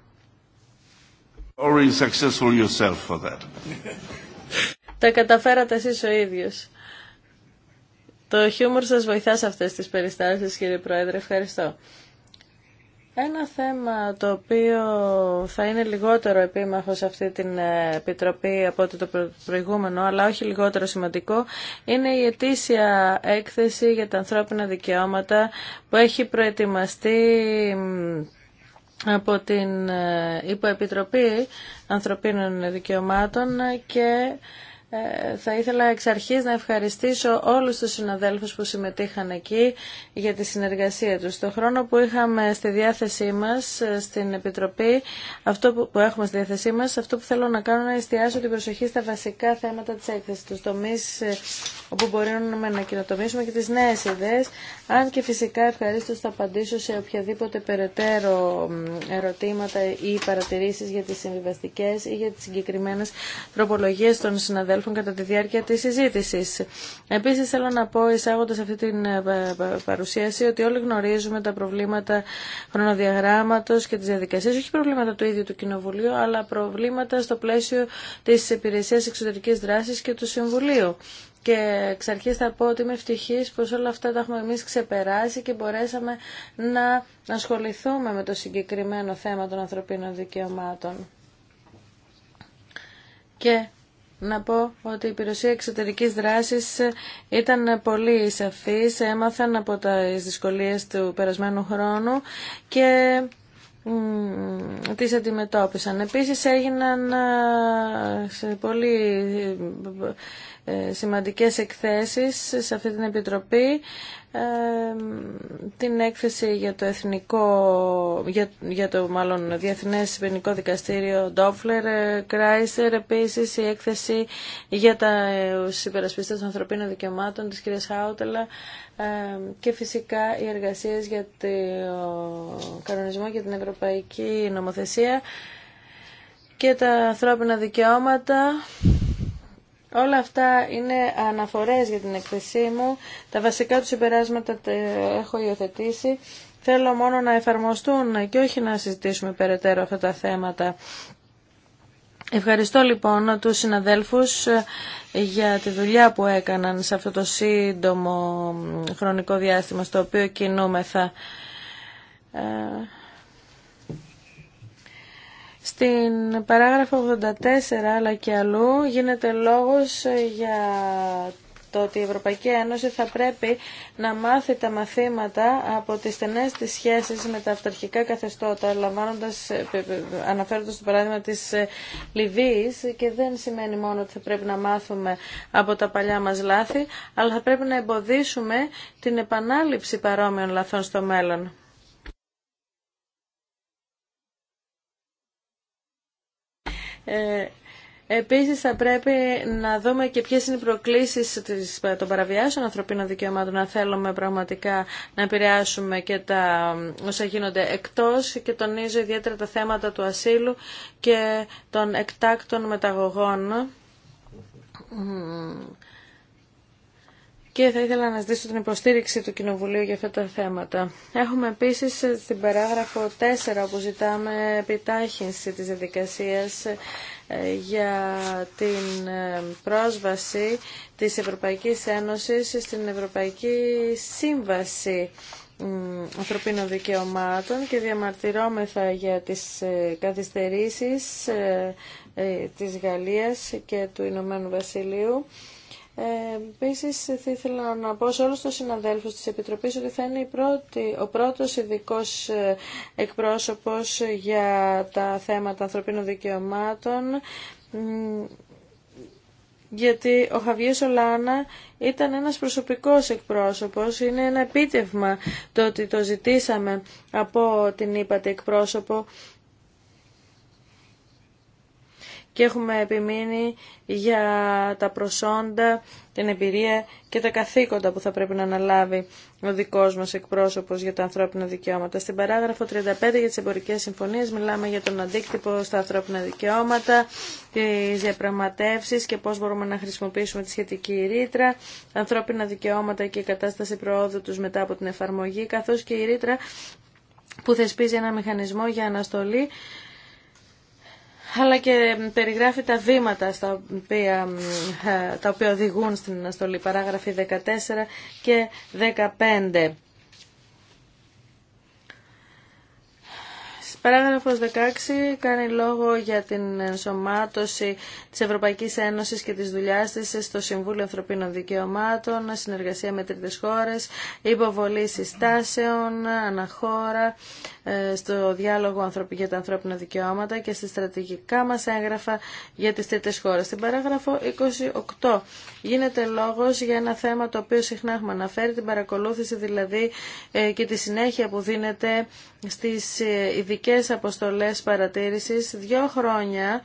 Τα καταφέρατε εσείς ο ίδιος. Το χιούμορ σας βοηθά σε αυτές τις περιστάσεις, κύριε Πρόεδρε. Ευχαριστώ. Ένα θέμα το οποίο θα είναι λιγότερο επίμαχο σε αυτή την ε, επιτροπή από το προηγούμενο, αλλά όχι λιγότερο σημαντικό, είναι η ετήσια έκθεση για τα ανθρώπινα δικαιώματα που έχει προετοιμαστεί από την ε, Υποεπιτροπή Ανθρωπίνων Δικαιωμάτων και ε, θα ήθελα εξ αρχής να ευχαριστήσω όλους τους συναδέλφους που συμμετείχαν εκεί για τη συνεργασία τους. Το χρόνο που είχαμε στη διάθεσή μας ε, στην Επιτροπή, αυτό που έχουμε στη διάθεσή μας, αυτό που θέλω να κάνω είναι να εστιάσω την προσοχή στα βασικά θέματα της έκθεσης, τους τομείς ε, όπου μπορούμε να κοινοτομήσουμε και τις νέες ιδέες, αν και φυσικά ευχαρίστω θα απαντήσω σε οποιαδήποτε περαιτέρω ερωτήματα ή παρατηρήσεις για τις συμβιβαστικές ή για τις συγκεκριμένες τροπολογίες των συναδέλφων συναδέλφων κατά τη διάρκεια της συζήτησης. Επίσης θέλω να πω εισάγοντα αυτή την ε, παρουσίαση ότι όλοι γνωρίζουμε τα προβλήματα χρονοδιαγράμματος και τη διαδικασία, όχι προβλήματα του ίδιου του Κοινοβουλίου, αλλά προβλήματα στο πλαίσιο τη υπηρεσίας Εξωτερική δράση και του Συμβουλίου. Και εξ αρχής θα πω ότι είμαι ευτυχής πως όλα αυτά τα έχουμε εμείς ξεπεράσει και μπορέσαμε να ασχοληθούμε με το συγκεκριμένο θέμα των ανθρωπίνων δικαιωμάτων. Και να πω ότι η υπηρεσία εξωτερικής δράσης ήταν πολύ σαφής, έμαθαν από τις δυσκολίες του περασμένου χρόνου και τις αντιμετώπισαν. Επίσης έγιναν ε, σε πολύ ε, σημαντικές εκθέσεις σε αυτή την Επιτροπή ε, την έκθεση για το εθνικό για, για το μάλλον Διεθνές Ποινικό Δικαστήριο Ντόφλερ, ε, Κράισερ επίσης η έκθεση για τα υπερασπιστές των ανθρωπίνων δικαιωμάτων της κυρίας Χάουτελα και φυσικά οι εργασίες για το κανονισμό για την Ευρωπαϊκή Νομοθεσία και τα ανθρώπινα δικαιώματα Όλα αυτά είναι αναφορές για την εκθεσή μου. Τα βασικά του συμπεράσματα τα έχω υιοθετήσει. Θέλω μόνο να εφαρμοστούν και όχι να συζητήσουμε περαιτέρω αυτά τα θέματα. Ευχαριστώ λοιπόν τους συναδέλφους ε, για τη δουλειά που έκαναν σε αυτό το σύντομο χρονικό διάστημα στο οποίο κινούμεθα. Ε, στην παράγραφο 84 αλλά και αλλού γίνεται λόγος για το ότι η Ευρωπαϊκή Ένωση θα πρέπει να μάθει τα μαθήματα από τις στενές της σχέσεις με τα αυταρχικά καθεστώτα, λαμβάνοντας, αναφέροντας το παράδειγμα της ε, Λιβύης και δεν σημαίνει μόνο ότι θα πρέπει να μάθουμε από τα παλιά μας λάθη, αλλά θα πρέπει να εμποδίσουμε την επανάληψη παρόμοιων λαθών στο μέλλον. Ε, επίσης θα πρέπει να δούμε και ποιες είναι οι προκλήσεις των παραβιάσεων ανθρωπίνων δικαιωμάτων να θέλουμε πραγματικά να επηρεάσουμε και τα όσα γίνονται εκτός και τονίζω ιδιαίτερα τα θέματα του ασύλου και των εκτάκτων μεταγωγών και θα ήθελα να ζητήσω την υποστήριξη του Κοινοβουλίου για αυτά τα θέματα. Έχουμε επίσης στην παράγραφο 4 όπου ζητάμε επιτάχυνση της διαδικασία ε, για την ε, πρόσβαση της Ευρωπαϊκής Ένωσης στην Ευρωπαϊκή Σύμβαση ανθρωπίνων δικαιωμάτων και διαμαρτυρόμεθα για τις ε, καθυστερήσεις της Γαλλίας και του Ηνωμένου Βασιλείου ε, Επίση, θα ήθελα να πω σε όλου του συναδέλφου τη Επιτροπή ότι θα είναι ο πρώτο ειδικό ε, εκπρόσωπο για τα θέματα ανθρωπίνων δικαιωμάτων. Γιατί ο Χαβιέ Σολάνα ήταν ένας προσωπικός εκπρόσωπος, είναι ένα επίτευγμα το ότι το ζητήσαμε από την είπατε εκπρόσωπο και έχουμε επιμείνει για τα προσόντα, την εμπειρία και τα καθήκοντα που θα πρέπει να αναλάβει ο δικός μας εκπρόσωπος για τα ανθρώπινα δικαιώματα. Στην παράγραφο 35 για τις εμπορικές συμφωνίες μιλάμε για τον αντίκτυπο στα ανθρώπινα δικαιώματα, τις διαπραγματεύσεις και πώς μπορούμε να χρησιμοποιήσουμε τη σχετική ρήτρα, ανθρώπινα δικαιώματα και η κατάσταση προόδου τους μετά από την εφαρμογή, καθώς και η ρήτρα που θεσπίζει ένα μηχανισμό για αναστολή αλλά και περιγράφει τα βήματα στα οποία, ε, τα οποία οδηγούν στην αναστολή, παράγραφοι 14 και 15. Παράγραφος 16 κάνει λόγο για την ενσωμάτωση της Ευρωπαϊκής Ένωσης και της δουλειάς της στο Συμβούλιο Ανθρωπίνων Δικαιωμάτων, συνεργασία με τρίτες χώρες, υποβολή συστάσεων, αναχώρα ε, στο διάλογο για τα ανθρώπινα δικαιώματα και στη στρατηγικά μας έγγραφα για τις τρίτες χώρες. Στην παράγραφο 28 γίνεται λόγος για ένα θέμα το οποίο συχνά έχουμε αναφέρει, την παρακολούθηση δηλαδή ε, και τη συνέχεια που δίνεται στις ε, ειδικές τακτικές αποστολές παρατήρησης δύο χρόνια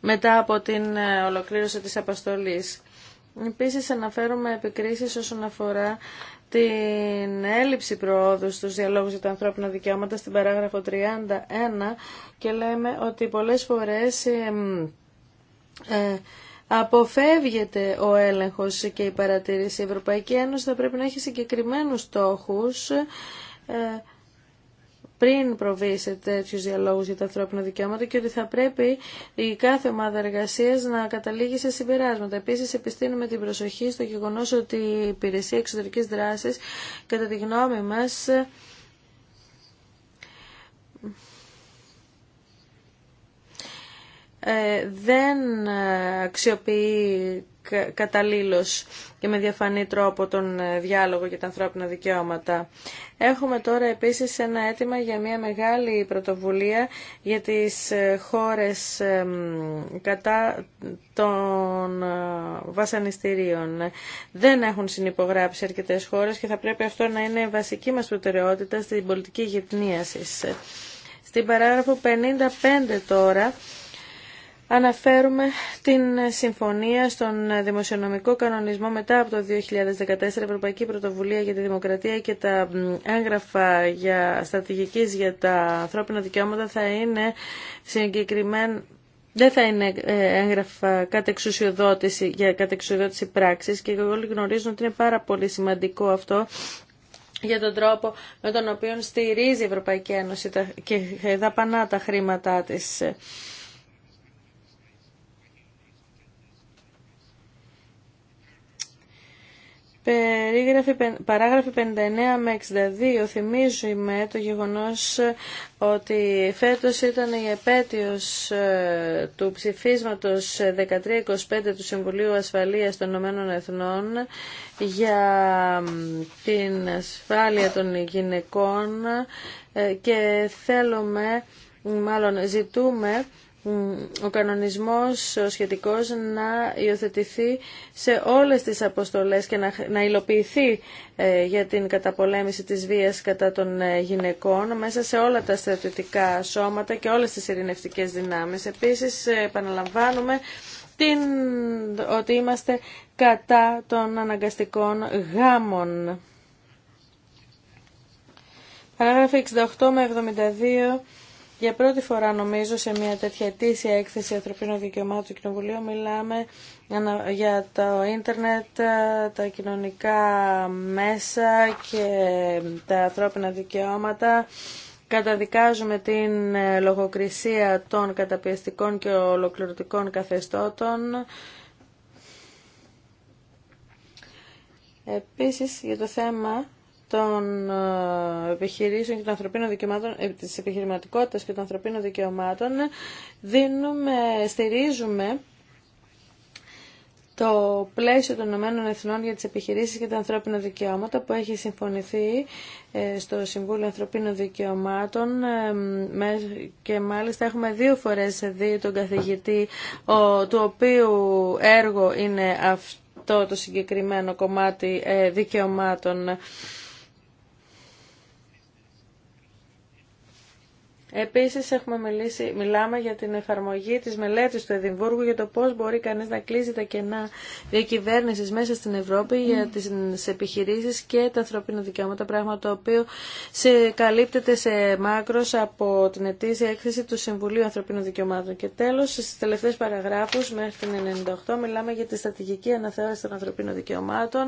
μετά από την ε, ολοκλήρωση της αποστολής. Επίσης αναφέρουμε επικρίσεις όσον αφορά την έλλειψη προόδου στους διαλόγους για τα ανθρώπινα δικαιώματα στην παράγραφο 31 και λέμε ότι πολλές φορές ε, αποφεύγεται ο έλεγχος και η παρατήρηση. Η Ευρωπαϊκή Ένωση θα πρέπει να έχει συγκεκριμένους στόχους ε, πριν προβεί σε τέτοιου διαλόγου για τα ανθρώπινα δικαιώματα και ότι θα πρέπει η κάθε ομάδα εργασία να καταλήγει σε συμπεράσματα. Επίση, επιστήνουμε την προσοχή στο γεγονό ότι η Υπηρεσία Εξωτερική Δράση, κατά τη γνώμη μα, Ε, δεν ε, αξιοποιεί καταλήλως και με διαφανή τρόπο τον ε, διάλογο για τα ανθρώπινα δικαιώματα. Έχουμε τώρα επίσης ένα αίτημα για μια μεγάλη πρωτοβουλία για τις χώρες κατά των βασανιστήριων. Δεν έχουν συνυπογράψει αρκετές χώρες και θα πρέπει αυτό να είναι βασική μας προτεραιότητα στην πολιτική γυπνίασης. Στην παράγραφο 55 τώρα Αναφέρουμε την συμφωνία στον δημοσιονομικό κανονισμό μετά από το 2014 Ευρωπαϊκή Πρωτοβουλία για τη Δημοκρατία και τα έγγραφα για στρατηγικής για τα ανθρώπινα δικαιώματα θα είναι συγκεκριμένα δεν θα είναι ε, έγγραφα κατεξουσιοδότηση, για κατεξουσιοδότηση πράξης και όλοι γνωρίζουν ότι είναι πάρα πολύ σημαντικό αυτό για τον τρόπο με τον οποίο στηρίζει η Ευρωπαϊκή Ένωση και ε, δαπανά τα χρήματά της. Περίγραφη, παράγραφη 59 με 62 θυμίζουμε το γεγονός ότι φέτος ήταν η επέτειος ε, του ψηφίσματος 1325 του Συμβουλίου Ασφαλείας των Ηνωμένων Εθνών για την ασφάλεια των γυναικών ε, και θέλουμε, μάλλον ζητούμε ο κανονισμός σχετικός να υιοθετηθεί σε όλες τις αποστολές και να, να υλοποιηθεί ε, για την καταπολέμηση της βίας κατά των ε, γυναικών μέσα σε όλα τα στρατιωτικά σώματα και όλες τις ειρηνευτικές δυνάμεις. Επίσης, ε, επαναλαμβάνουμε την, ότι είμαστε κατά των αναγκαστικών γάμων. Παράγραφη 68 με 72 για πρώτη φορά νομίζω σε μια τέτοια ετήσια έκθεση ανθρωπίνων δικαιωμάτων του Κοινοβουλίου μιλάμε για το ίντερνετ, ε, τα κοινωνικά μέσα και ε, τα ανθρώπινα δικαιώματα. Καταδικάζουμε την ε, λογοκρισία των καταπιεστικών και ολοκληρωτικών καθεστώτων. Επίσης για το θέμα των ε, επιχειρήσεων και των ανθρωπίνων δικαιωμάτων, ε, της επιχειρηματικότητας και των ανθρωπίνων δικαιωμάτων, δίνουμε, στηρίζουμε το πλαίσιο των Ηνωμένων Εθνών για τις επιχειρήσεις και τα ανθρώπινα δικαιώματα που έχει συμφωνηθεί ε, στο Συμβούλιο Ανθρωπίνων Δικαιωμάτων και μάλιστα έχουμε δύο φορές δει τον καθηγητή του οποίου έργο είναι αυτό το συγκεκριμένο κομμάτι δικαιωμάτων Επίσης έχουμε μιλήσει, μιλάμε για την εφαρμογή της μελέτης του Εδιμβούργου για το πώς μπορεί κανείς να κλείσει τα κενά διακυβέρνησης μέσα στην Ευρώπη για τις επιχειρήσεις και τα ανθρώπινα δικαιώματα, πράγμα το οποίο σε, καλύπτεται σε μάκρος από την ετήσια έκθεση του Συμβουλίου Ανθρωπίνων Δικαιωμάτων. Και τέλος, στις τελευταίες παραγράφους μέχρι την 98 μιλάμε για τη στρατηγική αναθεώρηση των ανθρωπίνων δικαιωμάτων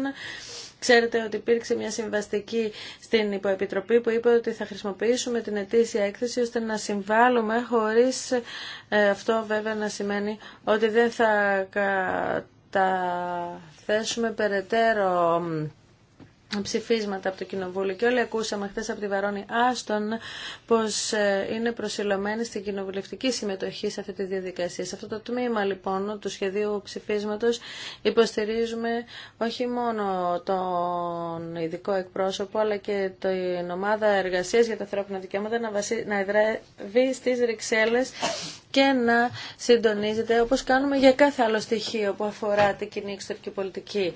Ξέρετε ότι υπήρξε μια συμβαστική στην υποεπιτροπή που είπε ότι θα χρησιμοποιήσουμε την ετήσια έκθεση ώστε να συμβάλλουμε χωρίς ε, αυτό βέβαια να σημαίνει ότι δεν θα καταθέσουμε περαιτέρω ψηφίσματα από το Κοινοβούλιο και όλοι ακούσαμε χθε από τη Βαρόνη Άστον πως ε, είναι προσιλωμένη στην κοινοβουλευτική συμμετοχή σε αυτή τη διαδικασία. Σε αυτό το τμήμα λοιπόν του σχεδίου ψηφίσματος υποστηρίζουμε όχι μόνο τον ειδικό εκπρόσωπο αλλά και την ομάδα εργασίας για τα ανθρώπινα δικαιώματα να, βασί... να εδρεύει στις και να συντονίζεται όπως κάνουμε για κάθε άλλο στοιχείο που αφορά την κοινή εξωτερική πολιτική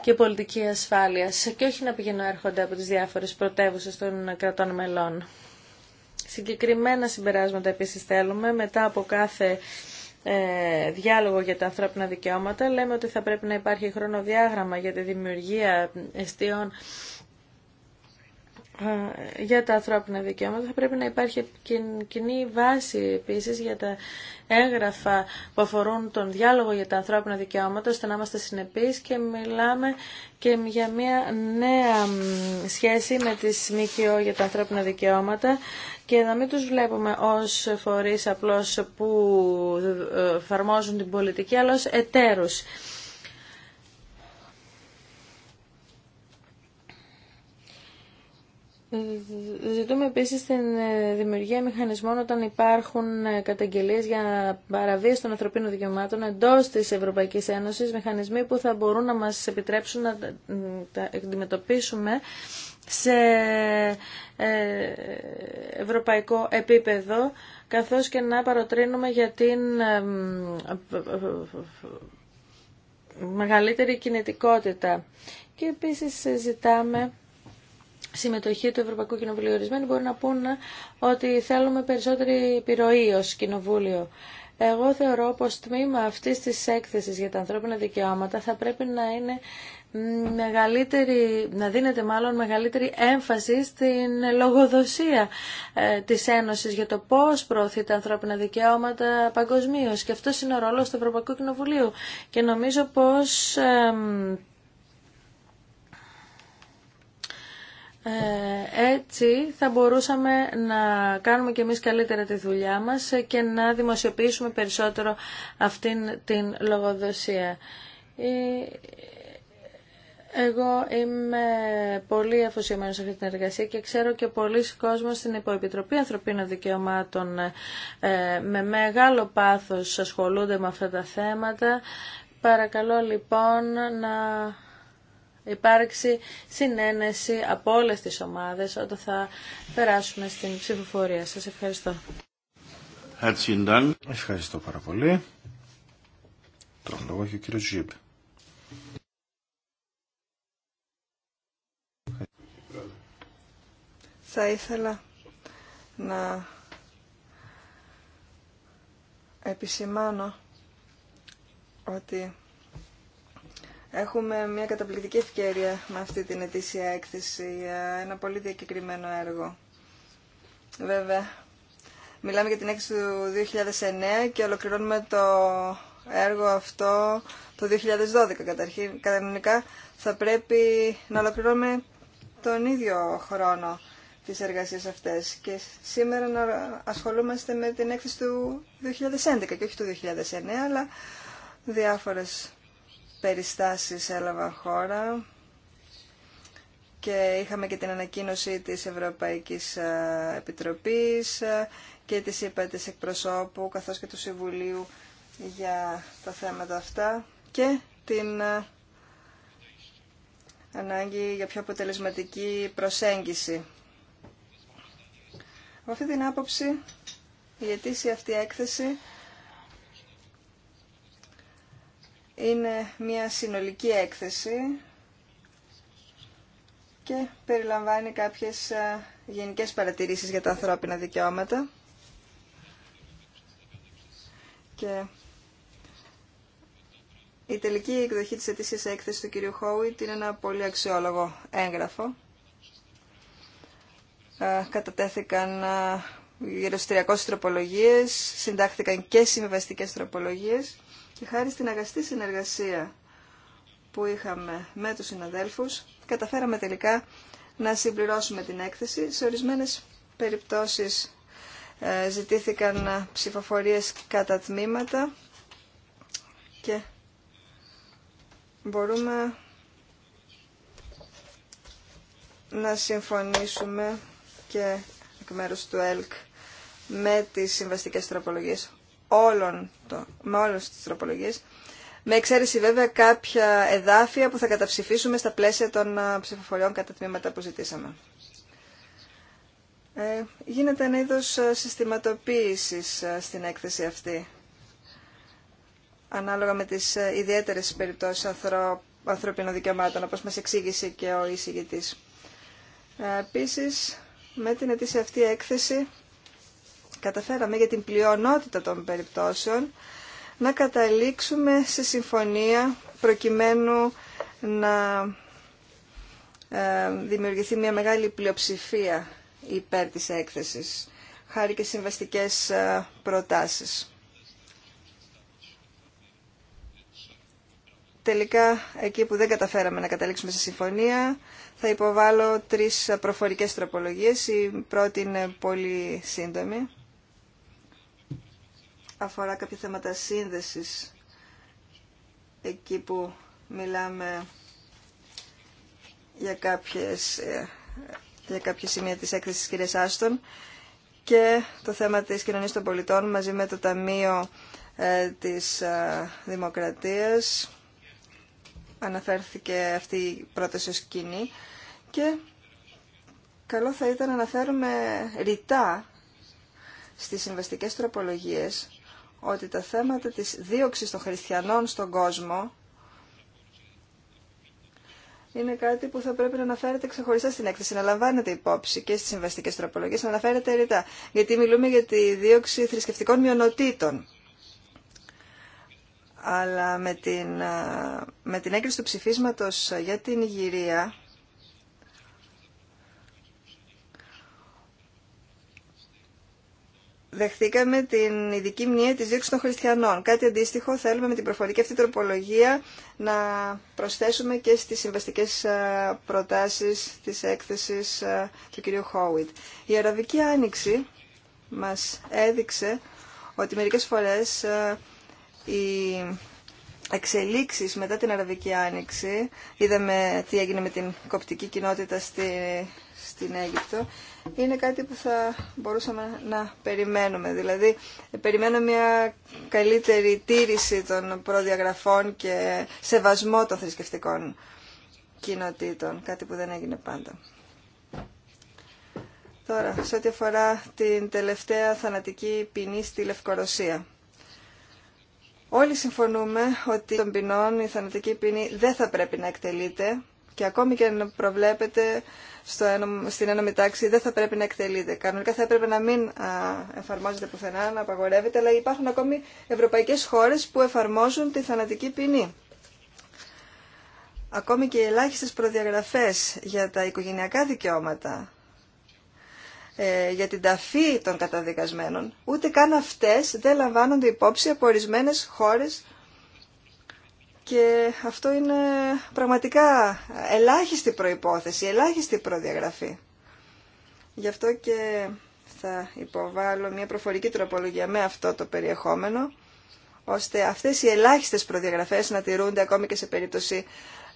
και πολιτική ασφάλεια, και όχι να πηγαίνουν έρχονται από τις διάφορες πρωτεύουσε των κρατών μελών. Συγκεκριμένα συμπεράσματα επίσης θέλουμε μετά από κάθε ε, διάλογο για τα ανθρώπινα δικαιώματα. Λέμε ότι θα πρέπει να υπάρχει χρονοδιάγραμμα για τη δημιουργία εστίων για τα ανθρώπινα δικαιώματα θα πρέπει να υπάρχει κοινή βάση επίσης για τα έγγραφα που αφορούν τον διάλογο για τα ανθρώπινα δικαιώματα ώστε να είμαστε συνεπείς και μιλάμε και για μια νέα σχέση με τις ΜΚΟ για τα ανθρώπινα δικαιώματα και να μην τους βλέπουμε ως φορείς απλώς που ε, εφαρμόζουν την πολιτική αλλά ως εταίρους. Ζητούμε επίσης την ε, δημιουργία μηχανισμών όταν υπάρχουν ε, καταγγελίες για παραβίαση των ανθρωπίνων δικαιωμάτων εντός της Ευρωπαϊκής Ένωσης, μηχανισμοί που θα μπορούν να μας επιτρέψουν να τα αντιμετωπίσουμε σε ε, ευρωπαϊκό επίπεδο, καθώς και να παροτρύνουμε για την μεγαλύτερη κινητικότητα. Και επίσης ζητάμε συμμετοχή του Ευρωπαϊκού Κοινοβουλίου. Ορισμένοι μπορεί να πούνε ότι θέλουμε περισσότερη επιρροή ω Κοινοβούλιο. Εγώ θεωρώ πως τμήμα αυτής της έκθεσης για τα ανθρώπινα δικαιώματα θα πρέπει να είναι μεγαλύτερη, να δίνεται μάλλον μεγαλύτερη έμφαση στην λογοδοσία ε, της Ένωσης για το πώς προωθεί τα ανθρώπινα δικαιώματα παγκοσμίω. Και αυτό είναι ο ρόλος του Ευρωπαϊκού Κοινοβουλίου. Και νομίζω πως ε, Ε, έτσι θα μπορούσαμε να κάνουμε και εμείς καλύτερα τη δουλειά μας και να δημοσιοποιήσουμε περισσότερο αυτήν την λογοδοσία. Εγώ είμαι πολύ αφοσιωμένη σε αυτή την εργασία και ξέρω και πολλοί κόσμοι στην Υποεπιτροπή Ανθρωπίνων Δικαιωμάτων ε, με μεγάλο πάθος ασχολούνται με αυτά τα θέματα. Παρακαλώ λοιπόν να υπάρξει συνένεση από όλες τις ομάδες όταν θα περάσουμε στην ψηφοφορία. Σας ευχαριστώ. Ευχαριστώ πάρα πολύ. Τον λόγο έχει ο Θα ήθελα να επισημάνω ότι Έχουμε μια καταπληκτική ευκαιρία με αυτή την ετήσια έκθεση ένα πολύ διακεκριμένο έργο. Βέβαια, μιλάμε για την έκθεση του 2009 και ολοκληρώνουμε το έργο αυτό το 2012 καταρχήν. Κανονικά θα πρέπει να ολοκληρώνουμε τον ίδιο χρόνο τις εργασίες αυτές και σήμερα να ασχολούμαστε με την έκθεση του 2011 και όχι του 2009 αλλά διάφορες περιστάσεις έλαβαν χώρα και είχαμε και την ανακοίνωση της Ευρωπαϊκής ε, Επιτροπής ε, και της ΕΠΑ, της εκπροσώπου καθώς και του Συμβουλίου για τα θέματα αυτά και την ε, ανάγκη για πιο αποτελεσματική προσέγγιση. Από αυτή την άποψη η αιτήσια αυτή έκθεση είναι μια συνολική έκθεση και περιλαμβάνει κάποιες ε, γενικές παρατηρήσεις για τα ανθρώπινα δικαιώματα και η τελική εκδοχή της αιτήσιας έκθεσης του κυρίου Χόουιτ είναι ένα πολύ αξιόλογο έγγραφο. Ε, κατατέθηκαν ε, γύρω στις 300 τροπολογίες, συντάχθηκαν και συμβιβαστικές τροπολογίες και χάρη στην αγαστή συνεργασία που είχαμε με τους συναδέλφους, καταφέραμε τελικά να συμπληρώσουμε την έκθεση. Σε ορισμένες περιπτώσεις ε, ζητήθηκαν ψηφοφορίες κατά τμήματα και μπορούμε να συμφωνήσουμε και εκ μέρους του ΕΛΚ με τις συμβαστικές τροπολογίες όλων το, με όλες τις τροπολογίες, με εξαίρεση βέβαια κάποια εδάφια που θα καταψηφίσουμε στα πλαίσια των ψηφοφοριών κατά τμήματα που ζητήσαμε. Ε, γίνεται ένα είδος συστηματοποίησης στην έκθεση αυτή, ανάλογα με τις ιδιαίτερες περιπτώσεις ανθρω... ανθρωπίνων δικαιωμάτων, όπως μας εξήγησε και ο εισηγητής. Ε, επίσης, με την ετήσια αυτή έκθεση καταφέραμε για την πλειονότητα των περιπτώσεων να καταλήξουμε σε συμφωνία προκειμένου να ε, δημιουργηθεί μια μεγάλη πλειοψηφία υπέρ της έκθεσης, χάρη και συμβαστικές ε, προτάσεις. Τελικά, εκεί που δεν καταφέραμε να καταλήξουμε σε συμφωνία, θα υποβάλω τρεις προφορικές τροπολογίες. Η πρώτη είναι πολύ σύντομη αφορά κάποια θέματα σύνδεσης, εκεί που μιλάμε για, κάποιες, ε, για κάποια σημεία της έκθεσης της κυρίας Άστον και το θέμα της κοινωνίας των πολιτών μαζί με το Ταμείο ε, της ε, Δημοκρατίας. Αναφέρθηκε αυτή η πρόταση ως κοινή και καλό θα ήταν να αναφέρουμε ρητά στις συμβαστικές τροπολογίες ότι τα θέματα της δίωξης των χριστιανών στον κόσμο είναι κάτι που θα πρέπει να αναφέρεται ξεχωριστά στην έκθεση, να λαμβάνεται υπόψη και στις συμβαστικές τροπολογίες, να αναφέρεται ρητά. Γιατί μιλούμε για τη δίωξη θρησκευτικών μειονοτήτων. Αλλά με την, με την έκριση του ψηφίσματος για την Ιγυρία, δεχτήκαμε την ειδική μνήμη της δίωξης των χριστιανών. Κάτι αντίστοιχο θέλουμε με την προφορική αυτή τροπολογία να προσθέσουμε και στις συμβαστικές ε, προτάσεις της έκθεσης ε, του κ. Χόουιτ. Η Αραβική Άνοιξη μας έδειξε ότι μερικές φορές ε, οι εξελίξεις μετά την Αραβική Άνοιξη, είδαμε τι έγινε με την κοπτική κοινότητα στη, στην Αίγυπτο, είναι κάτι που θα μπορούσαμε να περιμένουμε. Δηλαδή, περιμένω μια καλύτερη τήρηση των προδιαγραφών και σεβασμό των θρησκευτικών κοινοτήτων, κάτι που δεν έγινε πάντα. Τώρα, σε ό,τι αφορά την τελευταία θανατική ποινή στη Λευκορωσία. Όλοι συμφωνούμε ότι των ποινών η θανατική ποινή δεν θα πρέπει να εκτελείται και ακόμη και να προβλέπεται στην ένωμη τάξη δεν θα πρέπει να εκτελείται. Κανονικά θα έπρεπε να μην εφαρμόζεται πουθενά, να απαγορεύεται, αλλά υπάρχουν ακόμη ευρωπαϊκές χώρες που εφαρμόζουν τη θανατική ποινή. Ακόμη και οι ελάχιστες προδιαγραφές για τα οικογενειακά δικαιώματα, ε, για την ταφή των καταδικασμένων, ούτε καν αυτές δεν λαμβάνονται υπόψη από ορισμένε χώρες και αυτό είναι πραγματικά ελάχιστη προϋπόθεση, ελάχιστη προδιαγραφή. Γι' αυτό και θα υποβάλω μια προφορική τροπολογία με αυτό το περιεχόμενο, ώστε αυτές οι ελάχιστες προδιαγραφές να τηρούνται ακόμη και σε περίπτωση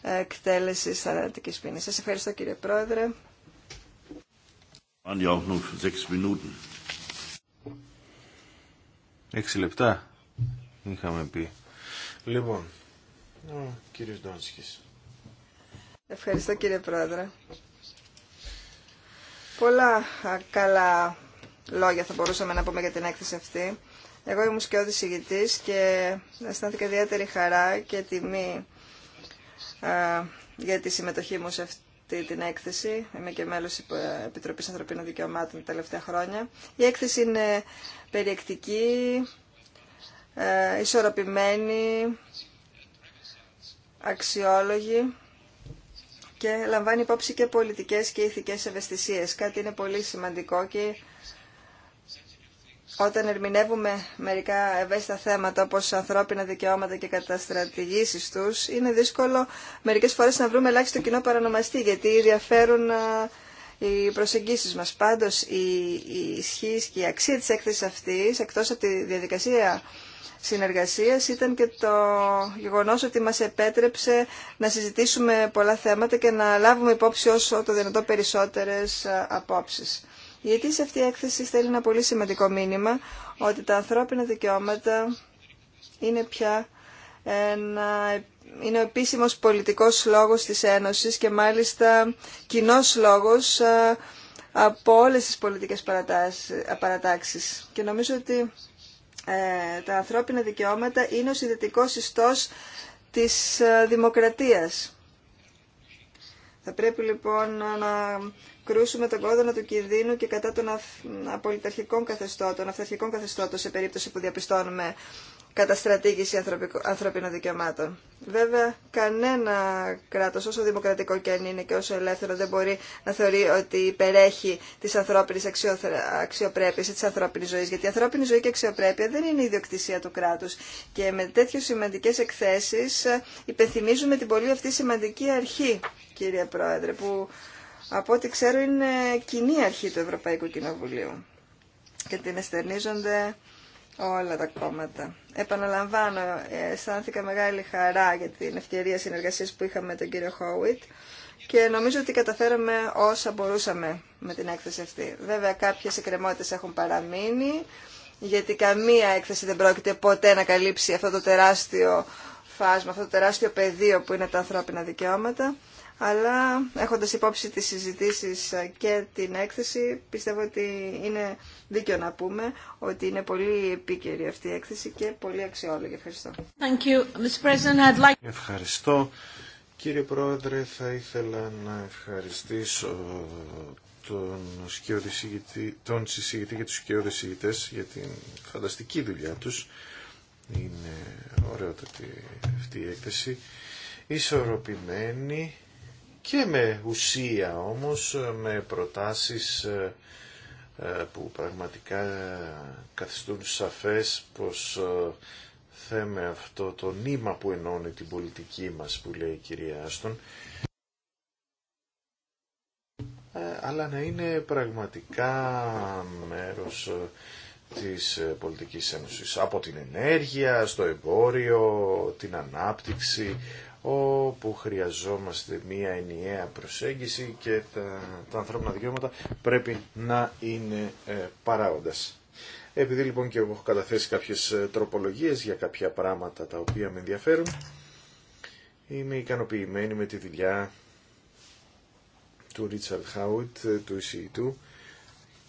ε, εκτέλεσης θανατικής ποινής. Σας ευχαριστώ κύριε Πρόεδρε. Έξι λεπτά είχαμε πει. Λοιπόν, ο Ευχαριστώ κύριε Πρόεδρε. Πολλά καλά λόγια θα μπορούσαμε να πούμε για την έκθεση αυτή. Εγώ ήμουν σκιώδης ηγητής και αισθάνθηκα ιδιαίτερη χαρά και τιμή α, για τη συμμετοχή μου σε αυτή την έκθεση. Είμαι και μέλος Επιτροπής Ανθρωπίνων Δικαιωμάτων τα τελευταία χρόνια. Η έκθεση είναι περιεκτική, α, ισορροπημένη, αξιόλογη και λαμβάνει υπόψη και πολιτικές και ηθικές ευαισθησίες. Κάτι είναι πολύ σημαντικό και όταν ερμηνεύουμε μερικά ευαίσθητα θέματα όπως ανθρώπινα δικαιώματα και καταστρατηγήσεις τους, είναι δύσκολο μερικές φορές να βρούμε ελάχιστο κοινό παρανομαστή, γιατί διαφέρουν οι προσεγγίσεις μας. Πάντως η, ισχύ και η αξία της έκθεσης αυτής, εκτός από τη διαδικασία συνεργασίας, ήταν και το γεγονός ότι μας επέτρεψε να συζητήσουμε πολλά θέματα και να λάβουμε υπόψη όσο το δυνατό περισσότερες απόψεις. Η σε αυτή η έκθεση θέλει ένα πολύ σημαντικό μήνυμα ότι τα ανθρώπινα δικαιώματα είναι πια ένα είναι ο επίσημος πολιτικός λόγος της Ένωσης και μάλιστα κοινό λόγος ε, από όλες τις πολιτικές παρατάξεις. Και νομίζω ότι ε, τα ανθρώπινα δικαιώματα είναι ο συνδετικός ιστός της ε, δημοκρατίας. Θα πρέπει λοιπόν να κρούσουμε τον κόδωνα του κινδύνου και κατά των απολυταρχικών καθεστώτων, αυταρχικών καθεστώτων σε περίπτωση που διαπιστώνουμε καταστρατήγηση ανθρωπίνων δικαιωμάτων. Βέβαια, κανένα κράτος, όσο δημοκρατικό και αν είναι και όσο ελεύθερο, δεν μπορεί να θεωρεί ότι υπερέχει της ανθρώπινης αξιοπρέπειας ή της ανθρώπινης ζωής. Γιατί η ανθρώπινη ζωή και αξιοπρέπεια δεν είναι η ανθρωπινη ζωη και αξιοπρεπεια δεν ειναι ιδιοκτησια του κράτους. Και με τέτοιες σημαντικές εκθέσεις ε, υπενθυμίζουμε την πολύ αυτή σημαντική αρχή, κύριε Πρόεδρε, που από ό,τι ξέρω είναι κοινή αρχή του Ευρωπαϊκού Κοινοβουλίου. Και την εστερνίζονται όλα τα κόμματα. Επαναλαμβάνω, αισθάνθηκα μεγάλη χαρά για την ευκαιρία συνεργασίας που είχαμε με τον κύριο Χόουιτ και νομίζω ότι καταφέραμε όσα μπορούσαμε με την έκθεση αυτή. Βέβαια κάποιες εκκρεμότητες έχουν παραμείνει γιατί καμία έκθεση δεν πρόκειται ποτέ να καλύψει αυτό το τεράστιο φάσμα, αυτό το τεράστιο πεδίο που είναι τα ανθρώπινα δικαιώματα αλλά έχοντας υπόψη τις συζητήσεις ε, και την έκθεση, πιστεύω ότι είναι δίκιο να πούμε ότι είναι πολύ επίκαιρη αυτή η έκθεση και πολύ αξιόλογη. Ευχαριστώ. Thank you, like... Ευχαριστώ. Κύριε Πρόεδρε, θα ήθελα να ευχαριστήσω τον, τον συζητητή και τους σκιώδες για την φανταστική δουλειά τους. Είναι ωραίο αυτή η έκθεση. Ισορροπημένη και με ουσία όμως, με προτάσεις ε, ε, που πραγματικά καθιστούν σαφές πως ε, θέμε αυτό το νήμα που ενώνει την πολιτική μας που λέει η κυρία Άστον αλλά να είναι πραγματικά μέρος της πολιτικής ένωσης από την ενέργεια, στο εμπόριο, την ανάπτυξη όπου χρειαζόμαστε μία ενιαία προσέγγιση και τα, τα ανθρώπινα δικαιώματα πρέπει να είναι ε, Επειδή λοιπόν και εγώ έχω καταθέσει κάποιες ε, τροπολογίες για κάποια πράγματα τα οποία με ενδιαφέρουν, είμαι ικανοποιημένη με τη δουλειά του Ρίτσαρντ Χάουιτ, ε, του εισηγητού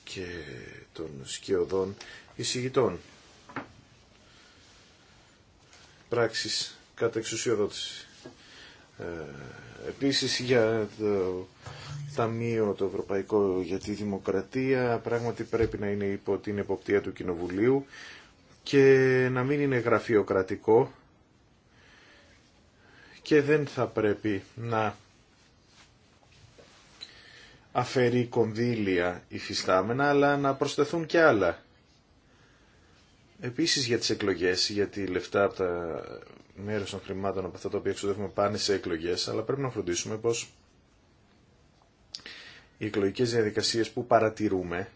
και των σκιωδών εισηγητών. Πράξεις κατά εξουσιοδότηση. Ε, επίσης για το Ταμείο το Ευρωπαϊκό για τη Δημοκρατία πράγματι πρέπει να είναι υπό την εποπτεία του Κοινοβουλίου και να μην είναι γραφειοκρατικό και δεν θα πρέπει να αφαιρεί κονδύλια υφιστάμενα αλλά να προσθεθούν και άλλα. Επίσης για τις εκλογές, γιατί λεφτά από τα μέρος των χρημάτων από αυτά τα οποία εξοδεύουμε πάνε σε εκλογές, αλλά πρέπει να φροντίσουμε πως οι εκλογικές διαδικασίες που παρατηρούμε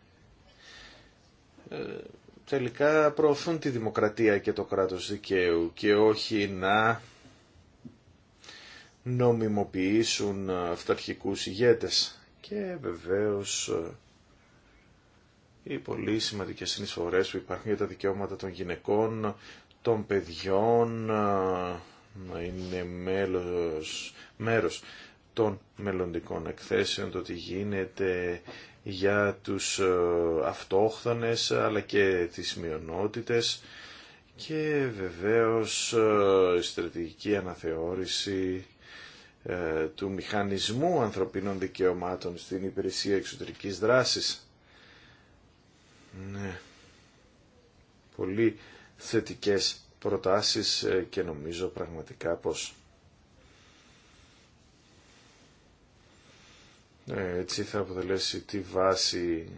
ε, τελικά προωθούν τη δημοκρατία και το κράτος δικαίου και όχι να νομιμοποιήσουν αυταρχικούς ηγέτες. Και βεβαίως ε, οι πολύ σημαντικές συνεισφορές που υπάρχουν για τα δικαιώματα των γυναικών, των παιδιών, να είναι μέλος, μέρος των μελλοντικών εκθέσεων, το τι γίνεται για τους αυτόχθονες αλλά και τις μειονότητες και βεβαίως η στρατηγική αναθεώρηση ε, του μηχανισμού ανθρωπίνων δικαιωμάτων στην υπηρεσία εξωτερικής δράσης. Ναι. Πολύ θετικές προτάσεις ε, και νομίζω πραγματικά πως ε, έτσι θα αποτελέσει τη βάση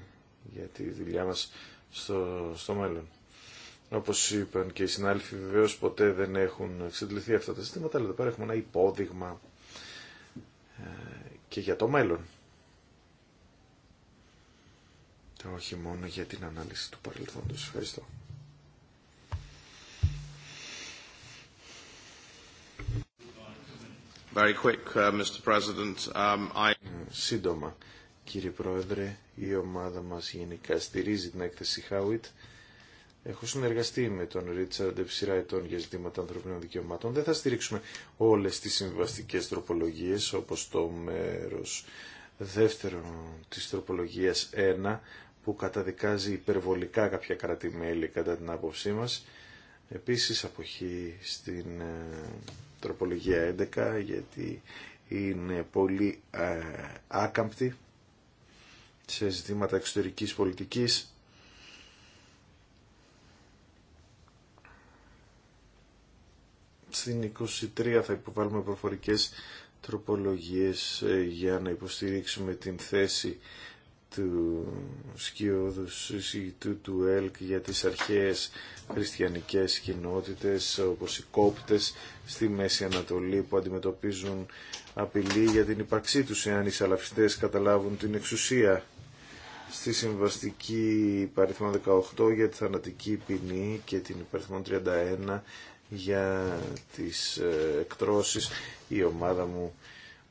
για τη δουλειά μας στο, στο μέλλον. Όπως είπαν και οι συνάδελφοι βεβαίως ποτέ δεν έχουν εξαντληθεί αυτά τα ζητήματα αλλά εδώ πέρα έχουμε ένα υπόδειγμα ε, και για το μέλλον και ε, όχι μόνο για την ανάλυση του παρελθόντος. Ευχαριστώ. Uh, um, ε, σύντομα, κύριε Πρόεδρε, η ομάδα μας γενικά στηρίζει την έκθεση Χάουιτ. Έχω συνεργαστεί με τον Ρίτσαρντ Εψηρά ετών για ζητήματα ανθρωπίνων δικαιωμάτων. Δεν θα στηρίξουμε όλες τις συμβαστικές τροπολογίες, όπως το μέρος δεύτερο της τροπολογίας 1, που καταδικάζει υπερβολικά κάποια κράτη-μέλη κατά την άποψή μας. Επίσης αποχή στην ε, τροπολογία 11 γιατί είναι πολύ ε, άκαμπτη σε ζητήματα εξωτερικής πολιτικής. Στην 23 θα υποβάλουμε προφορικές τροπολογίες ε, για να υποστηρίξουμε την θέση του σκιώδου συζητού του ΕΛΚ για τις αρχαίες χριστιανικές κοινότητες όπως οι κόπτες στη Μέση Ανατολή που αντιμετωπίζουν απειλή για την ύπαρξή τους εάν οι σαλαφιστές καταλάβουν την εξουσία στη συμβαστική υπαριθμό 18 για τη θανατική ποινή και την υπαριθμό 31 για τις ε, εκτρώσεις η ομάδα μου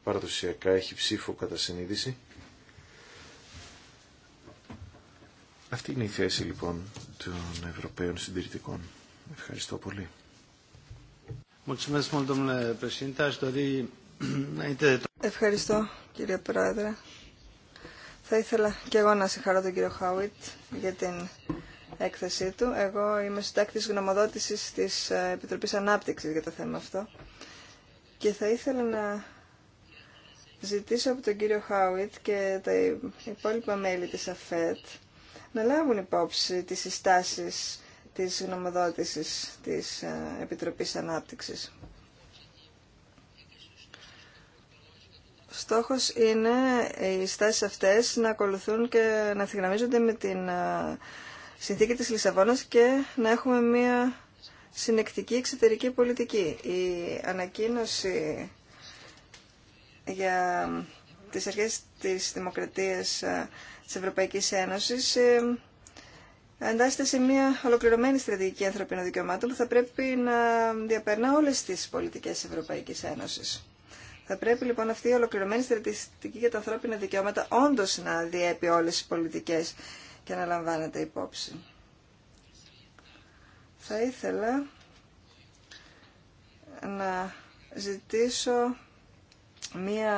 παραδοσιακά έχει ψήφο κατά συνείδηση Αυτή είναι η θέση λοιπόν των Ευρωπαίων Συντηρητικών. Ευχαριστώ πολύ. Ευχαριστώ κύριε Πρόεδρε. Θα ήθελα και εγώ να συγχαρώ τον κύριο Χάουιτ για την έκθεσή του. Εγώ είμαι συντάκτης γνωμοδότησης της ε, Επιτροπής Ανάπτυξης για το θέμα αυτό και θα ήθελα να ζητήσω από τον κύριο Χάουιτ και τα υπόλοιπα μέλη της ΑΦΕΤ να λάβουν υπόψη τις συστάσεις της γνωμοδότησης της ε, Επιτροπής Ανάπτυξης. Στόχος είναι οι στάσεις αυτές να ακολουθούν και να ευθυγραμμίζονται με την ε, συνθήκη της Λισαβόνας και να έχουμε μια συνεκτική εξωτερική πολιτική. Η ανακοίνωση για τις αρχές της δημοκρατίας ε, της Ευρωπαϊκής Ένωσης ε, εντάσσεται σε μια ολοκληρωμένη στρατηγική ανθρωπίνων δικαιωμάτων που θα πρέπει να διαπερνά όλες τις πολιτικές της Ευρωπαϊκής Ένωσης. Θα πρέπει λοιπόν αυτή η ολοκληρωμένη στρατηγική για τα ανθρώπινα δικαιώματα όντω να διέπει όλες τις πολιτικές και να λαμβάνεται υπόψη. Θα ήθελα να ζητήσω μία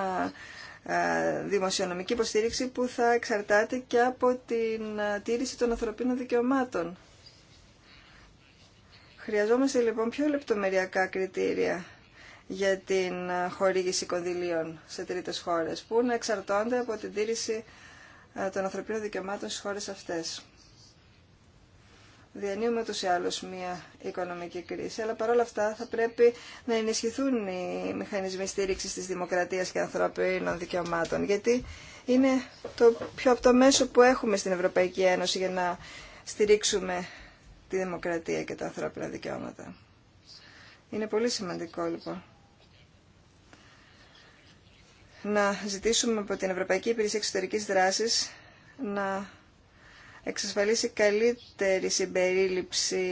ε, δημοσιονομική υποστήριξη που θα εξαρτάται και από την ε, τήρηση των ανθρωπίνων δικαιωμάτων. Χρειαζόμαστε λοιπόν πιο λεπτομεριακά κριτήρια για την ε, χορήγηση κονδυλίων σε τρίτες χώρες που να εξαρτώνται από την τήρηση των ανθρωπίνων δικαιωμάτων στις χώρες αυτές διανύουμε ούτως ή άλλως μια οικονομική κρίση, αλλά παρόλα αυτά θα πρέπει να ενισχυθούν οι μηχανισμοί στήριξης της δημοκρατίας και ανθρώπινων δικαιωμάτων, γιατί είναι το πιο από το μέσο που έχουμε στην Ευρωπαϊκή Ένωση για να στηρίξουμε τη δημοκρατία και τα ανθρώπινα δικαιώματα. Είναι πολύ σημαντικό λοιπόν να ζητήσουμε από την Ευρωπαϊκή Υπηρεσία Εξωτερικής Δράσης να εξασφαλίσει καλύτερη συμπερίληψη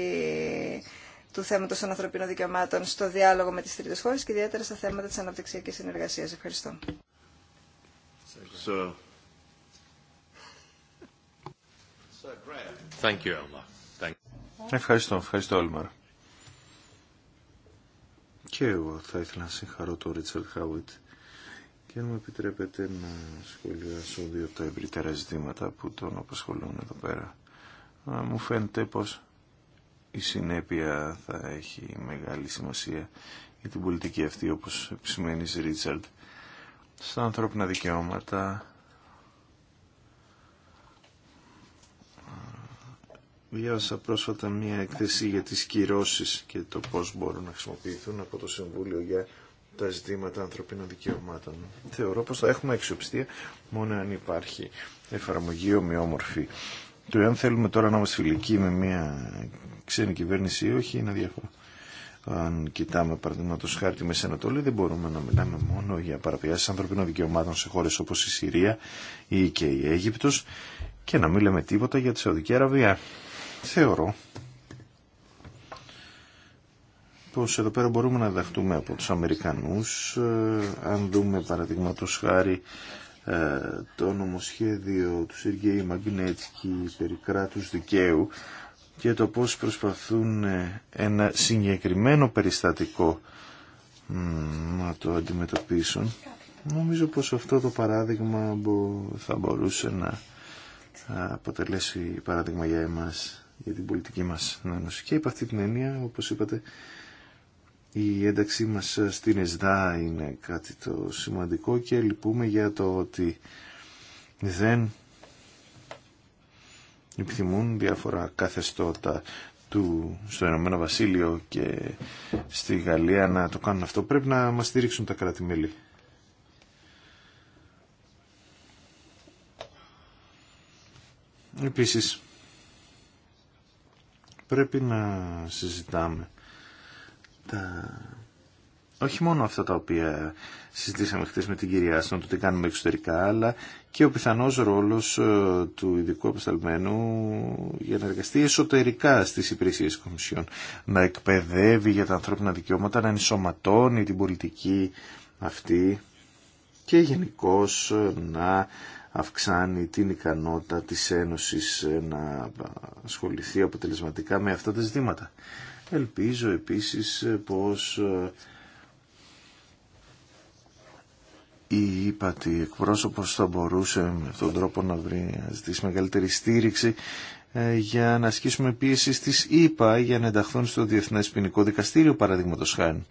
του θέματος των ανθρωπίνων δικαιωμάτων στο διάλογο με τις τρίτες χώρες και ιδιαίτερα στα θέματα της αναπτυξιακής συνεργασίας. Ευχαριστώ. Ευχαριστώ, ευχαριστώ Όλμαρ. Και εγώ θα ήθελα να συγχαρώ τον Ρίτσελ Χάουιτ και αν μου επιτρέπετε να σχολιάσω δύο από τα ευρύτερα ζητήματα που τον απασχολούν εδώ πέρα. Μου φαίνεται πως η συνέπεια θα έχει μεγάλη σημασία για την πολιτική αυτή, όπως επισημαίνει Ρίτσαρντ. Στα ανθρώπινα δικαιώματα Διάβασα πρόσφατα μία εκθεσή για τις κυρώσεις και το πώς μπορούν να χρησιμοποιηθούν από το Συμβούλιο για τα ζητήματα ανθρωπίνων δικαιωμάτων. Θεωρώ πως θα έχουμε αξιοπιστία μόνο αν υπάρχει εφαρμογή ομοιόμορφη. Το εάν θέλουμε τώρα να είμαστε φιλικοί με μια ξένη κυβέρνηση ή όχι είναι διαφορά. Αν κοιτάμε παραδείγματο χάρη τη Μέση Ανατολή, δεν μπορούμε να μιλάμε μόνο για παραβιάσει ανθρωπίνων δικαιωμάτων σε χώρε όπω η Συρία ή και η Αίγυπτος και να μην λέμε τίποτα για τη Σαουδική Αραβία. Θεωρώ πως εδώ πέρα μπορούμε να δεχτούμε από τους Αμερικανούς ε, αν δούμε παραδείγματος χάρη ε, το νομοσχέδιο του Σεργέη Μαγκνέτσκι περί κράτους δικαίου και το πώς προσπαθούν ε, ένα συγκεκριμένο περιστατικό να το αντιμετωπίσουν νομίζω πως αυτό το παράδειγμα θα μπορούσε να αποτελέσει παράδειγμα για εμάς για την πολιτική μας και υπ' αυτή την έννοια όπως είπατε η ένταξή μας στην ΕΣΔΑ είναι κάτι το σημαντικό και λυπούμε για το ότι δεν επιθυμούν διάφορα καθεστώτα του, στο Ηνωμένο Βασίλειο και στη Γαλλία να το κάνουν αυτό. Πρέπει να μας στηρίξουν τα κράτη-μέλη. Επίσης, πρέπει να συζητάμε τα... όχι μόνο αυτά τα οποία συζητήσαμε χθε με την κυρία Άστον, το τι κάνουμε εξωτερικά, αλλά και ο πιθανός ρόλος ε, του ειδικού απεσταλμένου για να εργαστεί εσωτερικά στις υπηρεσίες κομισιών, να εκπαιδεύει για τα ανθρώπινα δικαιώματα, να ενσωματώνει την πολιτική αυτή και γενικώ ε, να αυξάνει την ικανότητα της Ένωσης ε, να ασχοληθεί αποτελεσματικά με αυτά τα ζητήματα. Ελπίζω επίσης πως ε, η ύπατη εκπρόσωπος θα μπορούσε με αυτόν τον τρόπο να βρει ζητήσει μεγαλύτερη στήριξη ε, για να ασκήσουμε πίεση στις ΙΠΑ για να ενταχθούν στο Διεθνές Ποινικό Δικαστήριο παραδείγματος χάρη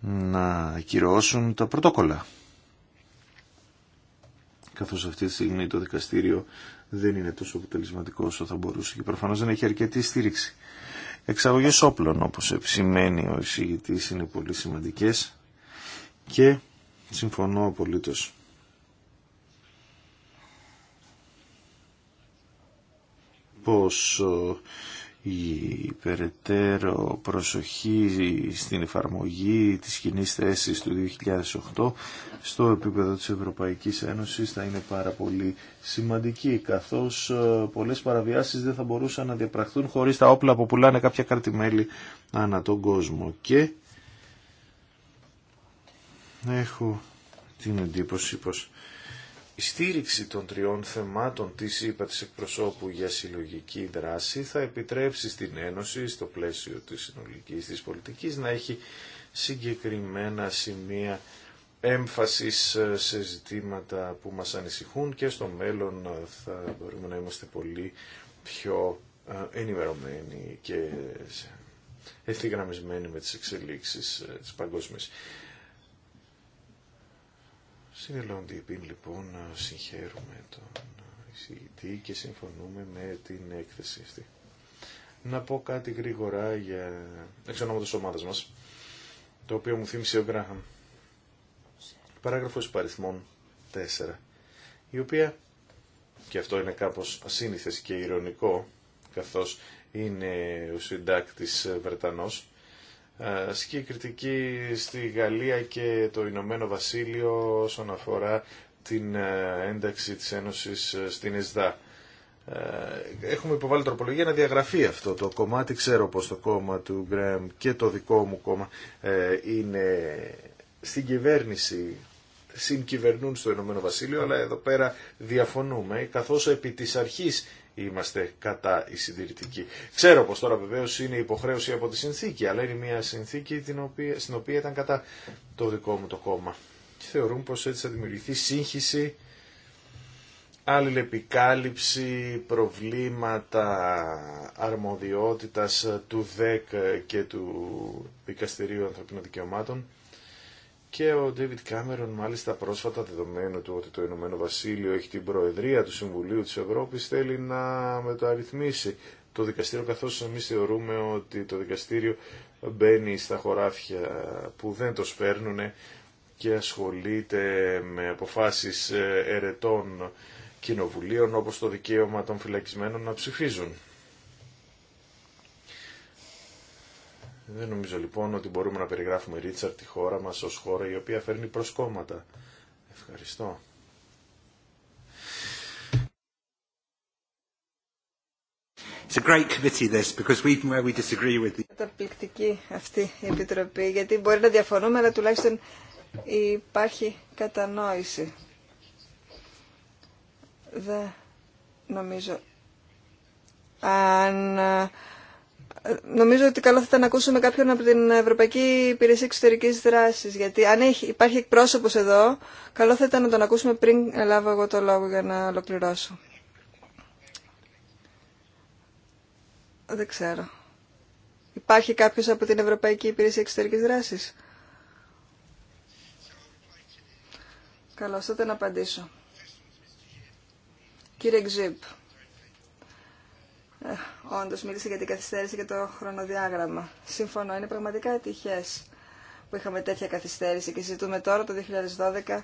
να κυρώσουν τα πρωτόκολλα καθώς αυτή τη στιγμή το δικαστήριο δεν είναι τόσο αποτελεσματικό όσο θα μπορούσε και προφανώς δεν έχει αρκετή στήριξη. Εξαγωγέ όπλων όπως επισημαίνει ο εισηγητή, είναι πολύ σημαντικές και συμφωνώ απολύτως. Πως ε, η περαιτέρω προσοχή στην εφαρμογή της κοινή θέση του 2008 στο επίπεδο της Ευρωπαϊκής Ένωσης θα είναι πάρα πολύ σημαντική καθώς ε, πολλές παραβιάσεις δεν θα μπορούσαν να διαπραχθούν χωρίς τα όπλα που πουλάνε κρατημέλη ανά τον κόσμο και έχω την εντύπωση πως η στήριξη των τριών θεμάτων της είπα της εκπροσώπου για συλλογική δράση θα επιτρέψει στην Ένωση στο πλαίσιο της συνολικής της πολιτικής να έχει συγκεκριμένα σημεία έμφασης ε, σε ζητήματα που μας ανησυχούν και στο μέλλον ε, θα μπορούμε να είμαστε πολύ πιο ε, ενημερωμένοι και ευθυγραμμισμένοι με τις εξελίξεις της παγκόσμιας. Συνελώνται λοιπόν να συγχαίρουμε τον εισηγητή και συμφωνούμε με την έκθεση αυτή. Να πω κάτι γρήγορα για εξ της ομάδας μας, το οποίο μου θύμισε ο Γκράχαμ. Παράγραφος παριθμών 4, η οποία, και αυτό είναι κάπως ασύνηθες και ηρωνικό, καθώς είναι ο συντάκτης Βρετανός, ασκεί κριτική στη Γαλλία και το Ηνωμένο Βασίλειο όσον αφορά την ε, ένταξη της Ένωσης ε, στην ΕΣΔΑ. Ε, έχουμε υποβάλει τροπολογία να διαγραφεί αυτό το κομμάτι. Ξέρω πως το κόμμα του Γκρέμ και το δικό μου κόμμα είναι στην κυβέρνηση συγκυβερνούν στο Ηνωμένο Βασίλειο, αλλά εδώ πέρα διαφωνούμε, καθώς επί της αρχής είμαστε κατά η συντηρητική. Ξέρω πως τώρα βεβαίως είναι υποχρέωση από τη συνθήκη, αλλά είναι μια συνθήκη την οποία, στην οποία ήταν κατά το δικό μου το κόμμα. Και θεωρούν πως έτσι θα δημιουργηθεί σύγχυση, αλληλεπικάλυψη, προβλήματα αρμοδιότητας του ΔΕΚ και του Δικαστηρίου Ανθρωπίνων Δικαιωμάτων και ο Ντέβιτ Κάμερον μάλιστα πρόσφατα δεδομένου του ότι το Ηνωμένο Βασίλειο έχει την Προεδρία του Συμβουλίου της Ευρώπης θέλει να μεταρρυθμίσει το δικαστήριο καθώς εμείς θεωρούμε ότι το δικαστήριο μπαίνει στα χωράφια που δεν το σπέρνουν και ασχολείται με αποφάσεις ε, ερετών κοινοβουλίων όπως το δικαίωμα των φυλακισμένων να ψηφίζουν. Δεν νομίζω λοιπόν ότι μπορούμε να περιγράφουμε Ρίτσαρτ τη χώρα μας ως χώρα η οποία φέρνει προσκόμματα. Ευχαριστώ. Καταπληκτική αυτή η Επιτροπή, γιατί μπορεί να διαφωνούμε, αλλά τουλάχιστον υπάρχει κατανόηση. Δεν νομίζω. Αν νομίζω ότι καλό θα ήταν να ακούσουμε κάποιον από την Ευρωπαϊκή Υπηρεσία Εξωτερικής Δράσης, γιατί αν έχει, υπάρχει εκπρόσωπος εδώ, καλό θα ήταν να τον ακούσουμε πριν λάβω εγώ το λόγο για να ολοκληρώσω. Δεν ξέρω. Υπάρχει κάποιος από την Ευρωπαϊκή Υπηρεσία Εξωτερικής Δράσης. Καλώς, τότε να απαντήσω. Κύριε Ξύπ. Ε, όντω μίλησε για την καθυστέρηση και το χρονοδιάγραμμα. Συμφωνώ, είναι πραγματικά ατυχέ που είχαμε τέτοια καθυστέρηση και συζητούμε τώρα το 2012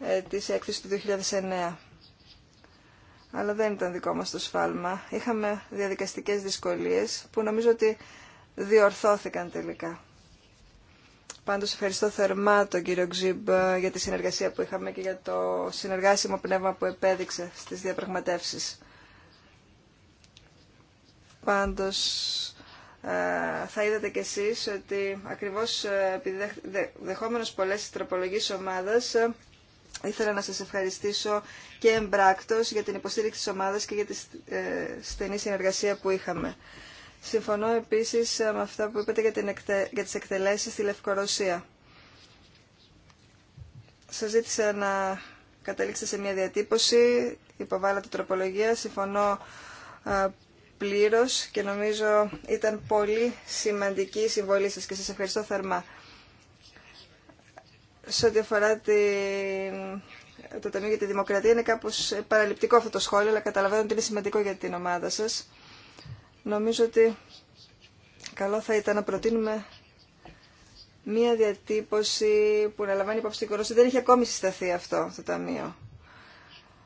ε, τη έκθεση του 2009. Αλλά δεν ήταν δικό μα το σφάλμα. Είχαμε διαδικαστικέ δυσκολίες που νομίζω ότι διορθώθηκαν τελικά. Πάντως ευχαριστώ θερμά τον κύριο Ξύμπ ε, για τη συνεργασία που είχαμε και για το συνεργάσιμο πνεύμα που επέδειξε στις διαπραγματεύσεις. Πάντως ε, θα είδατε κι εσείς ότι ακριβώς ε, επειδή δεχόμενος πολλές τροπολογίες ομάδας ε, ήθελα να σας ευχαριστήσω και εμπράκτος για την υποστήριξη της ομάδας και για τη στενή συνεργασία που είχαμε. Συμφωνώ επίσης με αυτά που είπατε για, την εκτε... για τις εκτελέσεις στη Λευκορωσία. Σας ζήτησα να καταλήξετε σε μια διατύπωση, υποβάλλατε τροπολογία, συμφωνώ πλήρως και νομίζω ήταν πολύ σημαντική η συμβολή σας και σας ευχαριστώ θερμά. Σε ό,τι αφορά την... το Ταμείο για τη Δημοκρατία είναι κάπως παραληπτικό αυτό το σχόλιο, αλλά καταλαβαίνω ότι είναι σημαντικό για την ομάδα σας. Νομίζω ότι καλό θα ήταν να προτείνουμε μία διατύπωση που να λαμβάνει υπόψη την Δεν έχει ακόμη συσταθεί αυτό το Ταμείο.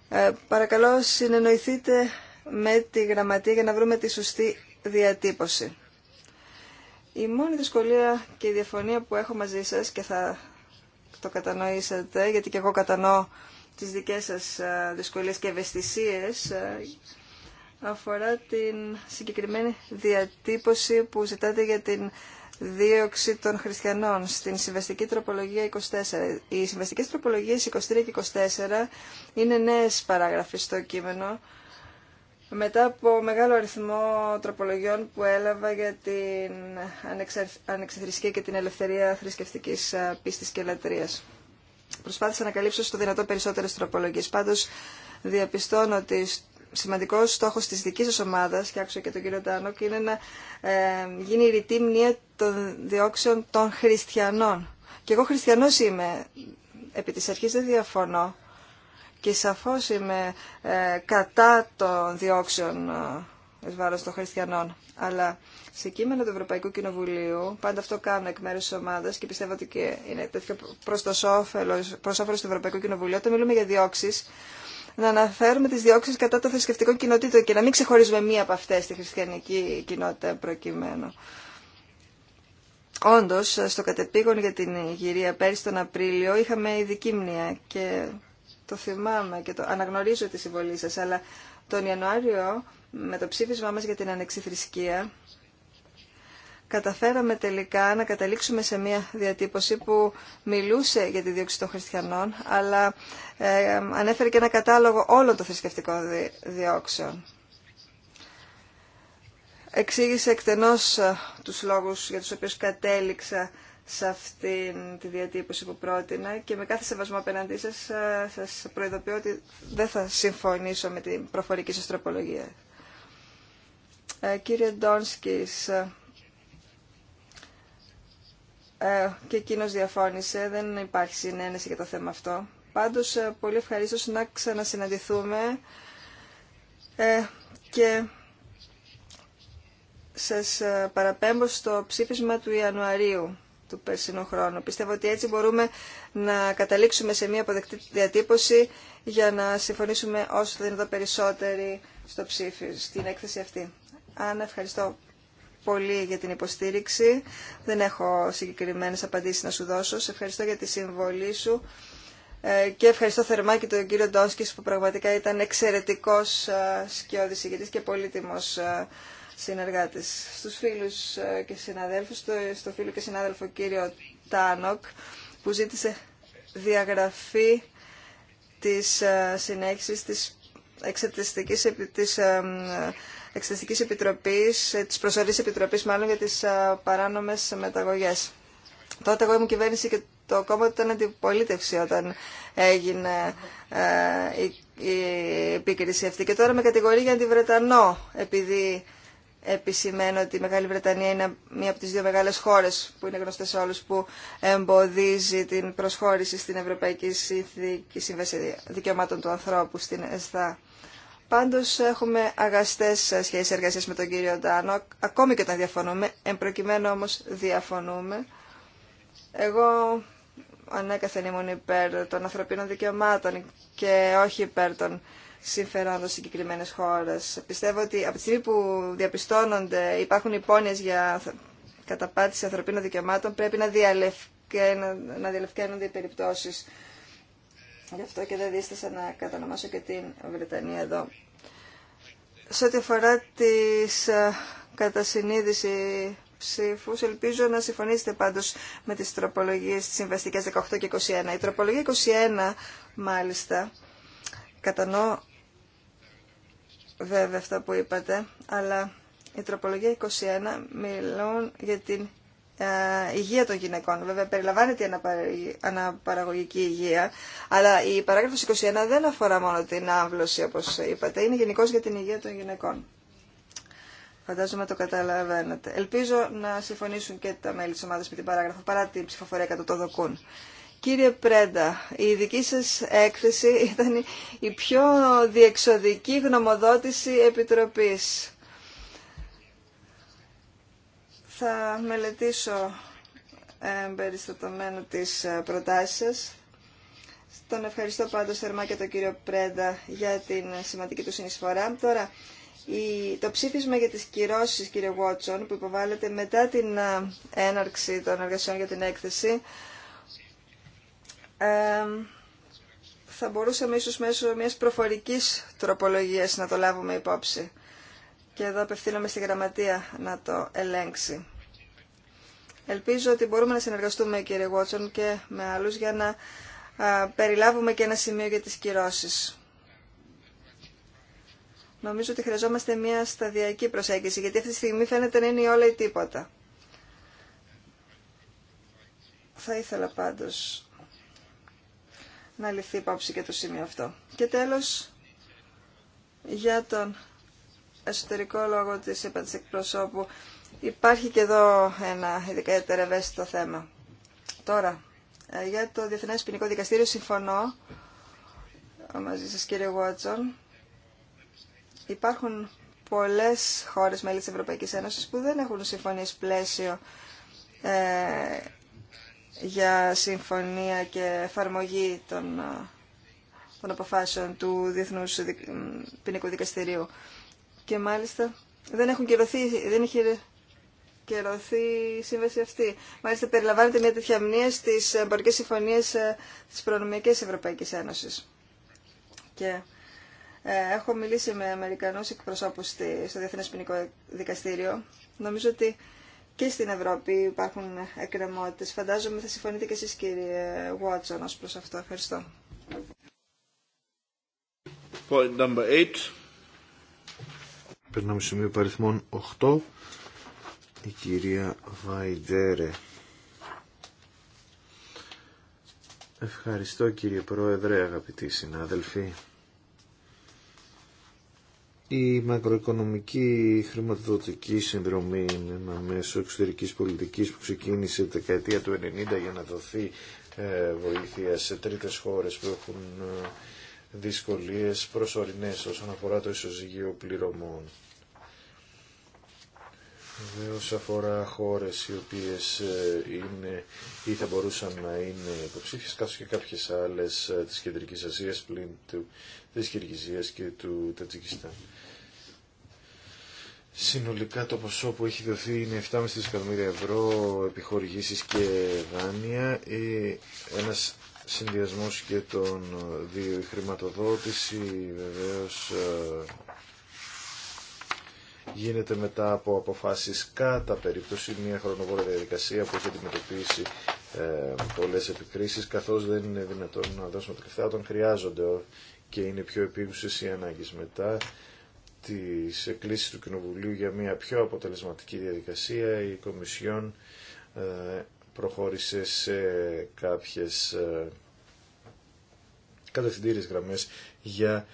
Ε, παρακαλώ συνεννοηθείτε με τη γραμματεία για να βρούμε τη σωστή διατύπωση. Η μόνη δυσκολία και η διαφωνία που έχω μαζί σας και θα το κατανοήσετε, γιατί και εγώ κατανοώ τις δικές σας δυσκολίες και ευαισθησίες, αφορά την συγκεκριμένη διατύπωση που ζητάτε για την δίωξη των χριστιανών στην συμβαστική τροπολογία 24. Οι συμβαστικές τροπολογίες 23 και 24 είναι νέες παράγραφοι στο κείμενο μετά από μεγάλο αριθμό τροπολογιών που έλαβα για την ανεξιθρησκεία και την ελευθερία θρησκευτική πίστης και λατρεία. Προσπάθησα να καλύψω στο δυνατό περισσότερες τροπολογίε. Πάντως διαπιστώνω ότι σημαντικό στόχο τη δική σα ομάδα, και άκουσα και τον κύριο Τάνοκ, είναι να ε, γίνει η ρητή μνήμα των διώξεων των χριστιανών. Και εγώ χριστιανό είμαι. Επί τη αρχή δεν διαφωνώ και σαφώς είμαι ε, κατά των διώξεων ε, εις βάρος των χριστιανών. Αλλά σε κείμενο του Ευρωπαϊκού Κοινοβουλίου, πάντα αυτό κάνω εκ μέρους της ομάδας και πιστεύω ότι και είναι τέτοιο προς, το όφελος, προς όφελος του Ευρωπαϊκού Κοινοβουλίου, όταν μιλούμε για διώξεις, να αναφέρουμε τις διώξεις κατά των θρησκευτικών κοινοτήτων και να μην ξεχωρίζουμε μία από αυτές τη χριστιανική κοινότητα προκειμένου. Όντως, στο κατεπήγον για την Ιγυρία πέρυσι τον Απρίλιο είχαμε ειδική μνήμα και το θυμάμαι και το αναγνωρίζω τη συμβολή σας, αλλά τον Ιανουάριο με το ψήφισμά μας για την ανεξιθρησκεία καταφέραμε τελικά να καταλήξουμε σε μια διατύπωση που μιλούσε για τη δίωξη των χριστιανών, αλλά ε, ανέφερε και ένα κατάλογο όλων των θρησκευτικών διώξεων. Εξήγησε εκτενώς ε, τους λόγους για τους οποίους κατέληξα σε αυτή τη διατύπωση που πρότεινα και με κάθε σεβασμό απέναντί σας ε, σας προειδοποιώ ότι δεν θα συμφωνήσω με την προφορική σας τροπολογία. Ε, κύριε Ντόνσκης, ε, και εκείνο διαφώνησε, δεν υπάρχει συνένεση για το θέμα αυτό. Πάντως, πολύ ευχαρίστω να ξανασυναντηθούμε και σας παραπέμπω στο ψήφισμα του Ιανουαρίου του περσινού χρόνου. Πιστεύω ότι έτσι μπορούμε να καταλήξουμε σε μια αποδεκτή διατύπωση για να συμφωνήσουμε όσο είναι εδώ περισσότεροι στο ψήφι, στην έκθεση αυτή. Αν ευχαριστώ πολύ για την υποστήριξη. Δεν έχω συγκεκριμένες απαντήσεις να σου δώσω. Σε ευχαριστώ για τη συμβολή σου ε, και ευχαριστώ θερμά και τον κύριο Ντόσκης που πραγματικά ήταν εξαιρετικός ε, σκιώδης ηγετής και πολύτιμος ε, συνεργάτες, στους φίλους ε, και συναδέλφους, στο, στο φίλο και συνάδελφο κύριο Τάνοκ, που ζήτησε διαγραφή της ε, συνέχισης της εξεταστικής, της ε, εξεταστικής επιτροπής, της προσωρής επιτροπής μάλλον για τις παράνομες μεταγωγές. Τότε εγώ ήμουν κυβέρνηση και το κόμμα ήταν αντιπολίτευση όταν έγινε η, η επίκριση αυτή. Και τώρα με κατηγορεί για αντιβρετανό επειδή επισημαίνω ότι η Μεγάλη Βρετανία είναι μία από τις δύο μεγάλες χώρες που είναι γνωστές σε όλους που εμποδίζει την προσχώρηση στην Ευρωπαϊκή Συνθήκη Σύμβαση Δικαιωμάτων του Ανθρώπου στην ΕΣΔΑ. Πάντως έχουμε αγαστές σχέσεις εργασίας με τον κύριο Ντάνο, ακόμη και όταν διαφωνούμε, εμπροκειμένου όμως διαφωνούμε. Εγώ ανέκαθεν ήμουν υπέρ των ανθρωπίνων δικαιωμάτων και όχι υπέρ των συμφερόντων συγκεκριμένε χώρε. Πιστεύω ότι από τη στιγμή που διαπιστώνονται, υπάρχουν υπόνοιε για καταπάτηση ανθρωπίνων δικαιωμάτων, πρέπει να, διαλευκαίνονται, να οι περιπτώσει. Γι' αυτό και δεν δίστασα να κατανομάσω και την Βρετανία εδώ. Σε ό,τι αφορά τη ε, κατασυνείδηση ψήφου, ελπίζω να συμφωνήσετε πάντως με τις τροπολογίες της συμβαστικές 18 και 21. Η τροπολογία 21, μάλιστα, κατανοώ βέβαια αυτά που είπατε, αλλά η τροπολογία 21 μιλούν για την ε, υγεία των γυναικών. Βέβαια, περιλαμβάνεται η αναπαραγωγική υγεία, αλλά η παράγραφος 21 δεν αφορά μόνο την άμβλωση, όπως είπατε, είναι γενικώ για την υγεία των γυναικών. Φαντάζομαι το καταλαβαίνετε. Ελπίζω να συμφωνήσουν και τα μέλη της ομάδας με την παράγραφο, παρά την ψηφοφορία κατά το δοκούν. Κύριε Πρέντα, η δική σας έκθεση ήταν η πιο διεξοδική γνωμοδότηση Επιτροπής. Θα μελετήσω ε, περιστατωμένο τις ε, προτάσεις σας. Τον ευχαριστώ πάντως θερμά και τον κύριο Πρέντα για την σημαντική του συνεισφορά. Τώρα, το ψήφισμα για τις κυρώσεις, κύριε Βότσον, που υποβάλλεται μετά την ε, έναρξη των εργασιών για την έκθεση, θα μπορούσαμε ίσως μέσω μιας προφορικής τροπολογίας να το λάβουμε υπόψη. Και εδώ απευθύνομαι στη γραμματεία να το ελέγξει. Ελπίζω ότι μπορούμε να συνεργαστούμε κύριε Βότσον και με άλλους για να περιλάβουμε και ένα σημείο για τις κυρώσεις. Νομίζω ότι χρειαζόμαστε μια σταδιακή προσέγγιση, γιατί αυτή τη στιγμή φαίνεται να είναι όλα ή τίποτα. Θα ήθελα πάντως να ληφθεί υπόψη και το σημείο αυτό. Και τέλος, για τον εσωτερικό λόγο της ύπαντης εκπροσώπου, υπάρχει και εδώ ένα ιδιαίτερα ευαίσθητο θέμα. Τώρα, ε, για το Διεθνές Ποινικό Δικαστήριο συμφωνώ ε, μαζί σας κύριε Βότσον. Υπάρχουν πολλές χώρες μέλη της Ευρωπαϊκής Ένωσης που δεν έχουν συμφωνήσει πλαίσιο ε, για συμφωνία και εφαρμογή των, ε, των αποφάσεων του Διεθνούς Ποινικού Δικαστηρίου. Και μάλιστα δεν, έχουν κυρωθεί, δεν έχει κυρωθεί η σύμβαση αυτή. Μάλιστα περιλαμβάνεται μια τέτοια αμνία στις εμπορικές συμφωνίες ε, της προνομιακής Ευρωπαϊκής Ένωσης. Και ε, έχω μιλήσει με Αμερικανούς εκπροσώπους στο Διεθνές Ποινικό Δικαστήριο. Νομίζω ότι και στην Ευρώπη υπάρχουν εκκρεμότητες. Φαντάζομαι θα συμφωνείτε και εσείς κύριε Βότσον ως προς αυτό. Ευχαριστώ. Point number eight. Περνάμε σημείο παριθμών 8. Η κυρία Βαϊντέρε. Ευχαριστώ κύριε Πρόεδρε, αγαπητοί συνάδελφοι. Η μακροοικονομική χρηματοδοτική συνδρομή είναι ένα μέσο εξωτερικής πολιτικής που ξεκίνησε τη δεκαετία του 90 για να δοθεί ε, βοήθεια σε τρίτες χώρες που έχουν ε, δυσκολίες προσωρινές όσον αφορά το ισοζυγείο πληρωμών. Βεβαίω αφορά χώρες οι οποίες ε, είναι ή θα μπορούσαν να είναι υποψήφιες, καθώς και κάποιες άλλες ε, της Κεντρικής Ασίας πλην του, της και του Τατζικιστάν. Συνολικά το ποσό που έχει δοθεί είναι 7,5 δισεκατομμύρια ευρώ επιχορηγήσεις και δάνεια ή ε, ένας συνδυασμός και των δύο η βεβαίως γίνεται μετά από αποφάσεις κατά περίπτωση μια χρονοβόρα διαδικασία που έχει αντιμετωπίσει ε, πολλές επικρίσεις καθώς δεν είναι δυνατόν να δώσουμε τα λεφτά όταν χρειάζονται και είναι πιο επίγουσες οι ανάγκες μετά τις εκκλήσεις του Κοινοβουλίου για μια πιο αποτελεσματική διαδικασία η Κομισιόν ε, προχώρησε σε κάποιες ε, κατευθυντήριες γραμμές για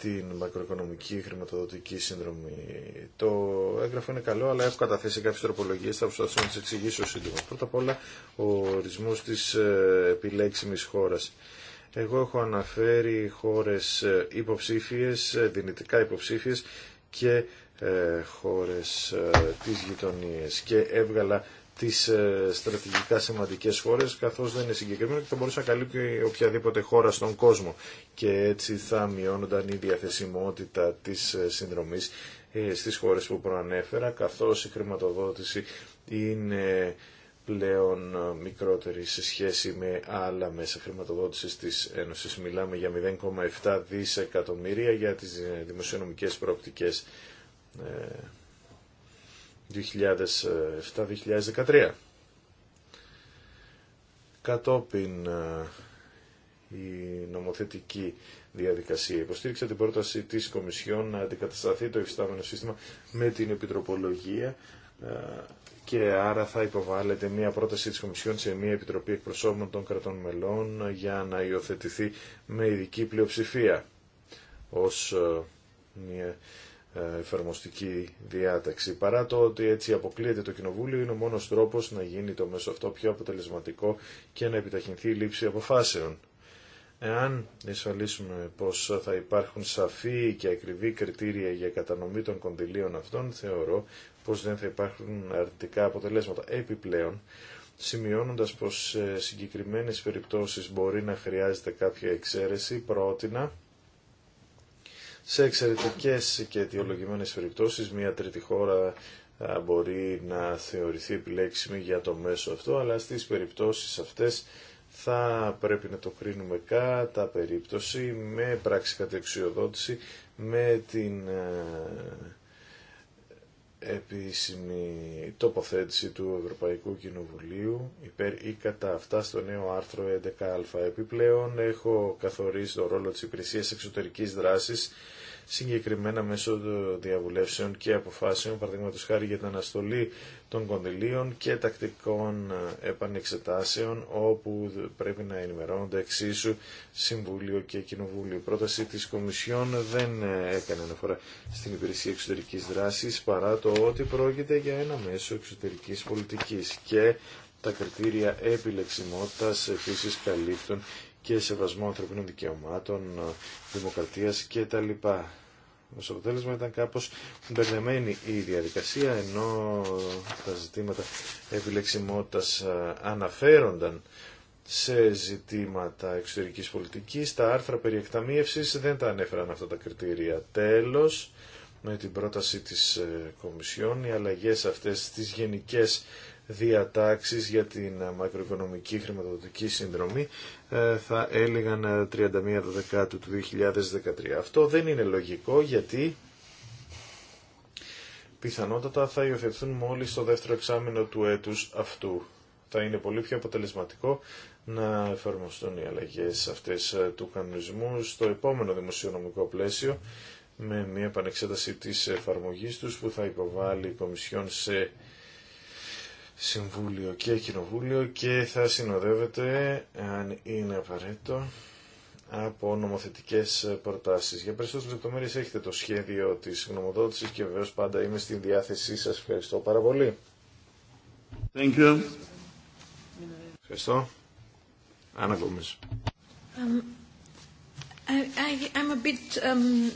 την μακροοικονομική χρηματοδοτική σύνδρομη. Το έγγραφο είναι καλό, αλλά έχω καταθέσει κάποιε τροπολογίε. Θα προσπαθήσω να τι εξηγήσω σύντομα. Πρώτα απ' όλα, ο ορισμό τη ε, επιλέξιμη χώρα. Εγώ έχω αναφέρει χώρε υποψήφιε, ε, δυνητικά υποψήφιε και ε, χώρες της γειτονίας και έβγαλα τις ε, στρατηγικά σημαντικές χώρες, καθώς δεν είναι συγκεκριμένο και θα μπορούσε να καλύπτει οποιαδήποτε χώρα στον κόσμο. Και έτσι θα μειώνονταν η διαθεσιμότητα της ε, συνδρομής ε, στις χώρες που προανέφερα, καθώς η χρηματοδότηση είναι πλέον μικρότερη σε σχέση με άλλα μέσα χρηματοδότησης της Ένωσης. Μιλάμε για 0,7 δισεκατομμύρια για τις δημοσιονομικές προοπτικές 2007-2013. Κατόπιν ε, η νομοθετική διαδικασία υποστήριξε την πρόταση της Κομισιόν να αντικατασταθεί το υφιστάμενο σύστημα με την επιτροπολογία ε, και άρα θα υποβάλλεται μια πρόταση της Κομισιόν σε μια Επιτροπή Εκπροσώπων των Κρατών Μελών για να υιοθετηθεί με ειδική πλειοψηφία ως ε, μια ε, εφαρμοστική διάταξη. Παρά το ότι έτσι αποκλείεται το Κοινοβούλιο, είναι ο μόνος τρόπος να γίνει το μέσο αυτό πιο αποτελεσματικό και να επιταχυνθεί η λήψη αποφάσεων. Εάν εισφαλίσουμε πως θα υπάρχουν σαφή και ακριβή κριτήρια για κατανομή των κονδυλίων αυτών, θεωρώ πως δεν θα υπάρχουν αρνητικά αποτελέσματα. Επιπλέον, σημειώνοντας πως σε συγκεκριμένες περιπτώσεις μπορεί να χρειάζεται κάποια εξαίρεση, πρότεινα σε εξαιρετικέ και αιτιολογημένε περιπτώσεις μια τρίτη χώρα μπορεί να θεωρηθεί επιλέξιμη για το μέσο αυτό, αλλά στις περιπτώσεις αυτές θα πρέπει να το κρίνουμε κατά περίπτωση με πράξη κατεξιοδότηση, με την επίσημη τοποθέτηση του Ευρωπαϊκού Κοινοβουλίου υπέρ ή κατά αυτά στο νέο άρθρο 11α. Επιπλέον έχω καθορίσει τον ρόλο της Υπηρεσίας Εξωτερικής Δράσης συγκεκριμένα μέσω διαβουλεύσεων και αποφάσεων, παραδείγματο χάρη για την αναστολή των κονδυλίων και τακτικών ε, επανεξετάσεων, όπου πρέπει να ενημερώνονται εξίσου Συμβούλιο και Κοινοβούλιο. Η πρόταση τη Κομισιόν δεν ε, έκανε αναφορά στην υπηρεσία εξωτερική δράση, παρά το ότι πρόκειται για ένα μέσο εξωτερική πολιτική και τα κριτήρια επιλεξιμότητα επίση καλύπτουν και σεβασμό ανθρωπίνων δικαιωμάτων, ε, δημοκρατίας και τα λοιπά. Ως αποτέλεσμα ήταν κάπως μπερδεμένη η διαδικασία, ενώ τα ζητήματα επιλεξιμότητας αναφέρονταν σε ζητήματα εξωτερικής πολιτικής. Τα άρθρα περί εκταμίευσης δεν τα ανέφεραν αυτά τα κριτήρια. Τέλος, με την πρόταση της ε, Κομισιόν, οι αλλαγές αυτές στις γενικές διατάξεις για την ε, μακροοικονομική χρηματοδοτική συνδρομή ε, θα έλεγαν 31 ε, Δεκάτου του 2013. Αυτό δεν είναι λογικό γιατί πιθανότατα θα υιοθετηθούν μόλις στο δεύτερο εξάμεινο του έτους αυτού. Θα είναι πολύ πιο αποτελεσματικό να εφαρμοστούν οι αλλαγές αυτές ε, του κανονισμού στο επόμενο δημοσιονομικό πλαίσιο με μια επανεξέταση της εφαρμογής τους που θα υποβάλει η Κομισιόν σε Συμβούλιο και Κοινοβούλιο και θα συνοδεύεται, αν είναι απαραίτητο, από νομοθετικές προτάσεις. Για περισσότερες λεπτομέρειες έχετε το σχέδιο της γνωμοδότησης και βεβαίω πάντα είμαι στη διάθεσή σας. Ευχαριστώ πάρα πολύ. Thank you. Ευχαριστώ. Άννα um, I, um...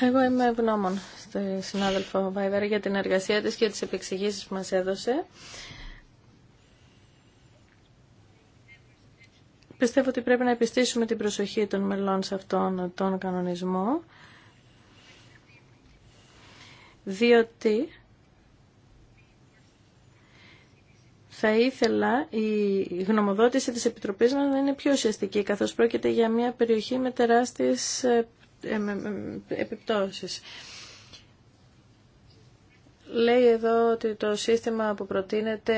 Εγώ είμαι ευγνώμων στη συνάδελφο Βάιδαρα για την εργασία της και τις επεξηγήσεις που μας έδωσε. Πιστεύω ότι πρέπει να επιστήσουμε την προσοχή των μελών σε αυτόν τον κανονισμό, διότι θα ήθελα η γνωμοδότηση της Επιτροπής μας να είναι πιο ουσιαστική, καθώς πρόκειται για μια περιοχή με τεράστιες ε, επιπτώσεις. Λέει εδώ ότι το σύστημα που προτείνεται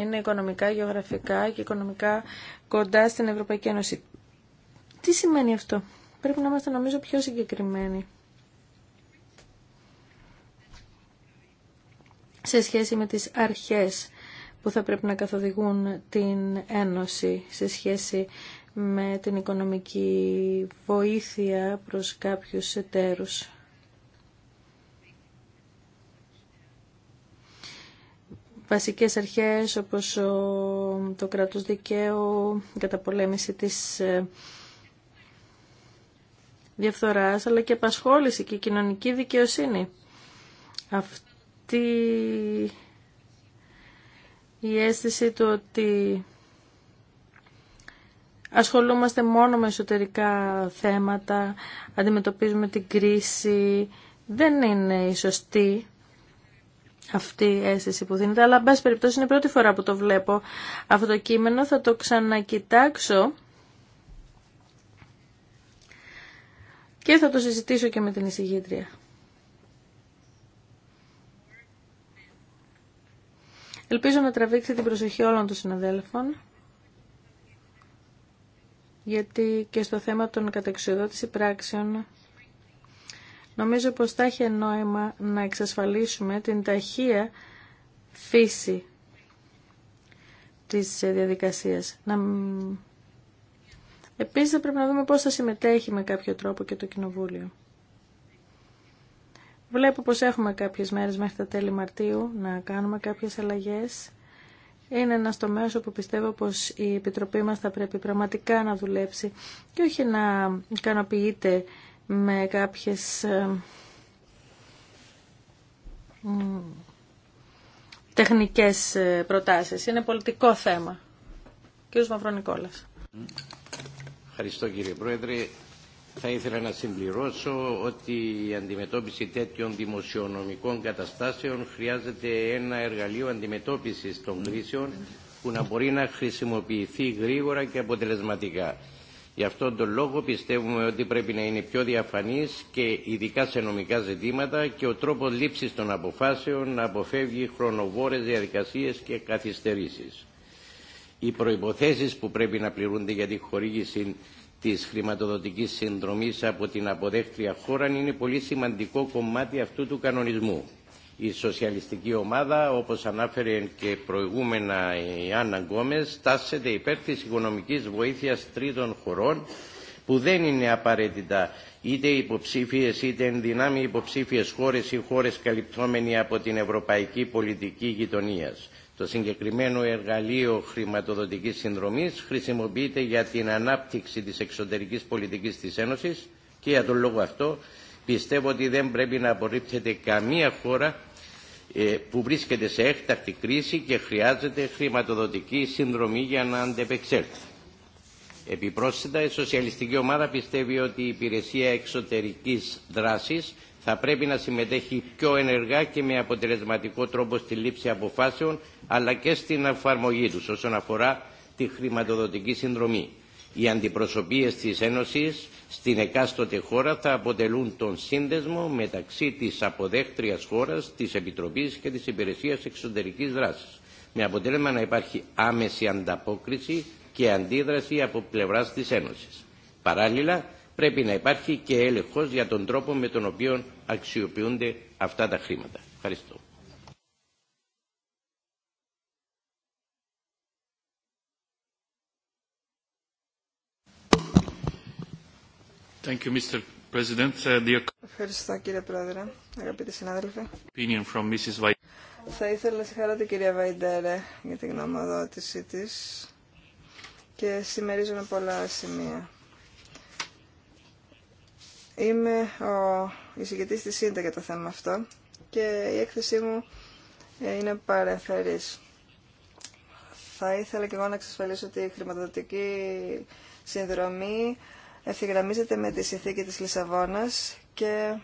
είναι οικονομικά, γεωγραφικά και οικονομικά κοντά στην Ευρωπαϊκή Ένωση. Τι σημαίνει αυτό. Πρέπει να είμαστε νομίζω πιο συγκεκριμένοι. σε σχέση με τις αρχές που θα πρέπει να καθοδηγούν την Ένωση σε σχέση με την οικονομική βοήθεια προς κάποιους εταίρους. βασικές αρχές όπως το κράτος δικαίου, η καταπολέμηση της ε, διαφθοράς, αλλά και απασχόληση και κοινωνική δικαιοσύνη. Αυτή η αίσθηση του ότι ασχολούμαστε μόνο με εσωτερικά θέματα, αντιμετωπίζουμε την κρίση, δεν είναι η σωστή αυτή η αίσθηση που δίνεται, αλλά μπας περιπτώσει είναι η πρώτη φορά που το βλέπω αυτό το κείμενο, θα το ξανακοιτάξω και θα το συζητήσω και με την εισηγήτρια. Ελπίζω να τραβήξει την προσοχή όλων των συναδέλφων γιατί και στο θέμα των κατεξοδότηση πράξεων Νομίζω πως θα έχει νόημα να εξασφαλίσουμε την ταχεία φύση της διαδικασίας. Να... Επίσης θα πρέπει να δούμε πώς θα συμμετέχει με κάποιο τρόπο και το Κοινοβούλιο. Βλέπω πως έχουμε κάποιες μέρες μέχρι τα τέλη Μαρτίου να κάνουμε κάποιες αλλαγές. Είναι ένας τομέας όπου πιστεύω πως η Επιτροπή μας θα πρέπει πραγματικά να δουλέψει και όχι να ικανοποιείται με κάποιες ε, τεχνικές ε, προτάσεις. Είναι πολιτικό θέμα. Κύριος Μαυρονικόλας. Ευχαριστώ κύριε Πρόεδρε. Θα ήθελα να συμπληρώσω ότι η αντιμετώπιση τέτοιων δημοσιονομικών καταστάσεων χρειάζεται ένα εργαλείο αντιμετώπισης των κρίσεων που να μπορεί να χρησιμοποιηθεί γρήγορα και αποτελεσματικά. Γι' αυτόν τον λόγο πιστεύουμε ότι πρέπει να είναι πιο διαφανής και ειδικά σε νομικά ζητήματα και ο τρόπος λήψης των αποφάσεων να αποφεύγει χρονοβόρες διαδικασίες και καθυστερήσεις. Οι προϋποθέσεις που πρέπει να πληρούνται για τη χορήγηση της χρηματοδοτικής συνδρομής από την αποδέχτρια χώρα είναι πολύ σημαντικό κομμάτι αυτού του κανονισμού η σοσιαλιστική ομάδα, όπως ανάφερε και προηγούμενα η Άννα Γκόμες, τάσσεται υπέρ της οικονομικής βοήθειας τρίτων χωρών που δεν είναι απαραίτητα είτε υποψήφιες είτε ενδυνάμει υποψήφιες χώρες ή χώρες καλυπτώμενοι από την ευρωπαϊκή πολιτική γειτονίας. Το συγκεκριμένο εργαλείο χρηματοδοτικής συνδρομής χρησιμοποιείται για την ανάπτυξη της εξωτερικής πολιτικής της Ένωσης και για τον λόγο αυτό πιστεύω ότι δεν πρέπει να απορρίπτεται καμία χώρα ε, που βρίσκεται σε έκτακτη κρίση και χρειάζεται χρηματοδοτική συνδρομή για να αντεπεξέλθει. Επιπρόσθετα, η Σοσιαλιστική Ομάδα πιστεύει ότι η υπηρεσία εξωτερικής δράσης θα πρέπει να συμμετέχει πιο ενεργά και με αποτελεσματικό τρόπο στη λήψη αποφάσεων αλλά και στην εφαρμογή τους όσον αφορά τη χρηματοδοτική συνδρομή. Οι αντιπροσωπείες της Ένωσης στην εκάστοτε χώρα θα αποτελούν τον σύνδεσμο μεταξύ της αποδέχτριας χώρας, της Επιτροπής και της Υπηρεσίας Εξωτερικής Δράσης, με αποτέλεσμα να υπάρχει άμεση ανταπόκριση και αντίδραση από πλευράς της Ένωσης. Παράλληλα, πρέπει να υπάρχει και έλεγχος για τον τρόπο με τον οποίο αξιοποιούνται αυτά τα χρήματα. Ευχαριστώ. Uh, Ευχαριστώ κύριε Πρόεδρε, αγαπητοί συνάδελφοι. Θα ήθελα να συγχαρώ την κυρία Βαϊντέρε για την γνωμοδότησή της και συμμερίζομαι πολλά σημεία. Είμαι ο εισηγητής της ΣΥΝΤΑ για το θέμα αυτό και η έκθεσή μου ε, είναι παρεμφερής. Θα ήθελα και εγώ να εξασφαλίσω ότι η χρηματοδοτική συνδρομή ευθυγραμμίζεται με τη συνθήκη της Λισαβόνας και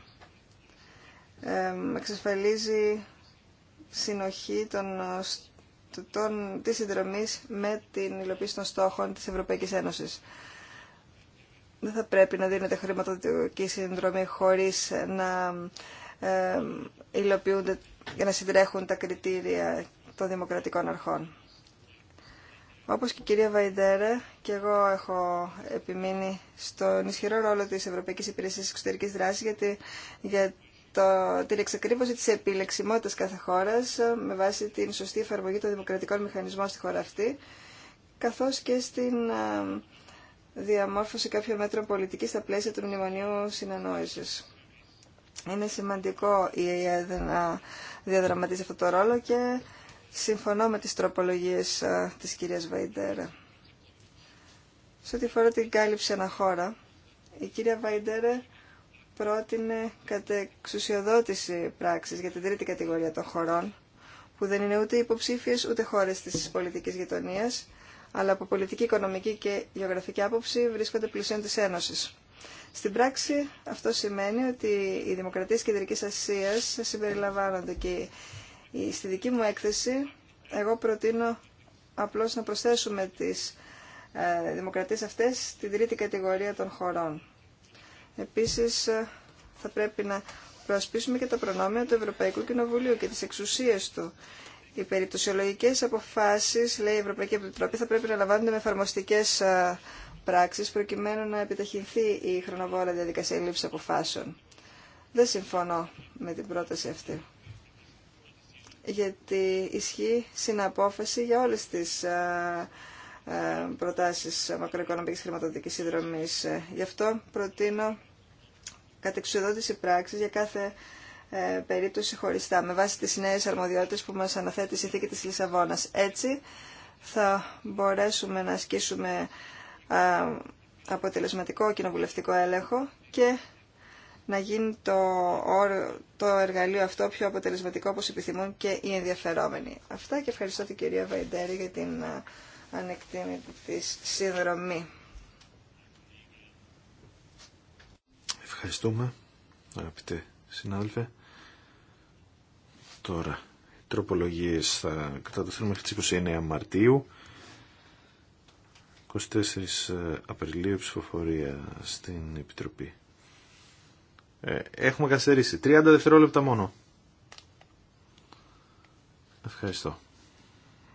εξασφαλίζει συνοχή των, των, της συνδρομής με την υλοποίηση των στόχων της Ευρωπαϊκής Ένωσης. Δεν θα πρέπει να δίνεται χρηματοδοτική συνδρομή χωρίς να υλοποιούνται και να συντρέχουν τα κριτήρια των δημοκρατικών αρχών. Όπως και η κυρία Βαϊντέρε, και εγώ έχω επιμείνει στον ισχυρό ρόλο της Ευρωπαϊκής Υπηρεσίας Εξωτερικής Δράσης γιατί για το, την εξακρίβωση της επιλεξιμότητας κάθε χώρας ε, με βάση την σωστή εφαρμογή των δημοκρατικών μηχανισμών στη χώρα αυτή καθώς και στην ε, διαμόρφωση κάποιων μέτρων πολιτικής στα πλαίσια του Μνημονίου Συνανόησης. Είναι σημαντικό η ΕΕ να διαδραματίζει αυτό το ρόλο και συμφωνώ με τις τροπολογίες της κυρίας Βαϊντέρα. Σε ό,τι φορά την κάλυψη αναχώρα, η κυρία Βαϊντέρα πρότεινε κατά εξουσιοδότηση πράξης για την τρίτη κατηγορία των χωρών, που δεν είναι ούτε υποψήφιες ούτε χώρες της πολιτικής γειτονίας, αλλά από πολιτική, οικονομική και γεωγραφική άποψη βρίσκονται πλησίων της Ένωσης. Στην πράξη αυτό σημαίνει ότι οι δημοκρατίες Κεντρικής Ασίας συμπεριλαμβάνονται και Στη δική μου έκθεση εγώ προτείνω απλώς να προσθέσουμε τις ε, δημοκρατίες αυτές στη τρίτη κατηγορία των χωρών. Επίσης ε, θα πρέπει να προασπίσουμε και τα προνόμια του Ευρωπαϊκού Κοινοβουλίου και τις εξουσίες του. Οι περιπτωσιολογικές αποφάσεις, λέει η Ευρωπαϊκή Επιτροπή, θα πρέπει να λαμβάνονται με εφαρμοστικές ε, πράξεις προκειμένου να επιταχυνθεί η χρονοβόρα διαδικασία λήψη αποφάσεων. Δεν συμφωνώ με την πρόταση αυτή γιατί ισχύει συναπόφαση για όλες τις ε, ε, προτάσεις μακροοικονομικής χρηματοδοτικής συνδρομής. Ε, γι' αυτό προτείνω κατεξουδότηση πράξης για κάθε περίπτωση χωριστά, με βάση τις νέες αρμοδιότητες που μας αναθέτει η συνθήκη της Λισαβόνας. Έτσι θα μπορέσουμε να ασκήσουμε αποτελεσματικό κοινοβουλευτικό έλεγχο και να γίνει το, το εργαλείο αυτό πιο αποτελεσματικό όπως επιθυμούν και οι ενδιαφερόμενοι. Αυτά και ευχαριστώ την κυρία Βαϊντέρη για την ανεκτήμητη της συνδρομή. Ευχαριστούμε, αγαπητέ συνάδελφε. Τώρα, οι τροπολογίες θα καταδοθούν μέχρι τις 29 Μαρτίου. 24 ε, Απριλίου ψηφοφορία στην Επιτροπή. Ε, έχουμε καθυστερήσει. 30 δευτερόλεπτα μόνο. Ευχαριστώ.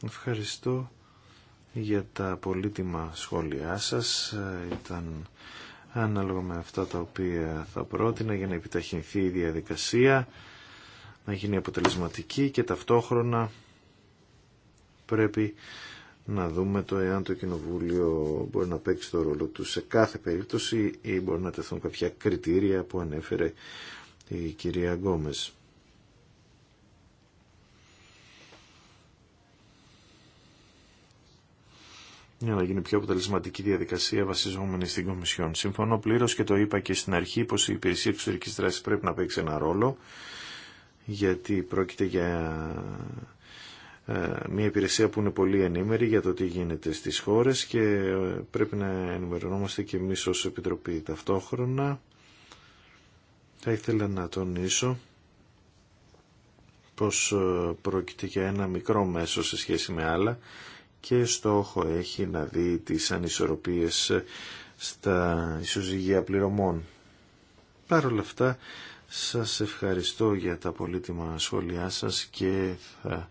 Ευχαριστώ για τα πολύτιμα σχόλιά σας. Ε, ήταν ανάλογα με αυτά τα οποία θα πρότεινα για να επιταχυνθεί η διαδικασία, να γίνει αποτελεσματική και ταυτόχρονα πρέπει να δούμε το εάν το Κοινοβούλιο μπορεί να παίξει το ρόλο του σε κάθε περίπτωση ή μπορεί να τεθούν κάποια κριτήρια που ανέφερε η κυρία Γκόμες. για να γίνει πιο αποτελεσματική διαδικασία βασιζόμενη στην Κομισιόν. Συμφωνώ πλήρω και το είπα και στην αρχή πω η υπηρεσία εξωτερική δράση πρέπει να παίξει ένα ρόλο, γιατί πρόκειται για ε, μια υπηρεσία που είναι πολύ ενήμερη για το τι γίνεται στις χώρες και ε, πρέπει να ενημερωνόμαστε και εμείς ως Επιτροπή ταυτόχρονα. Θα ήθελα να τονίσω πως ε, πρόκειται για ένα μικρό μέσο σε σχέση με άλλα και στόχο έχει να δει τις ανισορροπίες στα ισοζυγεία πληρωμών. Παρ' όλα αυτά σας ευχαριστώ για τα πολύτιμα σχόλιά σας και θα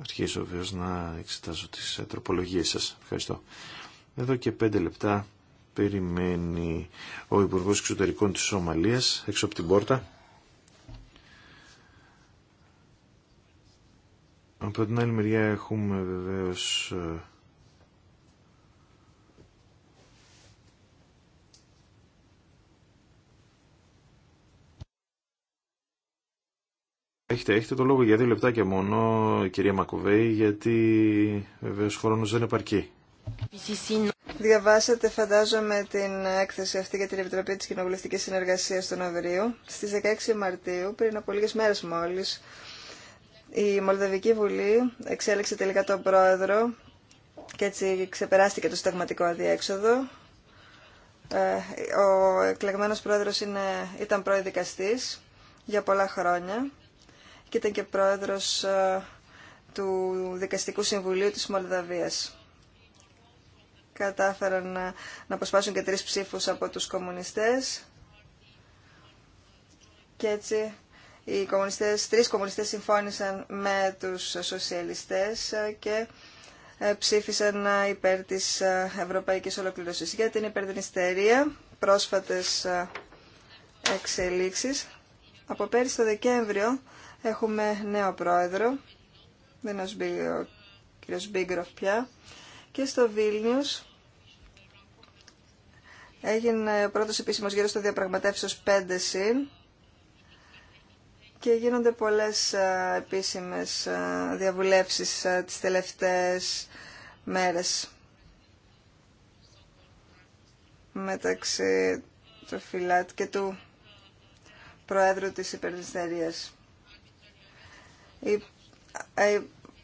αρχίσω βεβαίως να εξετάζω τις ε, τροπολογίες σας. Ευχαριστώ. Εδώ και πέντε λεπτά περιμένει ο Υπουργός Εξωτερικών της Σομαλίας έξω από την πόρτα. Από την άλλη μεριά έχουμε βεβαίως ε, Έχετε, έχετε το λόγο για δύο λεπτά και μόνο, κυρία Μακουβέη, γιατί βεβαίω χρόνο χρόνος δεν επαρκεί. Διαβάσατε φαντάζομαι την έκθεση αυτή για την Επιτροπή τη κοινοβουλευτική συνεργασία του Στις 16 Μαρτίου, πριν από λίγε μέρες μόλις, η Μολδαβική Βουλή εξέλεξε τελικά τον πρόεδρο και έτσι ξεπεράστηκε το σταγματικό αδιέξοδο. Ε, ο εκλεγμένος πρόεδρος είναι, ήταν προεδικαστή για πολλά χρόνια και ήταν και πρόεδρος ε, του Δικαστικού Συμβουλίου της Μολδαβίας. Κατάφεραν να, ε, να αποσπάσουν και τρεις ψήφους από τους κομμουνιστές και έτσι οι κομμουνιστές, τρεις κομμουνιστές συμφώνησαν με τους σοσιαλιστές ε, και ψήφισαν υπέρ της Ευρωπαϊκής Ολοκληρωσής. Για την υπερδυνιστερία, πρόσφατες εξελίξεις. Από πέρυσι το Δεκέμβριο Έχουμε νέο πρόεδρο, δεν είναι ο κύριος Μπίγκροφ πια, και στο Βίλνιους έγινε ο πρώτος επίσημος γύρος στο διαπραγματεύσεως 5 συν και γίνονται πολλές επίσημες διαβουλεύσεις τις τελευταίες μέρες μεταξύ του Φιλάτ και του Προέδρου της Υπερδυστερίας.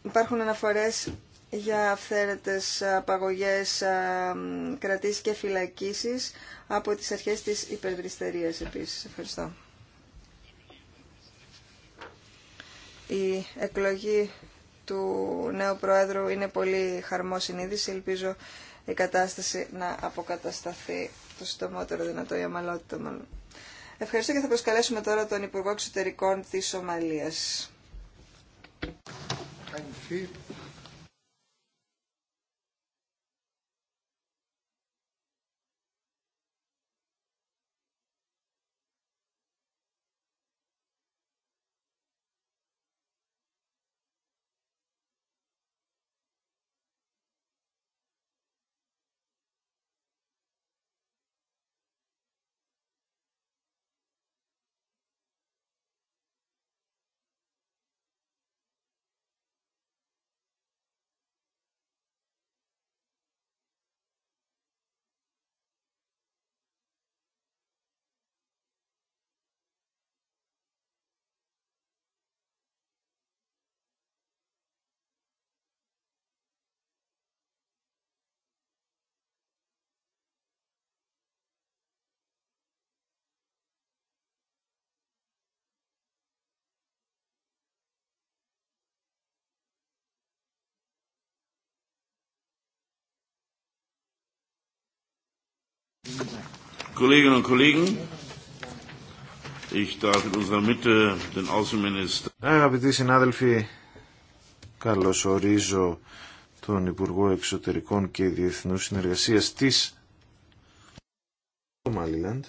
Υπάρχουν αναφορές για αυθαίρετες απαγωγές, κρατήσεις και φυλακίσεις από τις αρχές της υπερβριστερίας επίσης. Ευχαριστώ. Η εκλογή του νέου Προέδρου είναι πολύ χαρμό συνείδηση. Ελπίζω η κατάσταση να αποκατασταθεί το συντομότερο δυνατό, η αμαλότητα Ευχαριστώ και θα προσκαλέσουμε τώρα τον Υπουργό Εξωτερικών της Σομαλίας. Ευχαριστώ. Kolleginnen und Kollegen, ich darf in unserer Mitte den Außenminister. Ε, αγαπητοί συνάδελφοι, καλωσορίζω τον Υπουργό Εξωτερικών και Διεθνού Συνεργασία της Μαλιλάντ,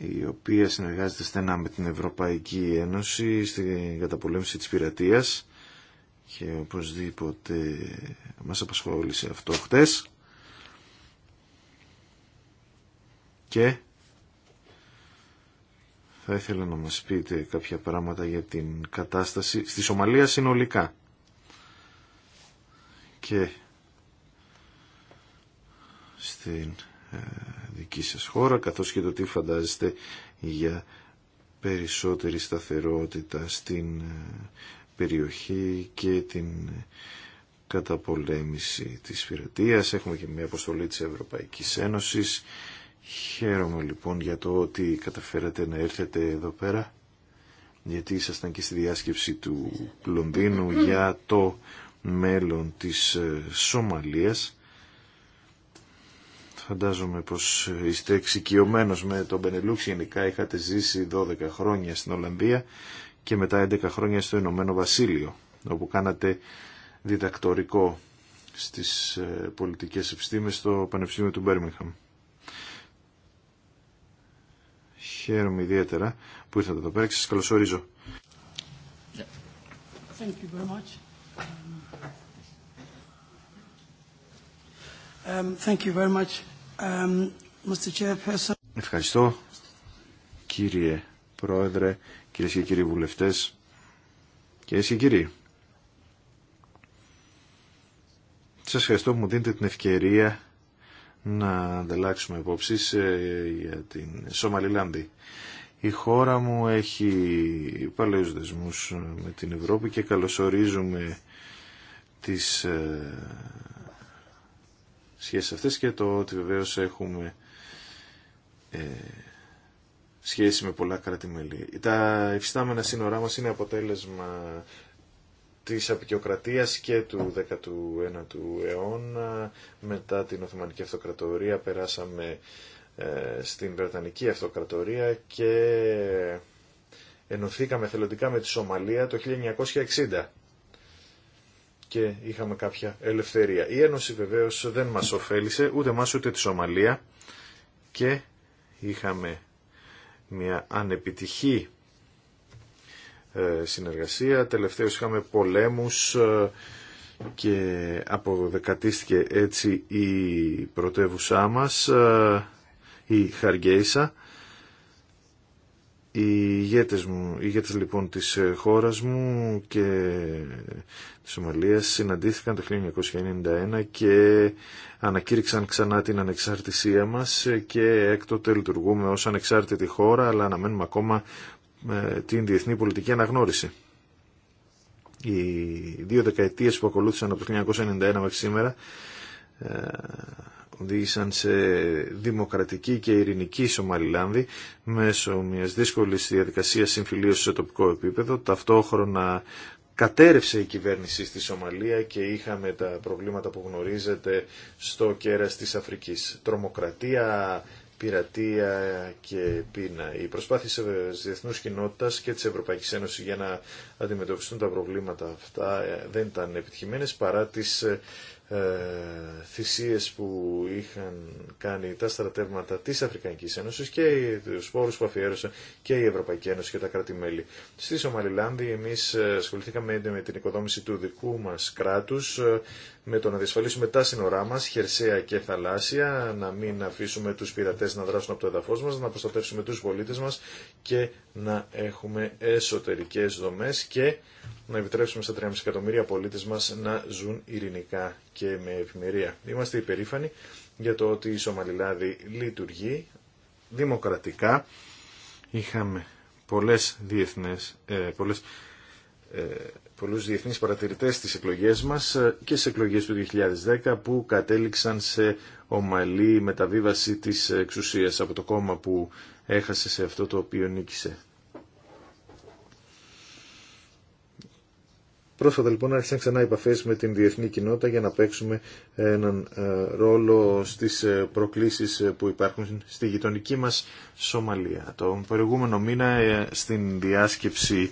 η οποία συνεργάζεται στενά με την Ευρωπαϊκή Ένωση στην καταπολέμηση της πειρατείας και οπωσδήποτε μας απασχόλησε αυτό χτες και θα ήθελα να μας πείτε κάποια πράγματα για την κατάσταση στη Σομαλία συνολικά και στην ε, δική σας χώρα καθώς και το τι φαντάζεστε για περισσότερη σταθερότητα στην ε, περιοχή και την καταπολέμηση της φυρετίας Έχουμε και μια αποστολή της Ευρωπαϊκής Ένωσης. Χαίρομαι λοιπόν για το ότι καταφέρατε να έρθετε εδώ πέρα γιατί ήσασταν και στη διάσκεψη του Λονδίνου για το μέλλον της ε, Σομαλίας. Φαντάζομαι πως είστε εξοικειωμένος με τον Πενελούξ. Γενικά είχατε ζήσει 12 χρόνια στην Ολλανδία και μετά 11 χρόνια στο Ηνωμένο Βασίλειο, όπου κάνατε διδακτορικό στις ε, πολιτικές επιστήμες στο Πανεπιστήμιο του Μπέρμιχαμ. Χαίρομαι ιδιαίτερα που ήρθατε εδώ πέρα και σας καλωσορίζω. Ευχαριστώ κύριε Πρόεδρε κυρίε και κύριοι βουλευτέ, κυρίε και κύριοι. Σα ευχαριστώ που μου δίνετε την ευκαιρία να ανταλλάξουμε ε, για την Σομαλιλάνδη. Η χώρα μου έχει παλαιούς δεσμούς με την Ευρώπη και καλωσορίζουμε τις ε, σχέσεις αυτές και το ότι βεβαίως έχουμε ε, σχέση με πολλά κράτη-μέλη. Τα υφιστάμενα σύνορά μας είναι αποτέλεσμα της απεικιοκρατίας και του 19ου αιώνα. Μετά την Οθωμανική Αυτοκρατορία περάσαμε ε, στην Βρετανική Αυτοκρατορία και ενωθήκαμε θελοντικά με τη Σομαλία το 1960 και είχαμε κάποια ελευθερία. Η Ένωση βεβαίως δεν μας ωφέλησε ούτε μας ούτε τη Σομαλία και είχαμε μια ανεπιτυχή ε, συνεργασία. Τελευταίως είχαμε πολέμους ε, και αποδεκατίστηκε έτσι η πρωτεύουσά μας, ε, η Χαργέισα οι ηγέτες, μου, οι λοιπόν της ε, χώρας μου και της Σομαλίας συναντήθηκαν το 1991 και ανακήρυξαν ξανά την ανεξαρτησία μας και έκτοτε λειτουργούμε ως ανεξάρτητη χώρα αλλά αναμένουμε ακόμα ε, την διεθνή πολιτική αναγνώριση. Οι δύο δεκαετίες που ακολούθησαν από το 1991 μέχρι σήμερα ε, οδήγησαν σε δημοκρατική και ειρηνική Σομαλιλάνδη μέσω μιας δύσκολης διαδικασίας συμφιλίωσης σε τοπικό επίπεδο. Ταυτόχρονα κατέρευσε η κυβέρνηση στη Σομαλία και είχαμε τα προβλήματα που γνωρίζετε στο κέρας της Αφρικής. Τρομοκρατία, πειρατεία και πείνα. Οι προσπάθειε τη διεθνού κοινότητα και τη Ευρωπαϊκή Ένωση για να αντιμετωπιστούν τα προβλήματα αυτά δεν ήταν επιτυχημένε παρά τις ε, θυσίες που είχαν κάνει τα στρατεύματα της Αφρικανικής Ένωσης και τους πόρους που αφιέρωσε και η Ευρωπαϊκή Ένωση και τα κράτη-μέλη. Στη Σομαλιλάνδη εμείς ε, ασχοληθήκαμε με την οικοδόμηση του δικού μας κράτους ε, με το να διασφαλίσουμε τα σύνορά μας, χερσαία και θαλάσσια, να μην αφήσουμε τους πειρατέ να δράσουν από το εδαφός μας, να προστατεύσουμε τους πολίτες μας και να έχουμε εσωτερικές δομές και να επιτρέψουμε στα 3,5 εκατομμύρια πολίτε μας να ζουν ειρηνικά και με ευημερία. Είμαστε υπερήφανοι για το ότι η Σομαλιλάδη λειτουργεί δημοκρατικά. Είχαμε πολλές διεθνές, ε, ε, πολλού διεθνείς παρατηρητές στις εκλογέ μας ε, και στις εκλογέ του 2010 που κατέληξαν σε ομαλή μεταβίβαση της εξουσίας από το κόμμα που έχασε σε αυτό το οποίο νίκησε. Πρόσφατα λοιπόν άρχισαν ξανά επαφές με την διεθνή κοινότητα για να παίξουμε έναν ε, ρόλο στις ε, προκλήσεις που υπάρχουν στη γειτονική μας Σομαλία. Το προηγούμενο μήνα στην διάσκεψη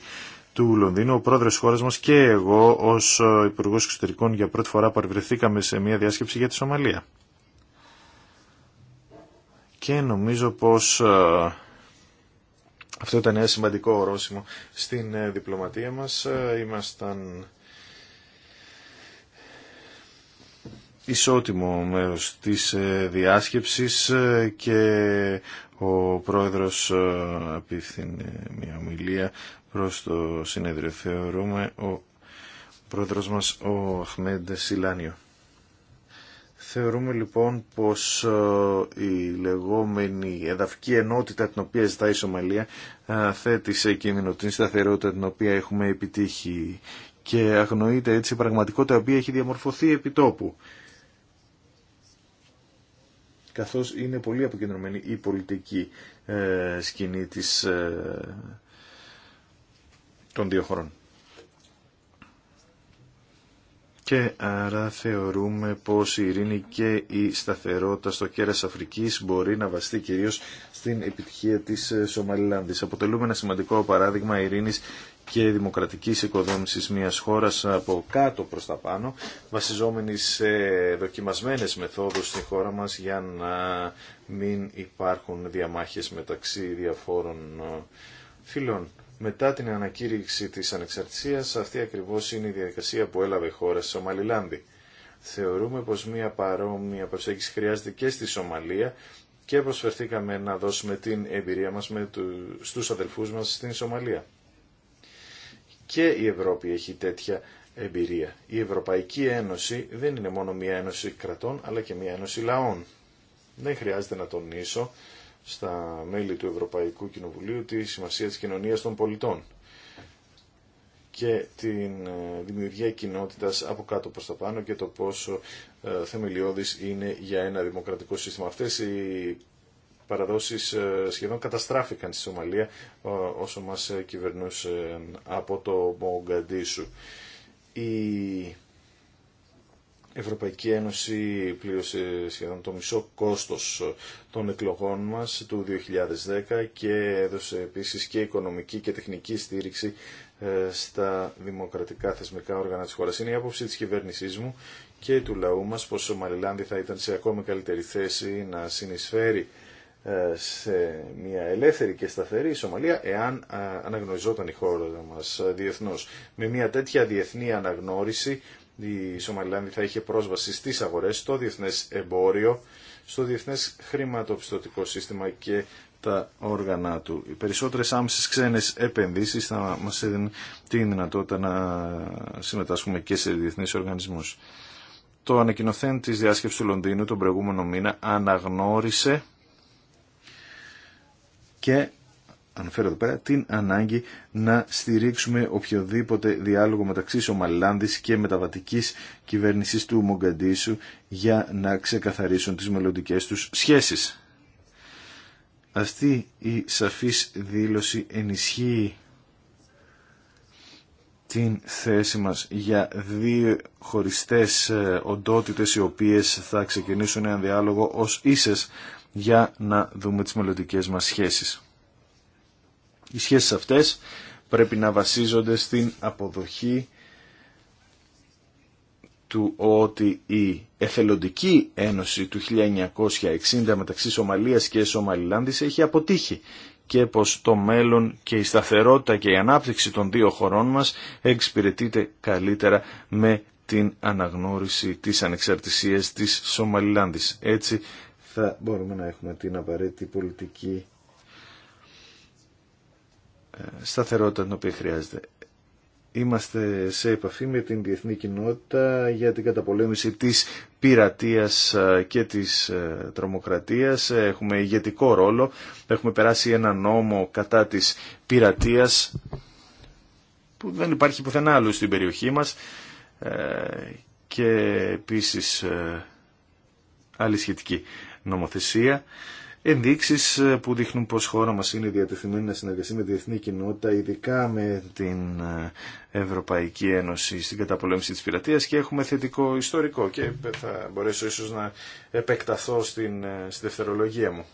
του Λονδίνου, ο πρόεδρος τη χώρα μας και εγώ ως ε, υπουργό Εξωτερικών για πρώτη φορά παρευρεθήκαμε σε μια διάσκεψη για τη Σομαλία. Και νομίζω πως ε, αυτό ήταν ένα σημαντικό ορόσημο στην ε, διπλωματία μας. Ήμασταν ισότιμο μέρος της ε, διάσκεψης ε, και ο πρόεδρος ε, απίφθινε μια ομιλία προς το συνέδριο. Θεωρούμε ο πρόεδρος μας ο Αχμέντ Σιλάνιο. Θεωρούμε λοιπόν πως η λεγόμενη εδαφική ενότητα την οποία ζητάει η Σομαλία θέτει σε κίνδυνο την σταθερότητα την οποία έχουμε επιτύχει και αγνοείται έτσι η πραγματικότητα η οποία έχει διαμορφωθεί επί τόπου καθώς είναι πολύ αποκεντρωμένη η πολιτική ε, σκηνή της, ε, των δύο χωρών. Και άρα θεωρούμε πως η ειρήνη και η σταθερότητα στο κέρας Αφρικής μπορεί να βαστεί κυρίως στην επιτυχία της ε, Σομαλιλάνδης. Αποτελούμε ένα σημαντικό παράδειγμα ειρήνης και δημοκρατική οικοδόμησης μιας χώρας από κάτω προς τα πάνω, βασιζόμενοι σε δοκιμασμένες μεθόδους στη χώρα μας για να μην υπάρχουν διαμάχες μεταξύ διαφόρων ε, φίλων. Μετά την ανακήρυξη της ανεξαρτησίας, αυτή ακριβώς είναι η διαδικασία που έλαβε η χώρα στη Σομαλιλάνδη. Θεωρούμε πως μια παρόμοια προσέγγιση χρειάζεται και στη Σομαλία και προσφερθήκαμε να δώσουμε την εμπειρία μας του, στους αδελφούς μας στην Σομαλία και η Ευρώπη έχει τέτοια εμπειρία. Η Ευρωπαϊκή Ένωση δεν είναι μόνο μια ένωση κρατών, αλλά και μια ένωση λαών. Δεν χρειάζεται να τονίσω στα μέλη του Ευρωπαϊκού Κοινοβουλίου τη σημασία της κοινωνίας των πολιτών και την ε, δημιουργία κοινότητας από κάτω προς τα πάνω και το πόσο ε, θεμελιώδης είναι για ένα δημοκρατικό σύστημα παραδόσεις ε, σχεδόν καταστράφηκαν στη Σομαλία όσο μας ε, κυβερνούσε από το Μογκαντήσου. Η Ευρωπαϊκή Ένωση πλήρωσε σχεδόν το μισό κόστος των εκλογών μας του 2010 και έδωσε επίσης και οικονομική και τεχνική στήριξη ε, στα δημοκρατικά θεσμικά όργανα της χώρας. Είναι η άποψη της κυβέρνησής μου και του λαού μας πως ο Μαριλάνδη θα ήταν σε ακόμη καλύτερη θέση να συνεισφέρει ε, σε μια ελεύθερη και σταθερή Σομαλία εάν ε, αναγνωριζόταν η χώρα μας ε, διεθνώς. Με μια τέτοια διεθνή αναγνώριση η Σομαλιλάνδη θα είχε πρόσβαση στις αγορές, στο διεθνές εμπόριο, στο διεθνές χρηματοπιστωτικό σύστημα και τα όργανα του. Οι περισσότερες άμεσες ξένες επενδύσεις θα μας έδινε τη δυνατότητα να συμμετάσχουμε και σε διεθνείς οργανισμούς. Το ανακοινοθέν της διάσκεψης του Λονδίνου τον προηγούμενο μήνα αναγνώρισε και αναφέρω εδώ πέρα την ανάγκη να στηρίξουμε οποιοδήποτε διάλογο μεταξύ Σομαλάνδης και μεταβατικής κυβέρνησης του Μογκαντήσου για να ξεκαθαρίσουν τις μελλοντικέ τους σχέσεις. Αυτή η σαφής δήλωση ενισχύει την θέση μας για δύο χωριστές ε, οντότητες οι οποίες θα ξεκινήσουν έναν διάλογο ως ίσες για να δούμε τις μελλοντικέ μας σχέσεις. Οι σχέσεις αυτές πρέπει να βασίζονται στην αποδοχή του ότι η εθελοντική ένωση του 1960 μεταξύ Σομαλίας και Σομαλιλάνδης έχει αποτύχει και πως το μέλλον και η σταθερότητα και η ανάπτυξη των δύο χωρών μας εξυπηρετείται καλύτερα με την αναγνώριση της ανεξαρτησίας της Σομαλιλάνδης. Έτσι θα μπορούμε να έχουμε την απαραίτητη πολιτική ε, σταθερότητα την οποία χρειάζεται. Είμαστε σε επαφή με την διεθνή κοινότητα για την καταπολέμηση της πειρατείας ε, και της ε, τρομοκρατίας. Έχουμε ηγετικό ρόλο. Έχουμε περάσει ένα νόμο κατά της πειρατείας που δεν υπάρχει πουθενά άλλο στην περιοχή μας και επίσης άλλη σχετική νομοθεσία, ενδείξεις ε, που δείχνουν πως χώρα μας είναι διατεθειμένη να συνεργαστεί με τη διεθνή κοινότητα, ειδικά με την ε, Ευρωπαϊκή Ένωση στην καταπολέμηση της πειρατεία και έχουμε θετικό ιστορικό και θα μπορέσω ίσως να επεκταθώ στην, ε, στη δευτερολογία μου.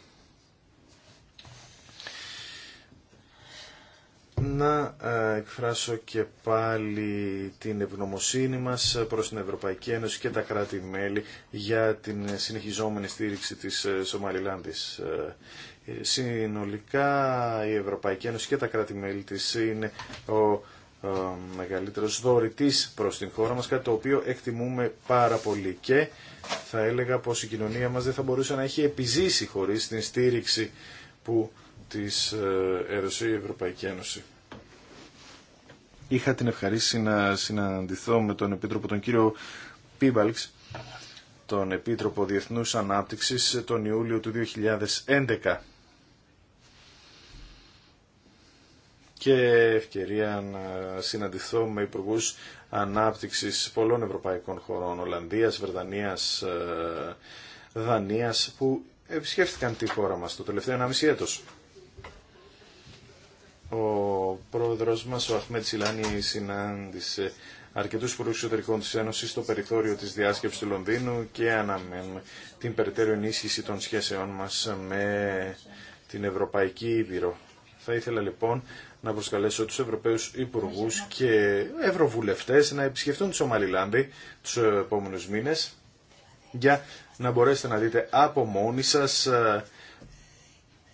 να ε, εκφράσω και πάλι την ευγνωμοσύνη μας προς την Ευρωπαϊκή Ένωση και τα κράτη-μέλη για την συνεχιζόμενη στήριξη της ε, Σομαλιλάνδης. Ε, συνολικά η Ευρωπαϊκή Ένωση και τα κράτη-μέλη της είναι ο μεγαλύτερος δωρητής προς την χώρα μας, κάτι το οποίο εκτιμούμε πάρα πολύ και θα έλεγα πως η κοινωνία μας δεν θα μπορούσε να έχει επιζήσει χωρίς την στήριξη που της ΕΡΟΣΗ η Ευρωπαϊκή Ένωση. Είχα την ευχαρίστηση να συναντηθώ με τον Επίτροπο τον κύριο Πίμπαλξ, τον Επίτροπο Διεθνούς Ανάπτυξης, τον Ιούλιο του 2011. και ευκαιρία να συναντηθώ με υπουργού ανάπτυξης πολλών ευρωπαϊκών χωρών, Ολλανδίας, Βρετανίας, ε, Δανίας, που επισκέφθηκαν τη χώρα μας το τελευταίο 1,5 έτος. Ο πρόεδρος μας, ο Αχμέτ Σιλάνη, συνάντησε αρκετούς υπουργούς εξωτερικών της Ένωσης στο περιθώριο της διάσκεψης του Λονδίνου και αναμένουμε την περαιτέρω ενίσχυση των σχέσεών μας με την Ευρωπαϊκή Ήπειρο. Θα ήθελα λοιπόν να προσκαλέσω τους Ευρωπαίους Υπουργούς και Ευρωβουλευτές να επισκεφτούν τη Σομαλιλάνδη τους επόμενους μήνες για να μπορέσετε να δείτε από μόνοι σας ε,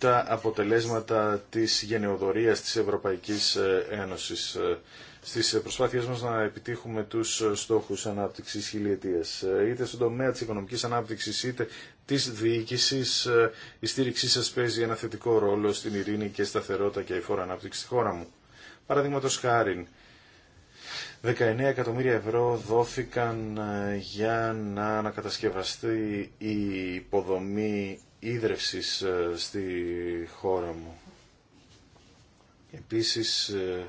τα αποτελέσματα της γενεοδορίας της Ευρωπαϊκής ε, Ένωσης ε, στις προσπάθειές μας να επιτύχουμε τους ε, στόχους ανάπτυξης χιλιετίας. Είτε στον τομέα της οικονομικής ανάπτυξης είτε της διοίκησης, η στήριξή σας παίζει ένα θετικό ρόλο στην ειρήνη και σταθερότητα και φόρα ανάπτυξη στη χώρα μου. Παραδείγματο χάρη, 19 εκατομμύρια ευρώ δόθηκαν για να ανακατασκευαστεί η υποδομή ίδρευσης ε, στη χώρα μου. Επίσης ε,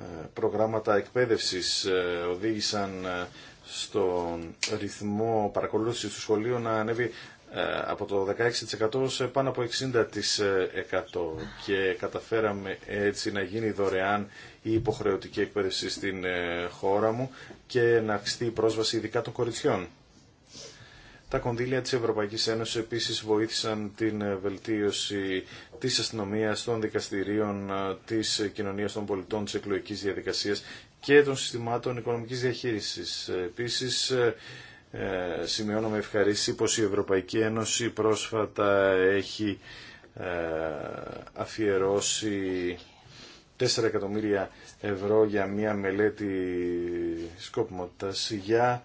ε, προγράμματα εκπαίδευσης οδήγησαν στον ρυθμό παρακολούθησης του σχολείου να ανέβει από το 16% σε πάνω από 60% και καταφέραμε έτσι να γίνει δωρεάν η υποχρεωτική εκπαίδευση στην χώρα μου και να αυξηθεί η πρόσβαση ειδικά των κοριτσιών. Τα κονδύλια της Ευρωπαϊκής Ένωσης επίσης βοήθησαν την ε, βελτίωση της αστυνομίας, των δικαστηρίων, ε, της κοινωνίας των πολιτών, της εκλογικής διαδικασίας και των συστημάτων οικονομικής διαχείρισης. Επίσης, ε, σημειώνω με ευχαρίστηση πως η Ευρωπαϊκή Ένωση πρόσφατα έχει αφιερώσει 4 εκατομμύρια ευρώ για μια μελέτη σκοπιμότητας για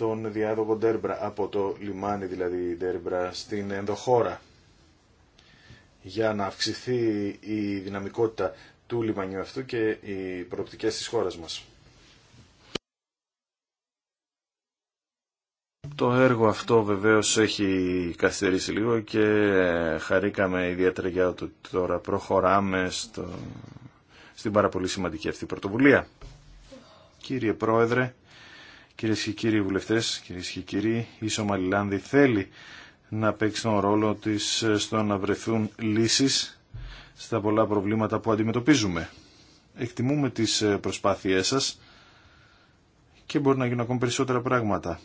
τον διάδοχο Ντέρμπρα, από το λιμάνι δηλαδή Ντέρμπρα στην ενδοχώρα για να αυξηθεί η δυναμικότητα του λιμανιού αυτού και οι προοπτικές της χώρας μας. Το έργο αυτό βεβαίως έχει καθυστερήσει λίγο και χαρήκαμε ιδιαίτερα για το ότι τώρα προχωράμε στο... στην πάρα πολύ σημαντική αυτή πρωτοβουλία. Κύριε Πρόεδρε, Κυρίε και κύριοι βουλευτέ, κυρίε και κύριοι, η Σομαλιλάνδη θέλει να παίξει τον ρόλο τη στο να βρεθούν λύσει στα πολλά προβλήματα που αντιμετωπίζουμε. Εκτιμούμε τι προσπάθειέ σα και μπορεί να γίνουν ακόμη περισσότερα πράγματα.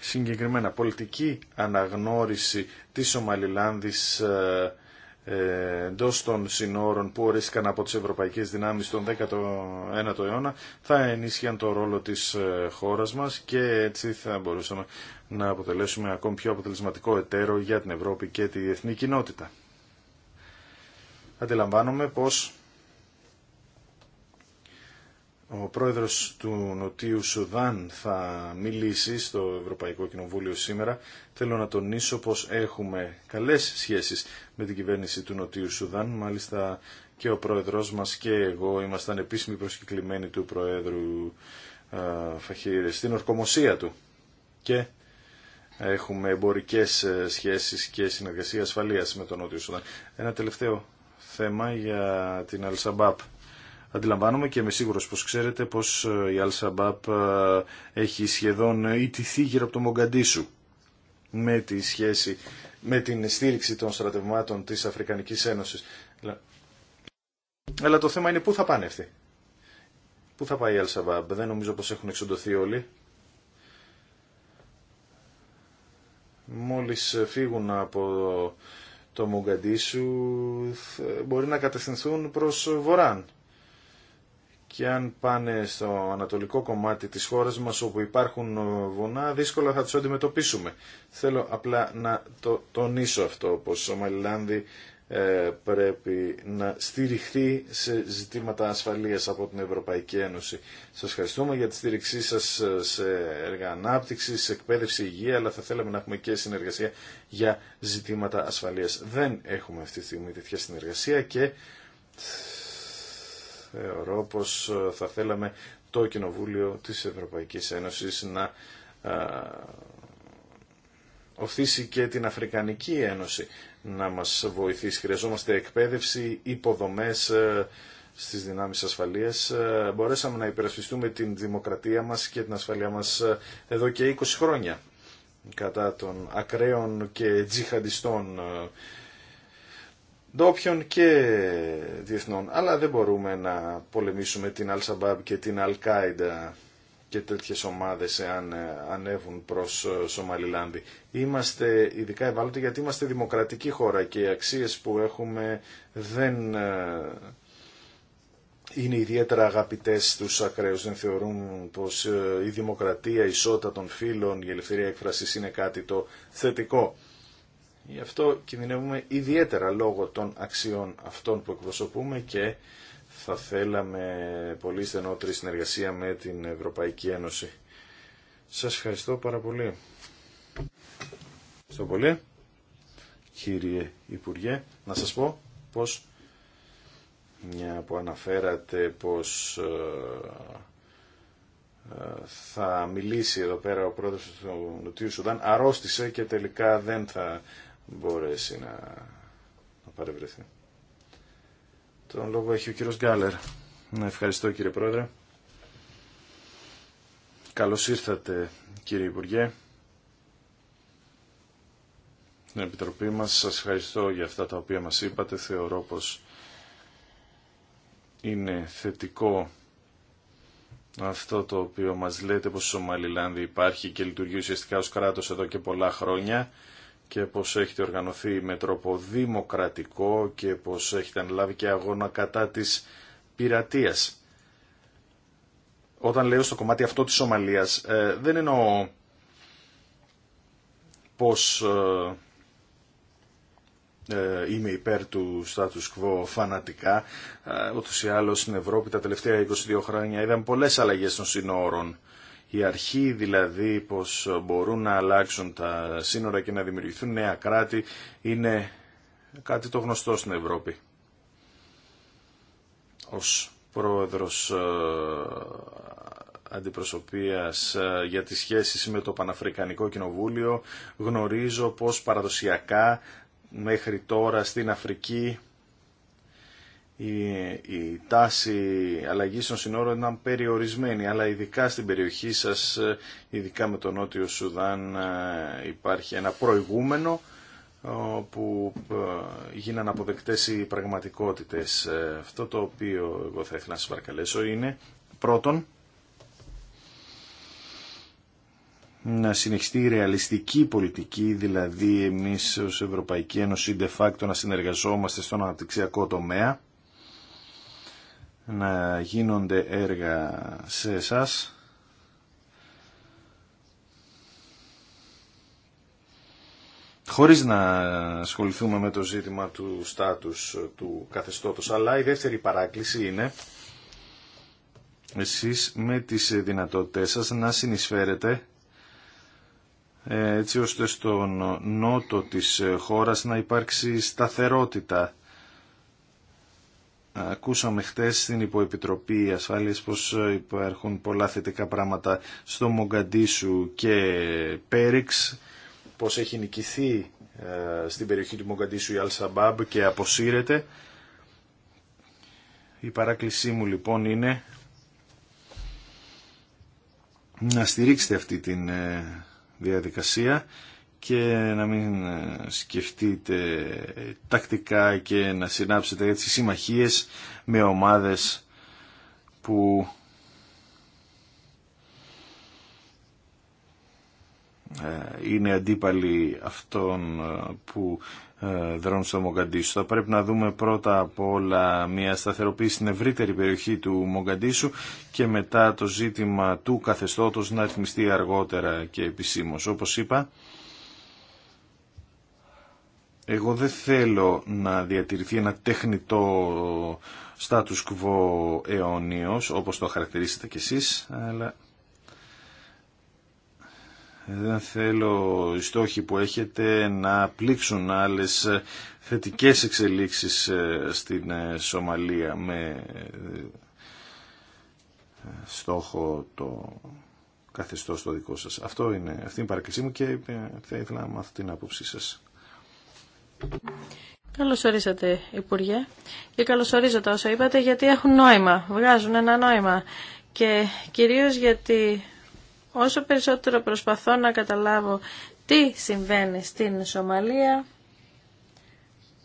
Συγκεκριμένα, πολιτική αναγνώριση της Σομαλιλάνδης ε, ε, εντό των συνόρων που ορίστηκαν από τις ευρωπαϊκές δυνάμεις τον 19ο αιώνα θα ενίσχυαν το ρόλο της ε, χώρας μας και έτσι θα μπορούσαμε να αποτελέσουμε ακόμη πιο αποτελεσματικό εταίρο για την Ευρώπη και τη διεθνή κοινότητα. Αντιλαμβάνομαι πως ο πρόεδρος του Νοτίου Σουδάν θα μιλήσει στο Ευρωπαϊκό Κοινοβούλιο σήμερα. Θέλω να τονίσω πως έχουμε καλές σχέσεις με την κυβέρνηση του Νοτίου Σουδάν. Μάλιστα και ο πρόεδρός μας και εγώ ήμασταν επίσημοι προσκεκλημένοι του πρόεδρου Φαχίρε στην ορκομοσία του. Και έχουμε εμπορικές ε, σχέσεις και συνεργασία ασφαλείας με τον Νότιο Σουδάν. Ένα τελευταίο θέμα για την Αλσαμπάπ. Αντιλαμβάνομαι και είμαι σίγουρος πως ξέρετε πως ε, η Αλσαμπάπ ε, έχει σχεδόν ιτηθεί γύρω από το Μογκαντήσου με τη σχέση με την στήριξη των στρατευμάτων της Αφρικανικής Ένωσης. Αλλά το θέμα είναι πού θα πάνε αυτοί. Πού θα πάει η Al-Shabaab. Δεν νομίζω πως έχουν εξοντωθεί όλοι. Μόλις φύγουν από το Μογκαντήσου μπορεί να κατευθυνθούν προς Βοράν και αν πάνε στο ανατολικό κομμάτι της χώρας μας όπου υπάρχουν βουνά δύσκολα θα τους αντιμετωπίσουμε. Θέλω απλά να το τονίσω αυτό πως ο Μαλιλάνδη ε, πρέπει να στηριχθεί σε ζητήματα ασφαλείας από την Ευρωπαϊκή Ένωση. Σας ευχαριστούμε για τη στήριξή σας ε, σε έργα ανάπτυξη, σε εκπαίδευση υγεία, αλλά θα θέλαμε να έχουμε και συνεργασία για ζητήματα ασφαλείας. Δεν έχουμε αυτή τη στιγμή τέτοια συνεργασία και θεωρώ πως ε, θα θέλαμε το Κοινοβούλιο της Ευρωπαϊκής Ένωσης να ε, οφθήσει και την Αφρικανική Ένωση να μας βοηθήσει. Χρειαζόμαστε εκπαίδευση, υποδομές ε, στις δυνάμεις ασφαλείας. Μπορέσαμε να υπερασπιστούμε την δημοκρατία μας και την ασφαλεία μας εδώ και 20 χρόνια κατά των ακραίων και τζιχαντιστών ντόπιων και διεθνών. Αλλά δεν μπορούμε να πολεμήσουμε την al και την Al-Qaeda και τέτοιες ομάδες εάν ε, ανέβουν προς ε, Σομαλιλάνδη. Είμαστε ειδικά ευάλωτοι γιατί είμαστε δημοκρατική χώρα και οι αξίες που έχουμε δεν ε, είναι ιδιαίτερα αγαπητές τους ακραίους. Δεν θεωρούν πως η δημοκρατία, η ισότητα των φύλων, η ελευθερία έκφρασης είναι κάτι το θετικό. Γι' αυτό κινδυνεύουμε ιδιαίτερα λόγω των αξιών αυτών που εκπροσωπούμε και θα θέλαμε πολύ στενότερη συνεργασία με την Ευρωπαϊκή Ένωση. Σας ευχαριστώ πάρα πολύ. Ευχαριστώ πολύ, κύριε Υπουργέ. Να σας πω πως, μια που αναφέρατε πως ε, ε, θα μιλήσει εδώ πέρα ο πρόεδρος του Νοτιού Σουδάν, αρρώστησε και τελικά δεν θα μπορέσει να, να παρευρεθεί. Τον λόγο έχει ο κύριος Γκάλερ. Να ευχαριστώ κύριε Πρόεδρε. Καλώς ήρθατε κύριε Υπουργέ. Στην Επιτροπή μας σας ευχαριστώ για αυτά τα οποία μας είπατε. Θεωρώ πως είναι θετικό αυτό το οποίο μας λέτε πως η Σομαλιλάνδη υπάρχει και λειτουργεί ουσιαστικά ως κράτος εδώ και πολλά χρόνια και πως έχετε οργανωθεί με τρόπο δημοκρατικό και πως έχετε αναλάβει και αγώνα κατά της πειρατείας. Όταν λέω στο κομμάτι αυτό της Σομαλίας, ε, δεν εννοώ πως ε, ε, είμαι υπέρ του status quo φανατικά. Ούτως ή άλλως στην Ευρώπη τα τελευταία 22 χρόνια είδαμε πολλές αλλαγές των συνόρων η αρχή δηλαδή πως μπορούν να αλλάξουν τα σύνορα και να δημιουργηθούν νέα κράτη είναι κάτι το γνωστό στην Ευρώπη. Ως πρόεδρος ε, αντιπροσωπείας ε, για τις σχέσεις με το Παναφρικανικό Κοινοβούλιο γνωρίζω πως παραδοσιακά μέχρι τώρα στην Αφρική η, η τάση αλλαγής των συνόρων ήταν περιορισμένη, αλλά ειδικά στην περιοχή σας, ειδικά με τον Νότιο Σουδάν, ε, υπάρχει ένα προηγούμενο ε, που ε, γίναν αποδεκτές οι πραγματικότητες. Αυτό το οποίο εγώ θα ήθελα να σας παρακαλέσω είναι πρώτον να συνεχιστεί η ρεαλιστική πολιτική, δηλαδή εμείς ως Ευρωπαϊκή Ένωση de facto να συνεργαζόμαστε στον αναπτυξιακό τομέα να γίνονται έργα σε εσάς. χωρίς να ασχοληθούμε με το ζήτημα του στάτους του καθεστώτος. Αλλά η δεύτερη παράκληση είναι εσείς με τις δυνατότητές σας να συνεισφέρετε ε, έτσι ώστε στον νότο της χώρας να υπάρξει σταθερότητα Ακούσαμε χτες στην Υποεπιτροπή Ασφάλειας πως ε, υπάρχουν πολλά θετικά πράγματα στο Μογκαντήσου και Πέριξ, πως έχει νικηθεί ε, στην περιοχή του Μογκαντήσου η Σαμπάμπ και αποσύρεται. Η παράκλησή μου λοιπόν είναι να στηρίξετε αυτή την ε, διαδικασία και να μην ε, σκεφτείτε τακτικά και να συνάψετε έτσι συμμαχίες με ομάδες που ε, είναι αντίπαλοι αυτών ε, που δρώνουν στο Μογκαντήσου. Θα πρέπει να δούμε πρώτα απ' όλα μια σταθεροποίηση στην ευρύτερη περιοχή του Μογκαντήσου και μετά το ζήτημα του καθεστώτος να ρυθμιστεί αργότερα και επισήμως. Όπως είπα, εγώ δεν θέλω να διατηρηθεί ένα τεχνητό status quo αιώνιος, όπως το χαρακτηρίσετε κι εσείς, αλλά δεν θέλω οι στόχοι που έχετε να πλήξουν άλλες θετικές εξελίξεις ε, στην ε, Σομαλία με ε, στόχο το καθεστώς το δικό σας. Αυτό είναι, αυτή είναι η παρακλησή μου και θα ήθελα να μάθω την άποψή σας. Καλώς ορίσατε, Υπουργέ. Και καλώς ορίζω τα όσα είπατε, γιατί έχουν νόημα, βγάζουν ένα νόημα. Και κυρίως γιατί όσο περισσότερο προσπαθώ να καταλάβω τι συμβαίνει στην Σομαλία,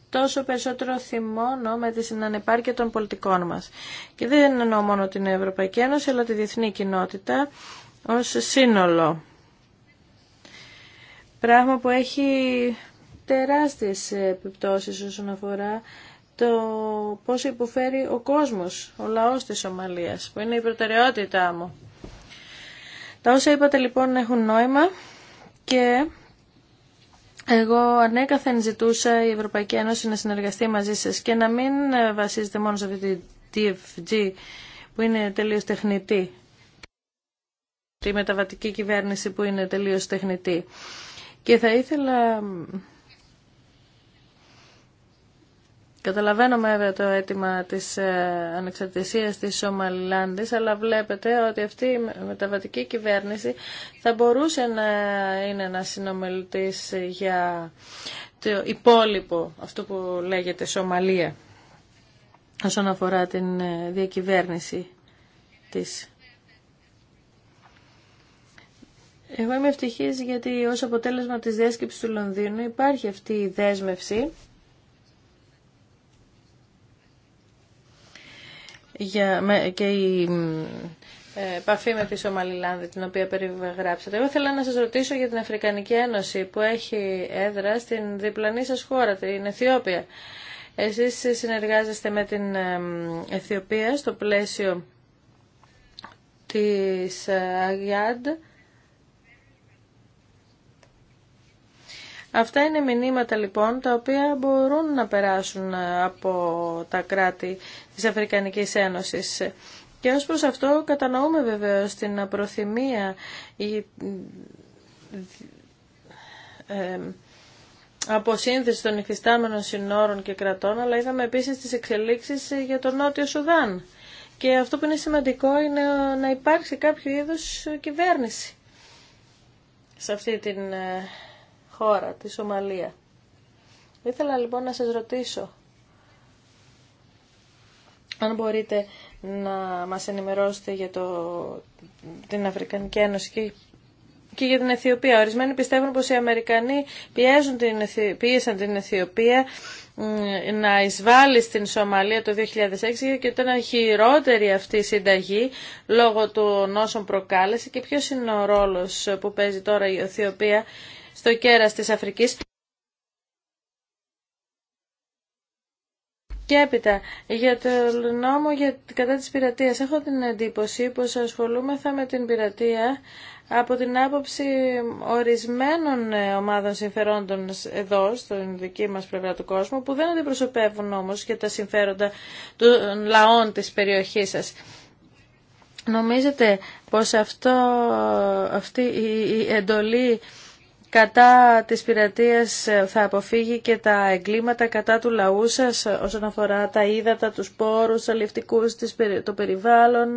τόσο περισσότερο θυμώνω με τη συνανεπάρκεια των πολιτικών μας. Και δεν εννοώ μόνο την Ευρωπαϊκή Ένωση, αλλά τη διεθνή κοινότητα ως σύνολο. Πράγμα που έχει τεράστιες επιπτώσεις όσον αφορά το πόσο υποφέρει ο κόσμος, ο λαός της Σομαλίας, που είναι η προτεραιότητά μου. Τα όσα είπατε λοιπόν έχουν νόημα και εγώ ανέκαθεν ζητούσα η Ευρωπαϊκή Ένωση να συνεργαστεί μαζί σας και να μην βασίζεται μόνο σε αυτή τη DFG που είναι τελείως τεχνητή, τη μεταβατική κυβέρνηση που είναι τελείως τεχνητή. Και θα ήθελα Καταλαβαίνω βέβαια το αίτημα της ε, ανεξαρτησίας της Σομαλιλάνδης, αλλά βλέπετε ότι αυτή η μεταβατική κυβέρνηση θα μπορούσε να είναι ένα συνομιλητής για το υπόλοιπο, αυτό που λέγεται Σομαλία, όσον αφορά την ε, διακυβέρνηση της. Εγώ είμαι ευτυχής γιατί ως αποτέλεσμα της δέσκεψης του Λονδίνου υπάρχει αυτή η δέσμευση και η ε, επαφή με τη Σομαλιλάνδη την οποία περιγράψατε. Εγώ θέλω να σας ρωτήσω για την Αφρικανική Ένωση που έχει έδρα στην διπλανή σας χώρα, την Αιθιόπια. Εσείς συνεργάζεστε με την ε, Αιθιοπία στο πλαίσιο της ε, ΑΓΙΑΝΤ. Αυτά είναι μηνύματα λοιπόν τα οποία μπορούν να περάσουν από τα κράτη της Αφρικανική Ένωση. Και ως προς αυτό κατανοούμε βεβαίως την απροθυμία η, ε, αποσύνθεση των υφιστάμενων συνόρων και κρατών, αλλά είδαμε επίσης τις εξελίξεις για τον Νότιο Σουδάν. Και αυτό που είναι σημαντικό είναι να υπάρξει κάποιο είδους κυβέρνηση σε αυτή την ε, χώρα, τη Σομαλία. Ήθελα λοιπόν να σας ρωτήσω αν μπορείτε να μας ενημερώσετε για το, την Αφρικανική Ένωση και και για την Αιθιοπία. Ορισμένοι πιστεύουν πως οι Αμερικανοί πιέζουν την, πίεσαν την Αιθιοπία να εισβάλλει στην Σομαλία το 2006 και ήταν χειρότερη αυτή η συνταγή λόγω των όσων προκάλεσε και ποιος είναι ο ρόλος που παίζει τώρα η Αιθιοπία στο κέρας της Αφρικής. Και έπειτα, για το νόμο για, κατά της πειρατείας, έχω την εντύπωση πως ασχολούμεθα με την πειρατεία από την άποψη ορισμένων ε, ομάδων συμφερόντων εδώ, στην δική μας πλευρά του κόσμου, που δεν αντιπροσωπεύουν όμως και τα συμφέροντα των λαών της περιοχής σας. Νομίζετε πως αυτό, αυτή η εντολή κατά της πειρατείας ε, θα αποφύγει και τα εγκλήματα κατά του λαού σας ε, όσον αφορά τα ύδατα, τους πόρους, τους αλληλευτικούς, το περιβάλλον.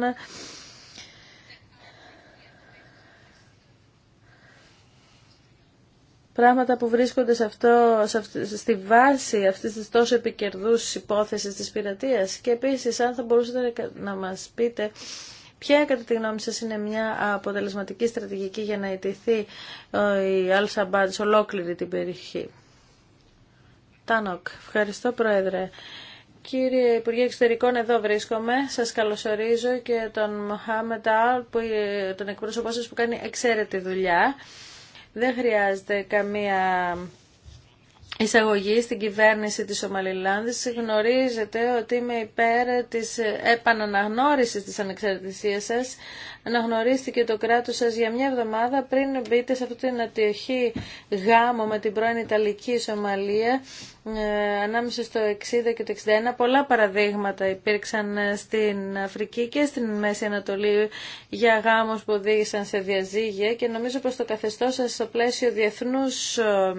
Πράγματα που βρίσκονται σε αυτό, στη βάση αυτής της τόσο επικερδούς υπόθεσης της πειρατείας. Και επίσης, αν θα μπορούσατε να μας πείτε Ποια κατά τη γνώμη σας είναι μια αποτελεσματική στρατηγική για να ιτηθεί ε, η Al-Shabaab σε ολόκληρη την περιοχή. Τάνοκ, ευχαριστώ Πρόεδρε. Κύριε Υπουργέ Εξωτερικών, εδώ βρίσκομαι. Σας καλωσορίζω και τον Μοχάμεντα, Αλ, ε, τον εκπρόσωπό σας που κάνει εξαίρετη δουλειά. Δεν χρειάζεται καμία εισαγωγή στην κυβέρνηση της Ομαλιλάνδης γνωρίζετε ότι είμαι υπέρ της επαναναγνώρισης της ανεξαρτησίας σας αναγνωρίστηκε το κράτος σας για μια εβδομάδα πριν μπείτε σε αυτή την ατυχή γάμο με την πρώην Ιταλική Σομαλία ε, ανάμεσα στο 60 και το 61. Πολλά παραδείγματα υπήρξαν ε, στην Αφρική και στην Μέση Ανατολή για γάμους που οδήγησαν σε διαζύγια και νομίζω πως το καθεστώς σας στο πλαίσιο διεθνούς, ε,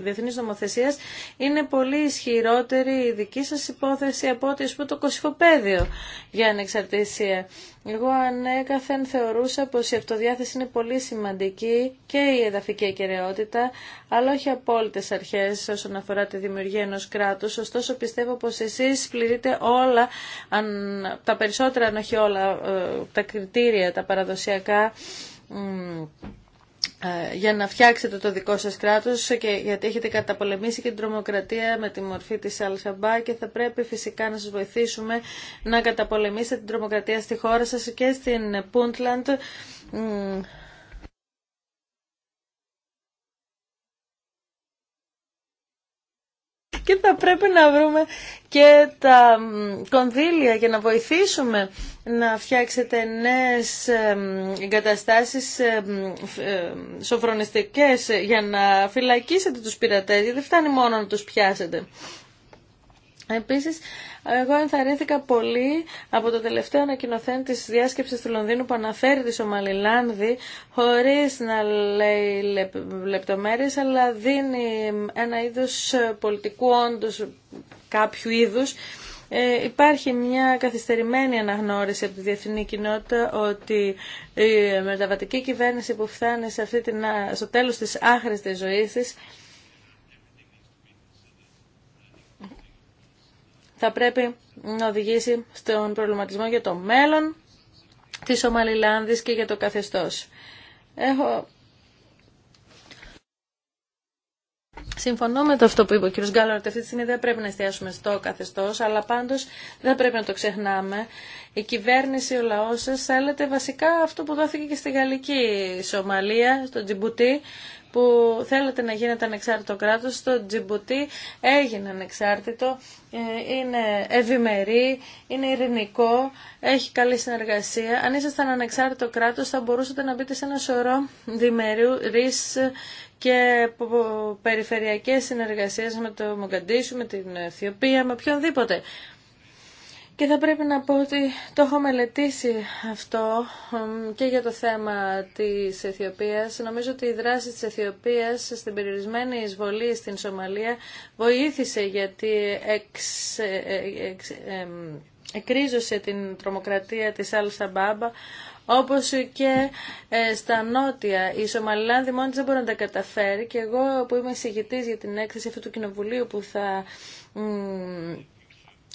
διεθνής νομοθεσίας είναι πολύ ισχυρότερη η δική σας υπόθεση από ό,τι το κοσυφοπαίδιο για ανεξαρτησία. Εγώ ανέκαθεν θεωρούσα πως η αυτοδιάθεση είναι πολύ σημαντική και η εδαφική ακεραιότητα, αλλά όχι απόλυτες αρχές όσον αφορά τη δημιουργία ενός κράτους. Ωστόσο πιστεύω πως εσείς πληρείτε όλα, αν, τα περισσότερα αν όχι όλα, ε, τα κριτήρια, τα παραδοσιακά, ε, για να φτιάξετε το δικό σας κράτος και γιατί έχετε καταπολεμήσει και την τρομοκρατία με τη μορφή της Αλσαμπά και θα πρέπει φυσικά να σας βοηθήσουμε να καταπολεμήσετε την τρομοκρατία στη χώρα σας και στην Πούντλαντ και θα πρέπει να βρούμε και τα κονδύλια για να βοηθήσουμε να φτιάξετε νέες εγκαταστάσεις σοφρονιστικές για να φυλακίσετε τους πειρατές, γιατί δεν φτάνει μόνο να τους πιάσετε. Επίσης, εγώ ενθαρρύνθηκα πολύ από το τελευταίο ανακοινοθέν της διάσκεψης του Λονδίνου που αναφέρει τη Σομαλιλάνδη χωρίς να λέει λεπτομέρειες, αλλά δίνει ένα είδος πολιτικού όντως κάποιου είδους ε, υπάρχει μια καθυστερημένη αναγνώριση από τη διεθνή κοινότητα ότι η μεταβατική κυβέρνηση που φτάνει σε αυτή την, στο τέλος της άχρηστης ζωής της θα πρέπει να οδηγήσει στον προβληματισμό για το μέλλον της Ομαλιλάνδης και για το καθεστώς. Έχω Συμφωνώ με το αυτό που είπε ο κ. Γκάλλο, ότι αυτή τη στιγμή δεν πρέπει να εστιάσουμε στο καθεστώ, αλλά πάντω δεν πρέπει να το ξεχνάμε. Η κυβέρνηση, ο λαό σα, θέλετε βασικά αυτό που δόθηκε και στη Γαλλική Σομαλία, στο Τζιμπουτί, που θέλετε να γίνετε ανεξάρτητο κράτος, το Τζιμπουτί έγινε ανεξάρτητο, ε, είναι ευημερή, είναι ειρηνικό, έχει καλή συνεργασία. Αν ήσασταν ανεξάρτητο κράτος θα μπορούσατε να μπείτε σε ένα σωρό ρίς και περιφερειακές συνεργασίες με το Μογκαντήσου, με την Αιθιοπία, με οποιονδήποτε. Και θα πρέπει να πω ότι το έχω μελετήσει αυτό και για το θέμα της Αιθιοπίας. Νομίζω ότι η δράση της Αιθιοπίας στην περιορισμένη εισβολή στην Σομαλία βοήθησε γιατί εξ, ε, ε, εκρίζωσε την τρομοκρατία της Αλ Σαμπάμπα όπως και ε, στα νότια. Η Σομαλιλάνδη μόνη δεν μπορεί να τα καταφέρει και εγώ που είμαι εισηγητής για την έκθεση αυτού του κοινοβουλίου που θα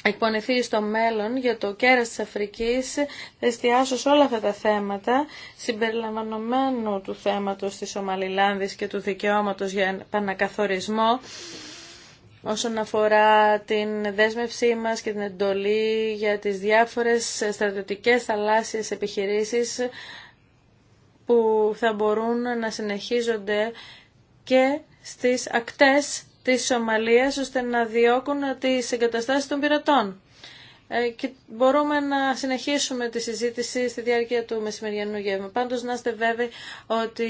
εκπονηθεί στο μέλλον για το κέρας της Αφρικής θα εστιάσω σε όλα αυτά τα θέματα συμπεριλαμβανομένου του θέματος της Ομαλιλάνδης και του δικαιώματος για επανακαθορισμό όσον αφορά την δέσμευσή μας και την εντολή για τις διάφορες στρατιωτικές θαλάσσιες επιχειρήσεις που θα μπορούν να συνεχίζονται και στις ακτές της Σομαλίας ώστε να διώκουν τι εγκαταστάσεις των πειρατών. Ε, και μπορούμε να συνεχίσουμε τη συζήτηση στη διάρκεια του μεσημεριανού γεύμα. Πάντως να είστε βέβαιοι ότι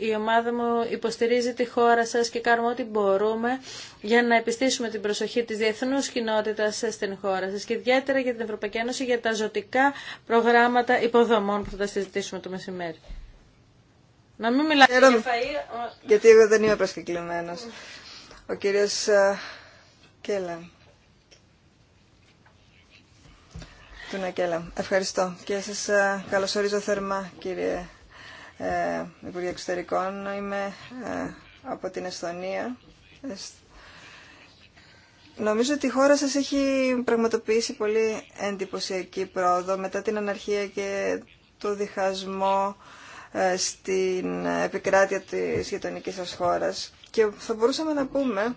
η ομάδα μου υποστηρίζει τη χώρα σας και κάνουμε ό,τι μπορούμε για να επιστήσουμε την προσοχή της διεθνούς κοινότητας στην χώρα σας και ιδιαίτερα για την Ευρωπαϊκή Ένωση για τα ζωτικά προγράμματα υποδομών που θα τα συζητήσουμε το μεσημέρι. Να μην μιλάτε για φαΐ... Γιατί εγώ δεν είμαι προσκεκλημένος. Ο κύριος ε, Κέλλαμ. Ευχαριστώ και σας ε, καλωσορίζω θερμά κύριε ε, Υπουργέ Εξωτερικών. Είμαι ε, από την Εσθονία. Νομίζω ότι η χώρα σας έχει πραγματοποιήσει πολύ εντυπωσιακή πρόοδο μετά την αναρχία και το διχασμό στην επικράτεια της γειτονικής σας χώρας. Και θα μπορούσαμε να πούμε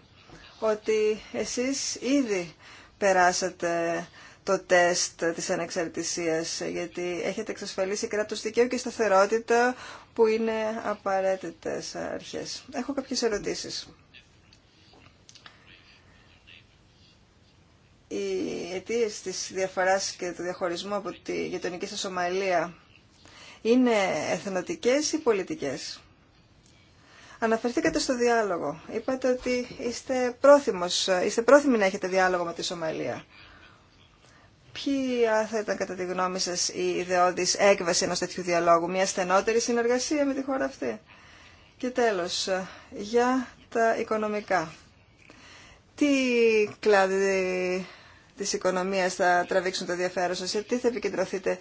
ότι εσείς ήδη περάσατε το τεστ της ανεξαρτησίας, γιατί έχετε εξασφαλίσει κράτος δικαίου και σταθερότητα που είναι απαραίτητες αρχές. Έχω κάποιες ερωτήσεις. Οι αιτίε της διαφοράς και του διαχωρισμού από τη γειτονική σας Σομαλία είναι εθνοτικές ή πολιτικές. Αναφερθήκατε στο διάλογο. Είπατε ότι είστε, πρόθυμος, είστε πρόθυμοι να έχετε διάλογο με τη Σομαλία. Ποια θα ήταν κατά τη γνώμη σας η ιδεώδης έκβαση ενός τέτοιου διαλόγου, μια στενότερη συνεργασία με τη χώρα αυτή. Και τέλος, για τα οικονομικά. Τι κλάδι της οικονομίας θα τραβήξουν το ενδιαφέρον σα σε τι θα επικεντρωθείτε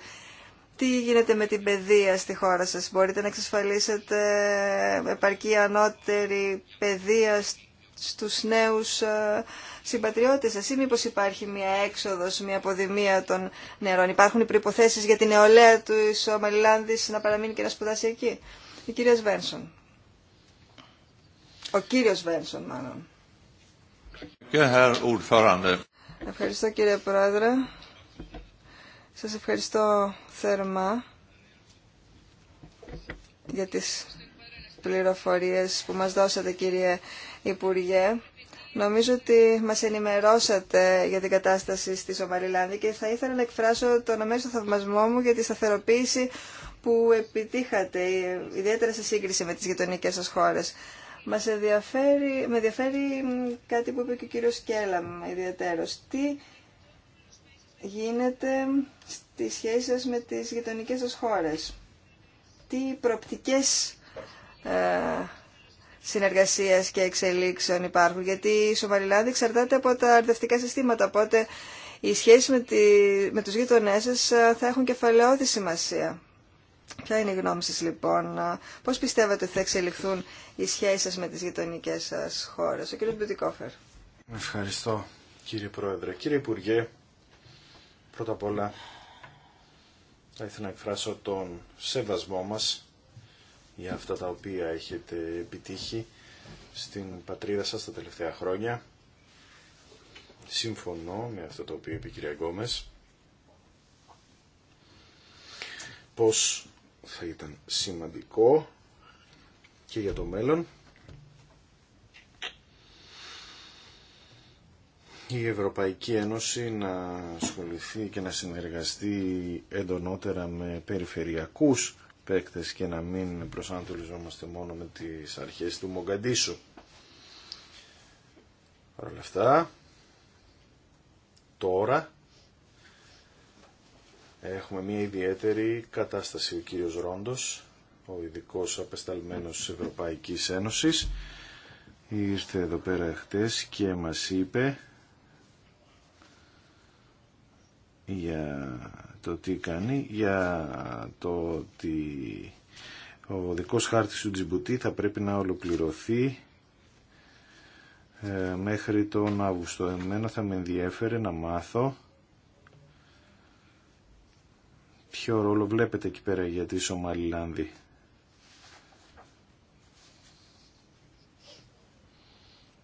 τι γίνεται με την παιδεία στη χώρα σας. Μπορείτε να εξασφαλίσετε επαρκή ανώτερη παιδεία στους νέους ε, συμπατριώτες σας ή μήπως υπάρχει μια έξοδος, μια αποδημία των νερών. Υπάρχουν οι προϋποθέσεις για την νεολαία του Ισομαλιλάνδης να παραμείνει και να σπουδάσει εκεί. Η κυρία Σβένσον, Ο κύριος Βένσον μάλλον. Ευχαριστώ κύριε Πρόεδρε. Σας ευχαριστώ θερμά για τις πληροφορίες που μας δώσατε κύριε Υπουργέ. Νομίζω ότι μας ενημερώσατε για την κατάσταση στη Σομαριλάνδη και θα ήθελα να εκφράσω τον αμέσω θαυμασμό μου για τη σταθεροποίηση που επιτύχατε, ιδιαίτερα σε σύγκριση με τις γειτονικές σας χώρες. Μας ενδιαφέρει, με ενδιαφέρει κάτι που είπε και ο κύριος Κέλαμ ιδιαίτερος γίνεται στη σχέση σας με τις γειτονικές σας χώρες. Τι προπτικές ε, συνεργασίας και εξελίξεων υπάρχουν, γιατί η Σομαλιλάνδη εξαρτάται από τα αρδευτικά συστήματα, οπότε οι σχέσεις με, τη, με τους γείτονές σας ε, θα έχουν κεφαλαιώδη σημασία. Ποια είναι η γνώμη σας λοιπόν, πώς πιστεύετε ότι θα εξελιχθούν οι σχέσεις σας με τις γειτονικές σας χώρες. Ο κύριος Μπιουτικόφερ. Ευχαριστώ κύριε Πρόεδρε. Κύριε Υπουργέ, Πρώτα απ' όλα θα ήθελα να εκφράσω τον σεβασμό μας για αυτά τα οποία έχετε επιτύχει στην πατρίδα σας τα τελευταία χρόνια. Συμφωνώ με αυτό το οποίο είπε η κυρία Γκόμες, πως θα ήταν σημαντικό και για το μέλλον η Ευρωπαϊκή Ένωση να ασχοληθεί και να συνεργαστεί εντονότερα με περιφερειακούς παίκτες και να μην προσανατολιζόμαστε μόνο με τις αρχές του Μογκαντήσου. Παρ' όλα αυτά, τώρα έχουμε μια ιδιαίτερη κατάσταση. Ο κύριος Ρόντος, ο ειδικό απεσταλμένος της Ευρωπαϊκής Ένωσης, ήρθε εδώ πέρα χτες και μας είπε για το τι κάνει, για το ότι ο δικός χάρτης του Τζιμπουτή θα πρέπει να ολοκληρωθεί ε, μέχρι τον Αύγουστο. Εμένα θα με ενδιέφερε να μάθω ποιο ρόλο βλέπετε εκεί πέρα για τη Σομαλιλάνδη.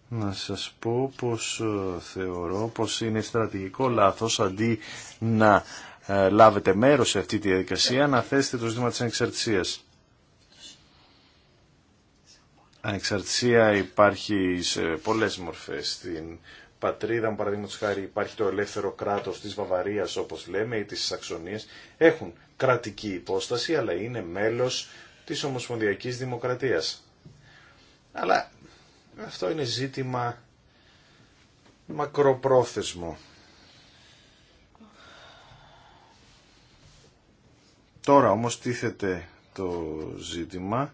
να σας πω πως ε, θεωρώ πως είναι στρατηγικό λάθος αντί να ε, λάβετε μέρος σε αυτή τη διαδικασία να θέσετε το ζήτημα της ανεξαρτησίας. Ανεξαρτησία υπάρχει σε πολλές μορφές. Στην πατρίδα μου παραδείγματο χάρη υπάρχει το ελεύθερο κράτος της Βαβαρίας όπως λέμε ή της Σαξονίας. Έχουν κρατική υπόσταση αλλά είναι μέλος της Ομοσπονδιακής Δημοκρατίας. Αλλά αυτό είναι ζήτημα μακροπρόθεσμο. Τώρα όμως τίθεται το ζήτημα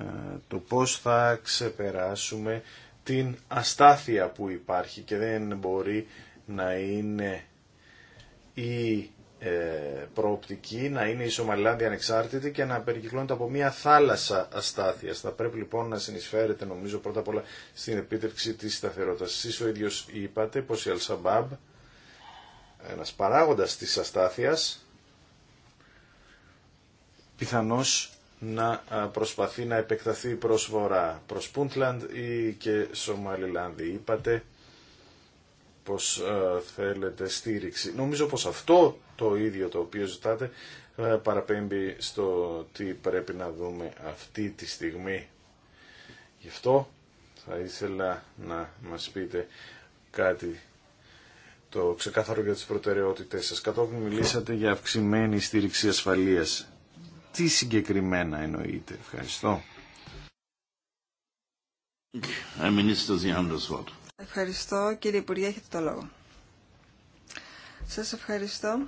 ε, το πώς θα ξεπεράσουμε την αστάθεια που υπάρχει και δεν μπορεί να είναι η ε, προοπτική να είναι η Σομαλιλάνδη ανεξάρτητη και να περικυκλώνεται από μια θάλασσα αστάθεια. Θα πρέπει λοιπόν να συνεισφέρεται νομίζω πρώτα απ' όλα στην επίτευξη της σταθερότητας. Εσείς ο ίδιος είπατε πως η Αλσαμπάμπ, ένας παράγοντας της αστάθειας, πιθανώς να προσπαθεί να επεκταθεί προς βορρά, προς Πούντλαντ ή και Σομαλιλάνδη. Είπατε πως θέλετε στήριξη. Νομίζω πως αυτό το ίδιο το οποίο ζητάτε ε, παραπέμπει στο τι πρέπει να δούμε αυτή τη στιγμή. Γι' αυτό θα ήθελα να μας πείτε κάτι το ξεκάθαρο για τις προτεραιότητές σας. Κατόπιν μιλήσατε για αυξημένη στήριξη ασφαλείας. Τι συγκεκριμένα εννοείτε. Ευχαριστώ. Ευχαριστώ κύριε Υπουργέ, έχετε το λόγο. Σας ευχαριστώ.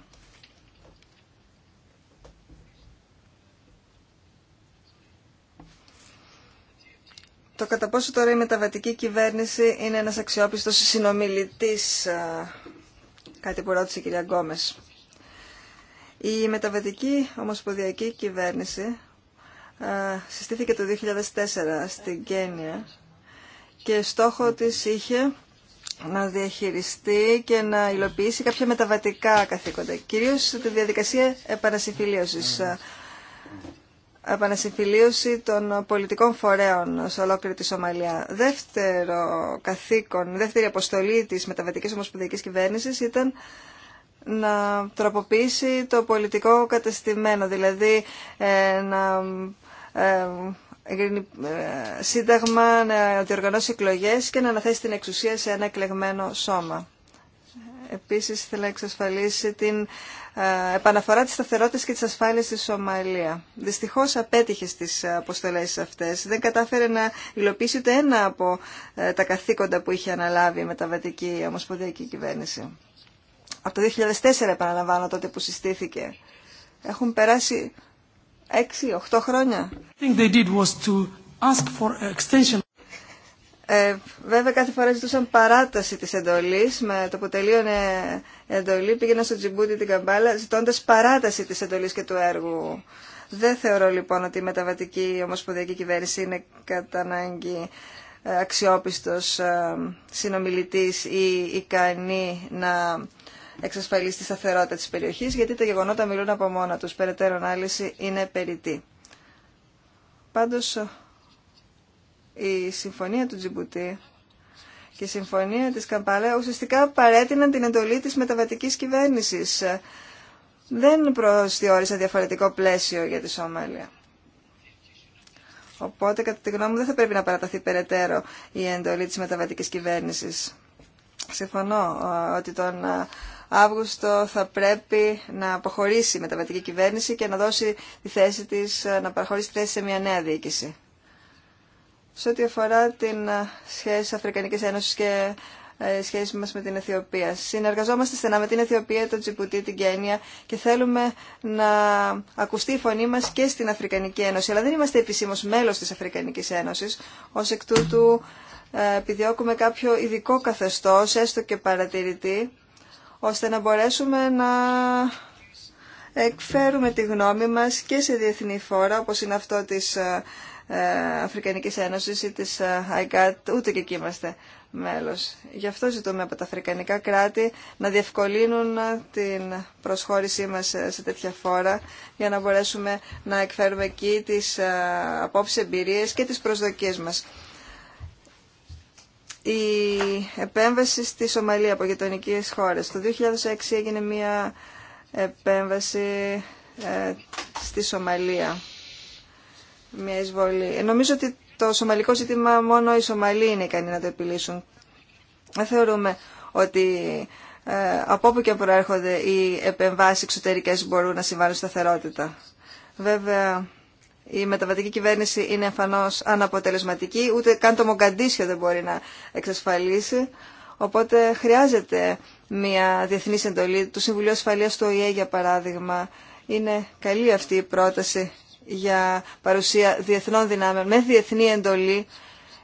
το κατά πόσο τώρα η μεταβατική κυβέρνηση είναι ένας αξιόπιστος συνομιλητής, κάτι που ρώτησε η κυρία Γκόμες. Η μεταβατική ομοσπονδιακή κυβέρνηση συστήθηκε το 2004 στην Κένια και στόχο της είχε να διαχειριστεί και να υλοποιήσει κάποια μεταβατικά καθήκοντα, κυρίως τη διαδικασία επανασυμφιλίωσης επανασυμφιλίωση των πολιτικών φορέων σε ολόκληρη τη Σομαλία. Δεύτερο καθήκον, δεύτερη αποστολή της μεταβατικής ομοσπονδιακής κυβέρνησης ήταν να τροποποιήσει το πολιτικό κατεστημένο, δηλαδή ε, να ε, ε σύνταγμα, να διοργανώσει εκλογές και να αναθέσει την εξουσία σε ένα εκλεγμένο σώμα. Επίσης, θέλει να εξασφαλίσει την ε, επαναφορά της σταθερότητας και της ασφάλειας στη Σομαλία. Δυστυχώς απέτυχε στις αποστολές αυτές. Δεν κατάφερε να υλοποιήσει ούτε ένα από ε, τα καθήκοντα που είχε αναλάβει η μεταβατική ομοσπονδιακή κυβέρνηση. Από το 2004 επαναλαμβάνω τότε που συστήθηκε. Έχουν περάσει 6-8 χρόνια. Ε, βέβαια κάθε φορά ζητούσαν παράταση της εντολής, με το που τελείωνε εντολή πήγαινα στο Τζιμπούτι την Καμπάλα ζητώντας παράταση της εντολής και του έργου. Δεν θεωρώ λοιπόν ότι η μεταβατική ομοσπονδιακή κυβέρνηση είναι κατά ανάγκη ε, αξιόπιστος ε, συνομιλητής ή ικανή να εξασφαλίσει τη σταθερότητα της περιοχής, γιατί τα γεγονότα μιλούν από μόνα τους. Περαιτέρω ανάλυση είναι περιττή. Πάντως, η συμφωνία του Τζιμπουτή και η συμφωνία της Καμπάλα ουσιαστικά παρέτειναν την εντολή της μεταβατικής κυβέρνησης. Δεν προσδιορίσα διαφορετικό πλαίσιο για τη Σομαλία. Οπότε, κατά τη γνώμη μου, δεν θα πρέπει να παραταθεί περαιτέρω η εντολή της μεταβατικής κυβέρνησης. Συμφωνώ ε, ότι τον ε, Αύγουστο θα πρέπει να αποχωρήσει η μεταβατική κυβέρνηση και να δώσει τη θέση της, ε, να παραχωρήσει τη θέση σε μια νέα διοίκηση σε ό,τι αφορά την ε, σχέση Αφρικανικής Ένωσης και ε, σχέση μας με την Αιθιοπία. Συνεργαζόμαστε στενά με την Αιθιοπία, τον Τζιπουτή, την Κένια και θέλουμε να ακουστεί η φωνή μας και στην Αφρικανική Ένωση. Αλλά δεν είμαστε επισήμως μέλος της Αφρικανικής Ένωσης. Ως εκ τούτου ε, επιδιώκουμε κάποιο ειδικό καθεστώς, έστω και παρατηρητή, ώστε να μπορέσουμε να εκφέρουμε τη γνώμη μας και σε διεθνή φόρα, όπως είναι αυτό της ε, Αφρικανικής Ένωσης ή της ε, ΑΙΚΑΤ, ούτε και εκεί είμαστε μέλος. Γι' αυτό ζητούμε από τα αφρικανικά κράτη να διευκολύνουν ε, την προσχώρησή μας σε τέτοια φόρα για να μπορέσουμε να εκφέρουμε εκεί τις απόψεις εμπειρίες και τις προσδοκίες μας. Η επέμβαση στη Σομαλία από γειτονικέ χώρες. Το 2006 έγινε μια επέμβαση στη Σομαλία μια εισβολή. Ε, νομίζω ότι το σομαλικό ζήτημα μόνο οι Σομαλοί είναι ικανοί να το επιλύσουν. Δεν θεωρούμε ότι ε, από όπου και προέρχονται οι επεμβάσεις εξωτερικές μπορούν να συμβάλλουν σταθερότητα. Βέβαια, η μεταβατική κυβέρνηση είναι εμφανώς αναποτελεσματική, ούτε καν το Μογκαντήσιο δεν μπορεί να εξασφαλίσει. Οπότε χρειάζεται μια διεθνή εντολή του Συμβουλίου Ασφαλείας του ΟΗΕ, για παράδειγμα. Είναι καλή αυτή η πρόταση για παρουσία διεθνών δυνάμεων με διεθνή εντολή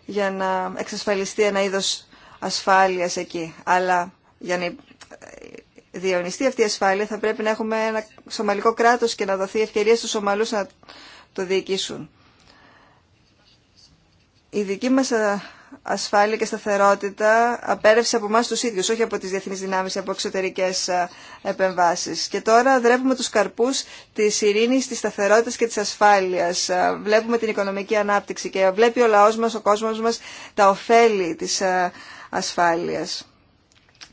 για να εξασφαλιστεί ένα είδος ασφάλειας εκεί. Αλλά για να διαιωνιστεί αυτή η ασφάλεια θα πρέπει να έχουμε ένα σομαλικό κράτος και να δοθεί ευκαιρία στους Σομαλούς να το διοικήσουν. Η δική μας ε, ασφάλεια και σταθερότητα απέρευσε από εμά του ίδιου, όχι από τι διεθνεί δυνάμει από εξωτερικέ ε, επεμβάσει. Και τώρα δρεύουμε του καρπού τη ειρήνη, τη σταθερότητα και τη ασφάλεια. Ε, βλέπουμε την οικονομική ανάπτυξη και βλέπει ο λαό μα, ο κόσμο μα, τα ωφέλη τη ε, ασφάλεια.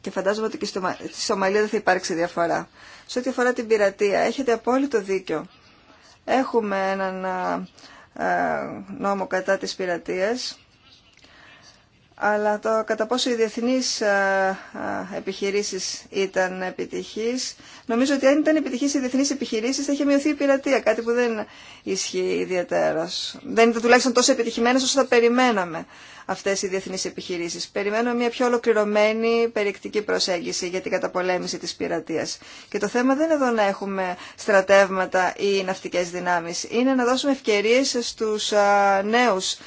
Και φαντάζομαι ότι και στη Σομαλία δεν θα υπάρξει διαφορά. Σε ό,τι αφορά την πειρατεία, έχετε απόλυτο δίκιο. Έχουμε έναν νόμο κατά της πειρατείας αλλά το κατά πόσο οι διεθνείς ε, ε, επιχειρήσεις ήταν επιτυχείς. Νομίζω ότι αν ήταν επιτυχείς οι διεθνείς επιχειρήσεις θα είχε μειωθεί η πειρατεία, κάτι που δεν ισχύει ιδιαίτερος. Δεν ήταν τουλάχιστον τόσο επιτυχημένες όσο θα περιμέναμε αυτές οι διεθνείς επιχειρήσεις. Περιμένουμε μια πιο ολοκληρωμένη περιεκτική προσέγγιση για την καταπολέμηση της πειρατείας. Και το θέμα δεν είναι εδώ να έχουμε στρατεύματα ή ναυτικές δυνάμεις. Είναι να δώσουμε ευκαιρίες στους ε, νέους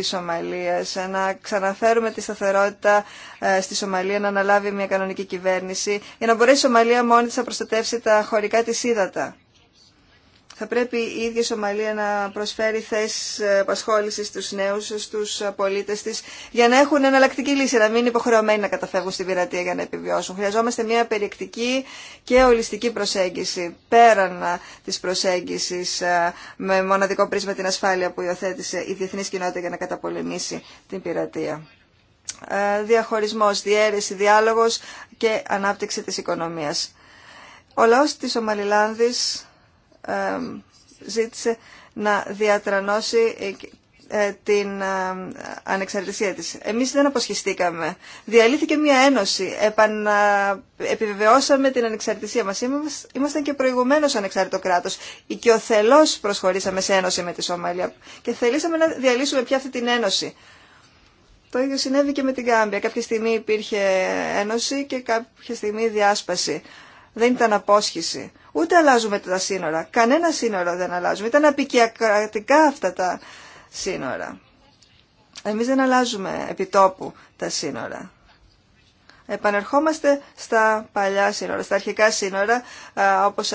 της Σομαλίας, ε, να ξαναφέρουμε τη σταθερότητα ε, στη Σομαλία, να αναλάβει μια κανονική κυβέρνηση, για να μπορέσει η Σομαλία μόνη της να προστατεύσει τα χωρικά της ύδατα θα πρέπει η ίδια η Σομαλία να προσφέρει θέσει απασχόληση στους νέου στου πολίτε τη για να έχουν εναλλακτική λύση, να μην είναι υποχρεωμένοι να καταφεύγουν στην πειρατεία για να επιβιώσουν. Χρειαζόμαστε μια περιεκτική και ολιστική προσέγγιση, πέραν τη προσέγγιση με μοναδικό πρίσμα την ασφάλεια που υιοθέτησε η διεθνή κοινότητα για να καταπολεμήσει την πειρατεία. Διαχωρισμός, διαίρεση, διάλογος και ανάπτυξη της οικονομίας. Ο λαός της Ομαλιλάνδης ζήτησε να διατρανώσει ε, ε, την ε, ανεξαρτησία της. Εμείς δεν αποσχιστήκαμε. Διαλύθηκε μια ένωση. Επιβεβαιώσαμε την ανεξαρτησία μας. Ήμασταν και προηγουμένως ανεξάρτητο κράτος. Οικειοθελώς προσχωρήσαμε σε ένωση με τη Σομαλία και θελήσαμε να διαλύσουμε πια αυτή την ένωση. Το ίδιο συνέβη και με την Κάμπια. Κάποια στιγμή υπήρχε ένωση και κάποια στιγμή διάσπαση. Δεν ήταν απόσχηση ούτε αλλάζουμε τα σύνορα. Κανένα σύνορο δεν αλλάζουμε. Ήταν απικιακρατικά αυτά τα σύνορα. Εμείς δεν αλλάζουμε επιτόπου τα σύνορα. Επανερχόμαστε στα παλιά σύνορα, στα αρχικά σύνορα, όπως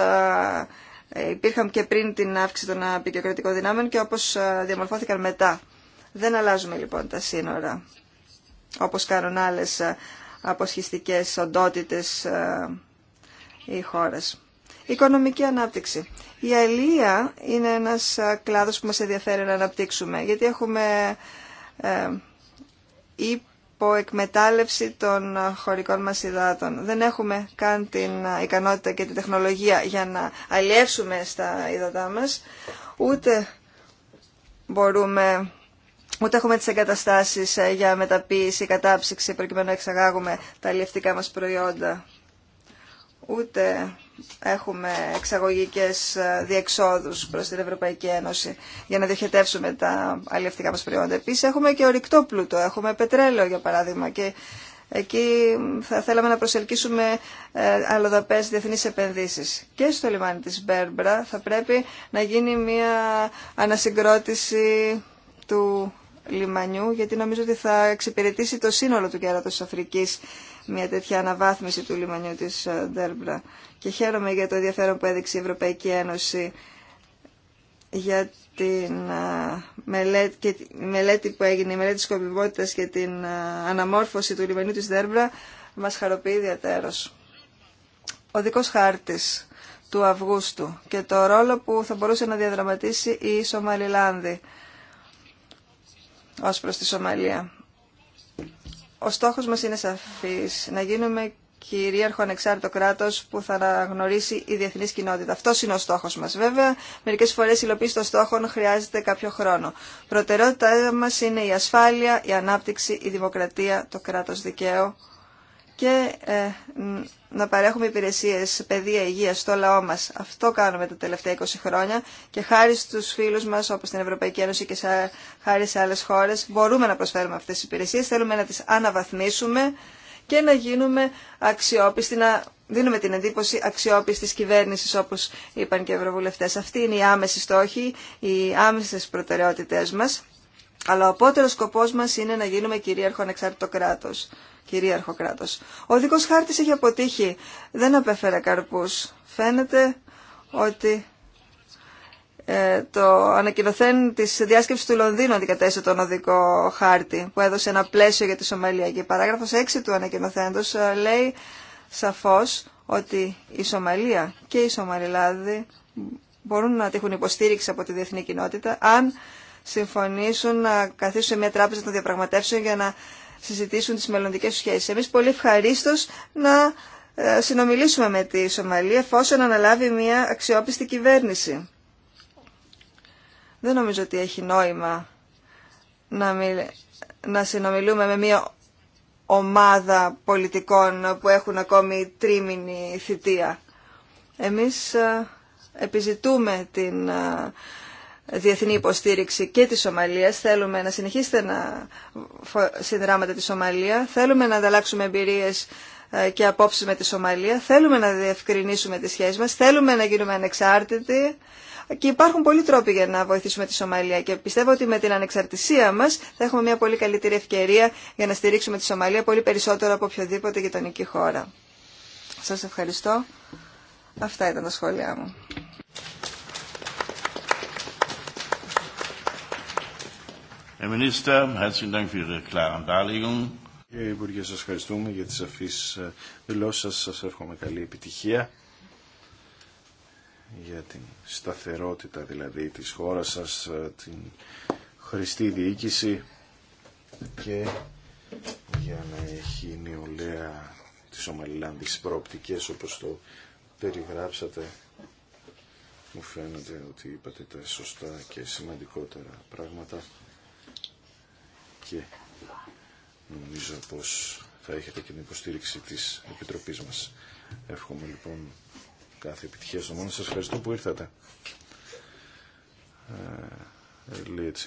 υπήρχαν και πριν την αύξηση των απικιακρατικών δυνάμεων και όπως διαμορφώθηκαν μετά. Δεν αλλάζουμε λοιπόν τα σύνορα, όπως κάνουν άλλες αποσχιστικές οντότητες ή χώρες. Οικονομική ανάπτυξη. Η αλληλεία είναι ένας κλάδος που μας ενδιαφέρει να αναπτύξουμε, γιατί έχουμε ε, υποεκμετάλλευση των χωρικών μας υδάτων. Δεν έχουμε καν την ικανότητα και την τεχνολογία για να αλλιεύσουμε στα υδατά μας, ούτε μπορούμε ούτε έχουμε τις εγκαταστάσεις ε, για μεταποίηση, κατάψυξη, προκειμένου να εξαγάγουμε τα αλληλευτικά μας προϊόντα, ούτε έχουμε εξαγωγικές ε, διεξόδους προς την Ευρωπαϊκή Ένωση για να διοχετεύσουμε τα αλληλευτικά μας προϊόντα. Επίσης έχουμε και ορυκτό πλούτο, έχουμε πετρέλαιο για παράδειγμα και εκεί θα θέλαμε να προσελκύσουμε ε, αλλοδαπές διεθνείς επενδύσεις. Και στο λιμάνι της Μπέρμπρα θα πρέπει να γίνει μια ανασυγκρότηση του λιμανιού γιατί νομίζω ότι θα εξυπηρετήσει το σύνολο του κέρατος της Αφρικής μια τέτοια αναβάθμιση του λιμανιού της Δέρμπρα. Ε, και χαίρομαι για το ενδιαφέρον που έδειξε η Ευρωπαϊκή Ένωση για την ε, μελέτη, τη μελέτη που έγινε, η μελέτη της σκοπιμότητας και την ε, αναμόρφωση του λιμανιού της Δέρμπρα μας χαροποιεί ιδιαίτερος. Ο δικός χάρτης του Αυγούστου και το ρόλο που θα μπορούσε να διαδραματίσει η Σομαλιλάνδη ως προς τη Σομαλία. Ο στόχος μας είναι σαφής, να γίνουμε κυρίαρχο ανεξάρτητο κράτος που θα αναγνωρίσει η διεθνή κοινότητα. Αυτό είναι ο στόχος μας. Βέβαια, μερικές φορές η υλοποίηση των στόχων χρειάζεται κάποιο χρόνο. Προτεραιότητά μας είναι η ασφάλεια, η ανάπτυξη, η δημοκρατία, το κράτος δικαίου και ε, να παρέχουμε υπηρεσίες παιδεία υγεία στο λαό μα. Αυτό κάνουμε τα τελευταία 20 χρόνια και χάρη στου φίλου μα, όπω στην Ευρωπαϊκή Ένωση και σε, χάρη σε άλλε χώρε μπορούμε να προσφέρουμε αυτέ τις υπηρεσίε, Θέλουμε να τι αναβαθμίσουμε και να γίνουμε αξιόπιστοι, να δίνουμε την εντύπωση αξιόπιστη κυβέρνηση, όπω είπαν και οι ευρωβουλευτέ. Αυτή είναι η άμεση στόχη, οι άμεσε προτεραιότητές μα, Αλλά ο απότερο σκοπός μας είναι να γίνουμε κυρίαρχο ανεξάρτητο κράτος κυρίαρχο κράτος. Ο δικό χάρτη έχει αποτύχει. Δεν απέφερε καρπού. Φαίνεται ότι ε, το ανακοινωθέν τη διάσκεψη του Λονδίνου αντικατέστησε τον οδικό χάρτη που έδωσε ένα πλαίσιο για τη Σομαλία. Και η παράγραφος 6 του ανακοινωθέντος ε, λέει σαφώ ότι η Σομαλία και οι Σομαλιλάδοι μπορούν να τύχουν υποστήριξη από τη διεθνή κοινότητα αν συμφωνήσουν να καθίσουν σε μια τράπεζα των διαπραγματεύσεων για να συζητήσουν τις μελλοντικές σχέσεις. Εμείς πολύ ευχαρίστω να ε, συνομιλήσουμε με τη Σομαλία εφόσον αναλάβει μια αξιόπιστη κυβέρνηση. Δεν νομίζω ότι έχει νόημα να, να συνομιλούμε με μια ομάδα πολιτικών που έχουν ακόμη τρίμηνη θητεία. Εμείς ε, επιζητούμε την ε, διεθνή υποστήριξη και της Σομαλίας. Θέλουμε να συνεχίσετε να συνδράμετε τη Σομαλία. Θέλουμε να ανταλλάξουμε εμπειρίες ε, και απόψεις με τη Σομαλία. Θέλουμε να διευκρινίσουμε τις σχέσεις μας. Θέλουμε να γίνουμε ανεξάρτητοι. Και υπάρχουν πολλοί τρόποι για να βοηθήσουμε τη Σομαλία και πιστεύω ότι με την ανεξαρτησία μας θα έχουμε μια πολύ καλύτερη ευκαιρία για να στηρίξουμε τη Σομαλία πολύ περισσότερο από οποιοδήποτε γειτονική χώρα. Σας ευχαριστώ. Αυτά ήταν τα σχόλιά μου. Herr Minister, herzlichen Dank für Ihre klaren Darlegungen. Κύριε Υπουργέ, σας ευχαριστούμε για τις αφείς ε, δηλώσεις σας. Σας εύχομαι καλή επιτυχία για την σταθερότητα δηλαδή της χώρας σας, ε, την χρηστή διοίκηση και για να έχει η νεολαία της Ομαλιλάνδης προοπτικές όπως το περιγράψατε. Μου φαίνεται ότι είπατε τα σωστά και σημαντικότερα πράγματα και νομίζω πως θα έχετε και την υποστήριξη της Επιτροπής μας. Εύχομαι λοιπόν κάθε επιτυχία στο μόνο. Σας ευχαριστώ που ήρθατε. Ε, λέει τη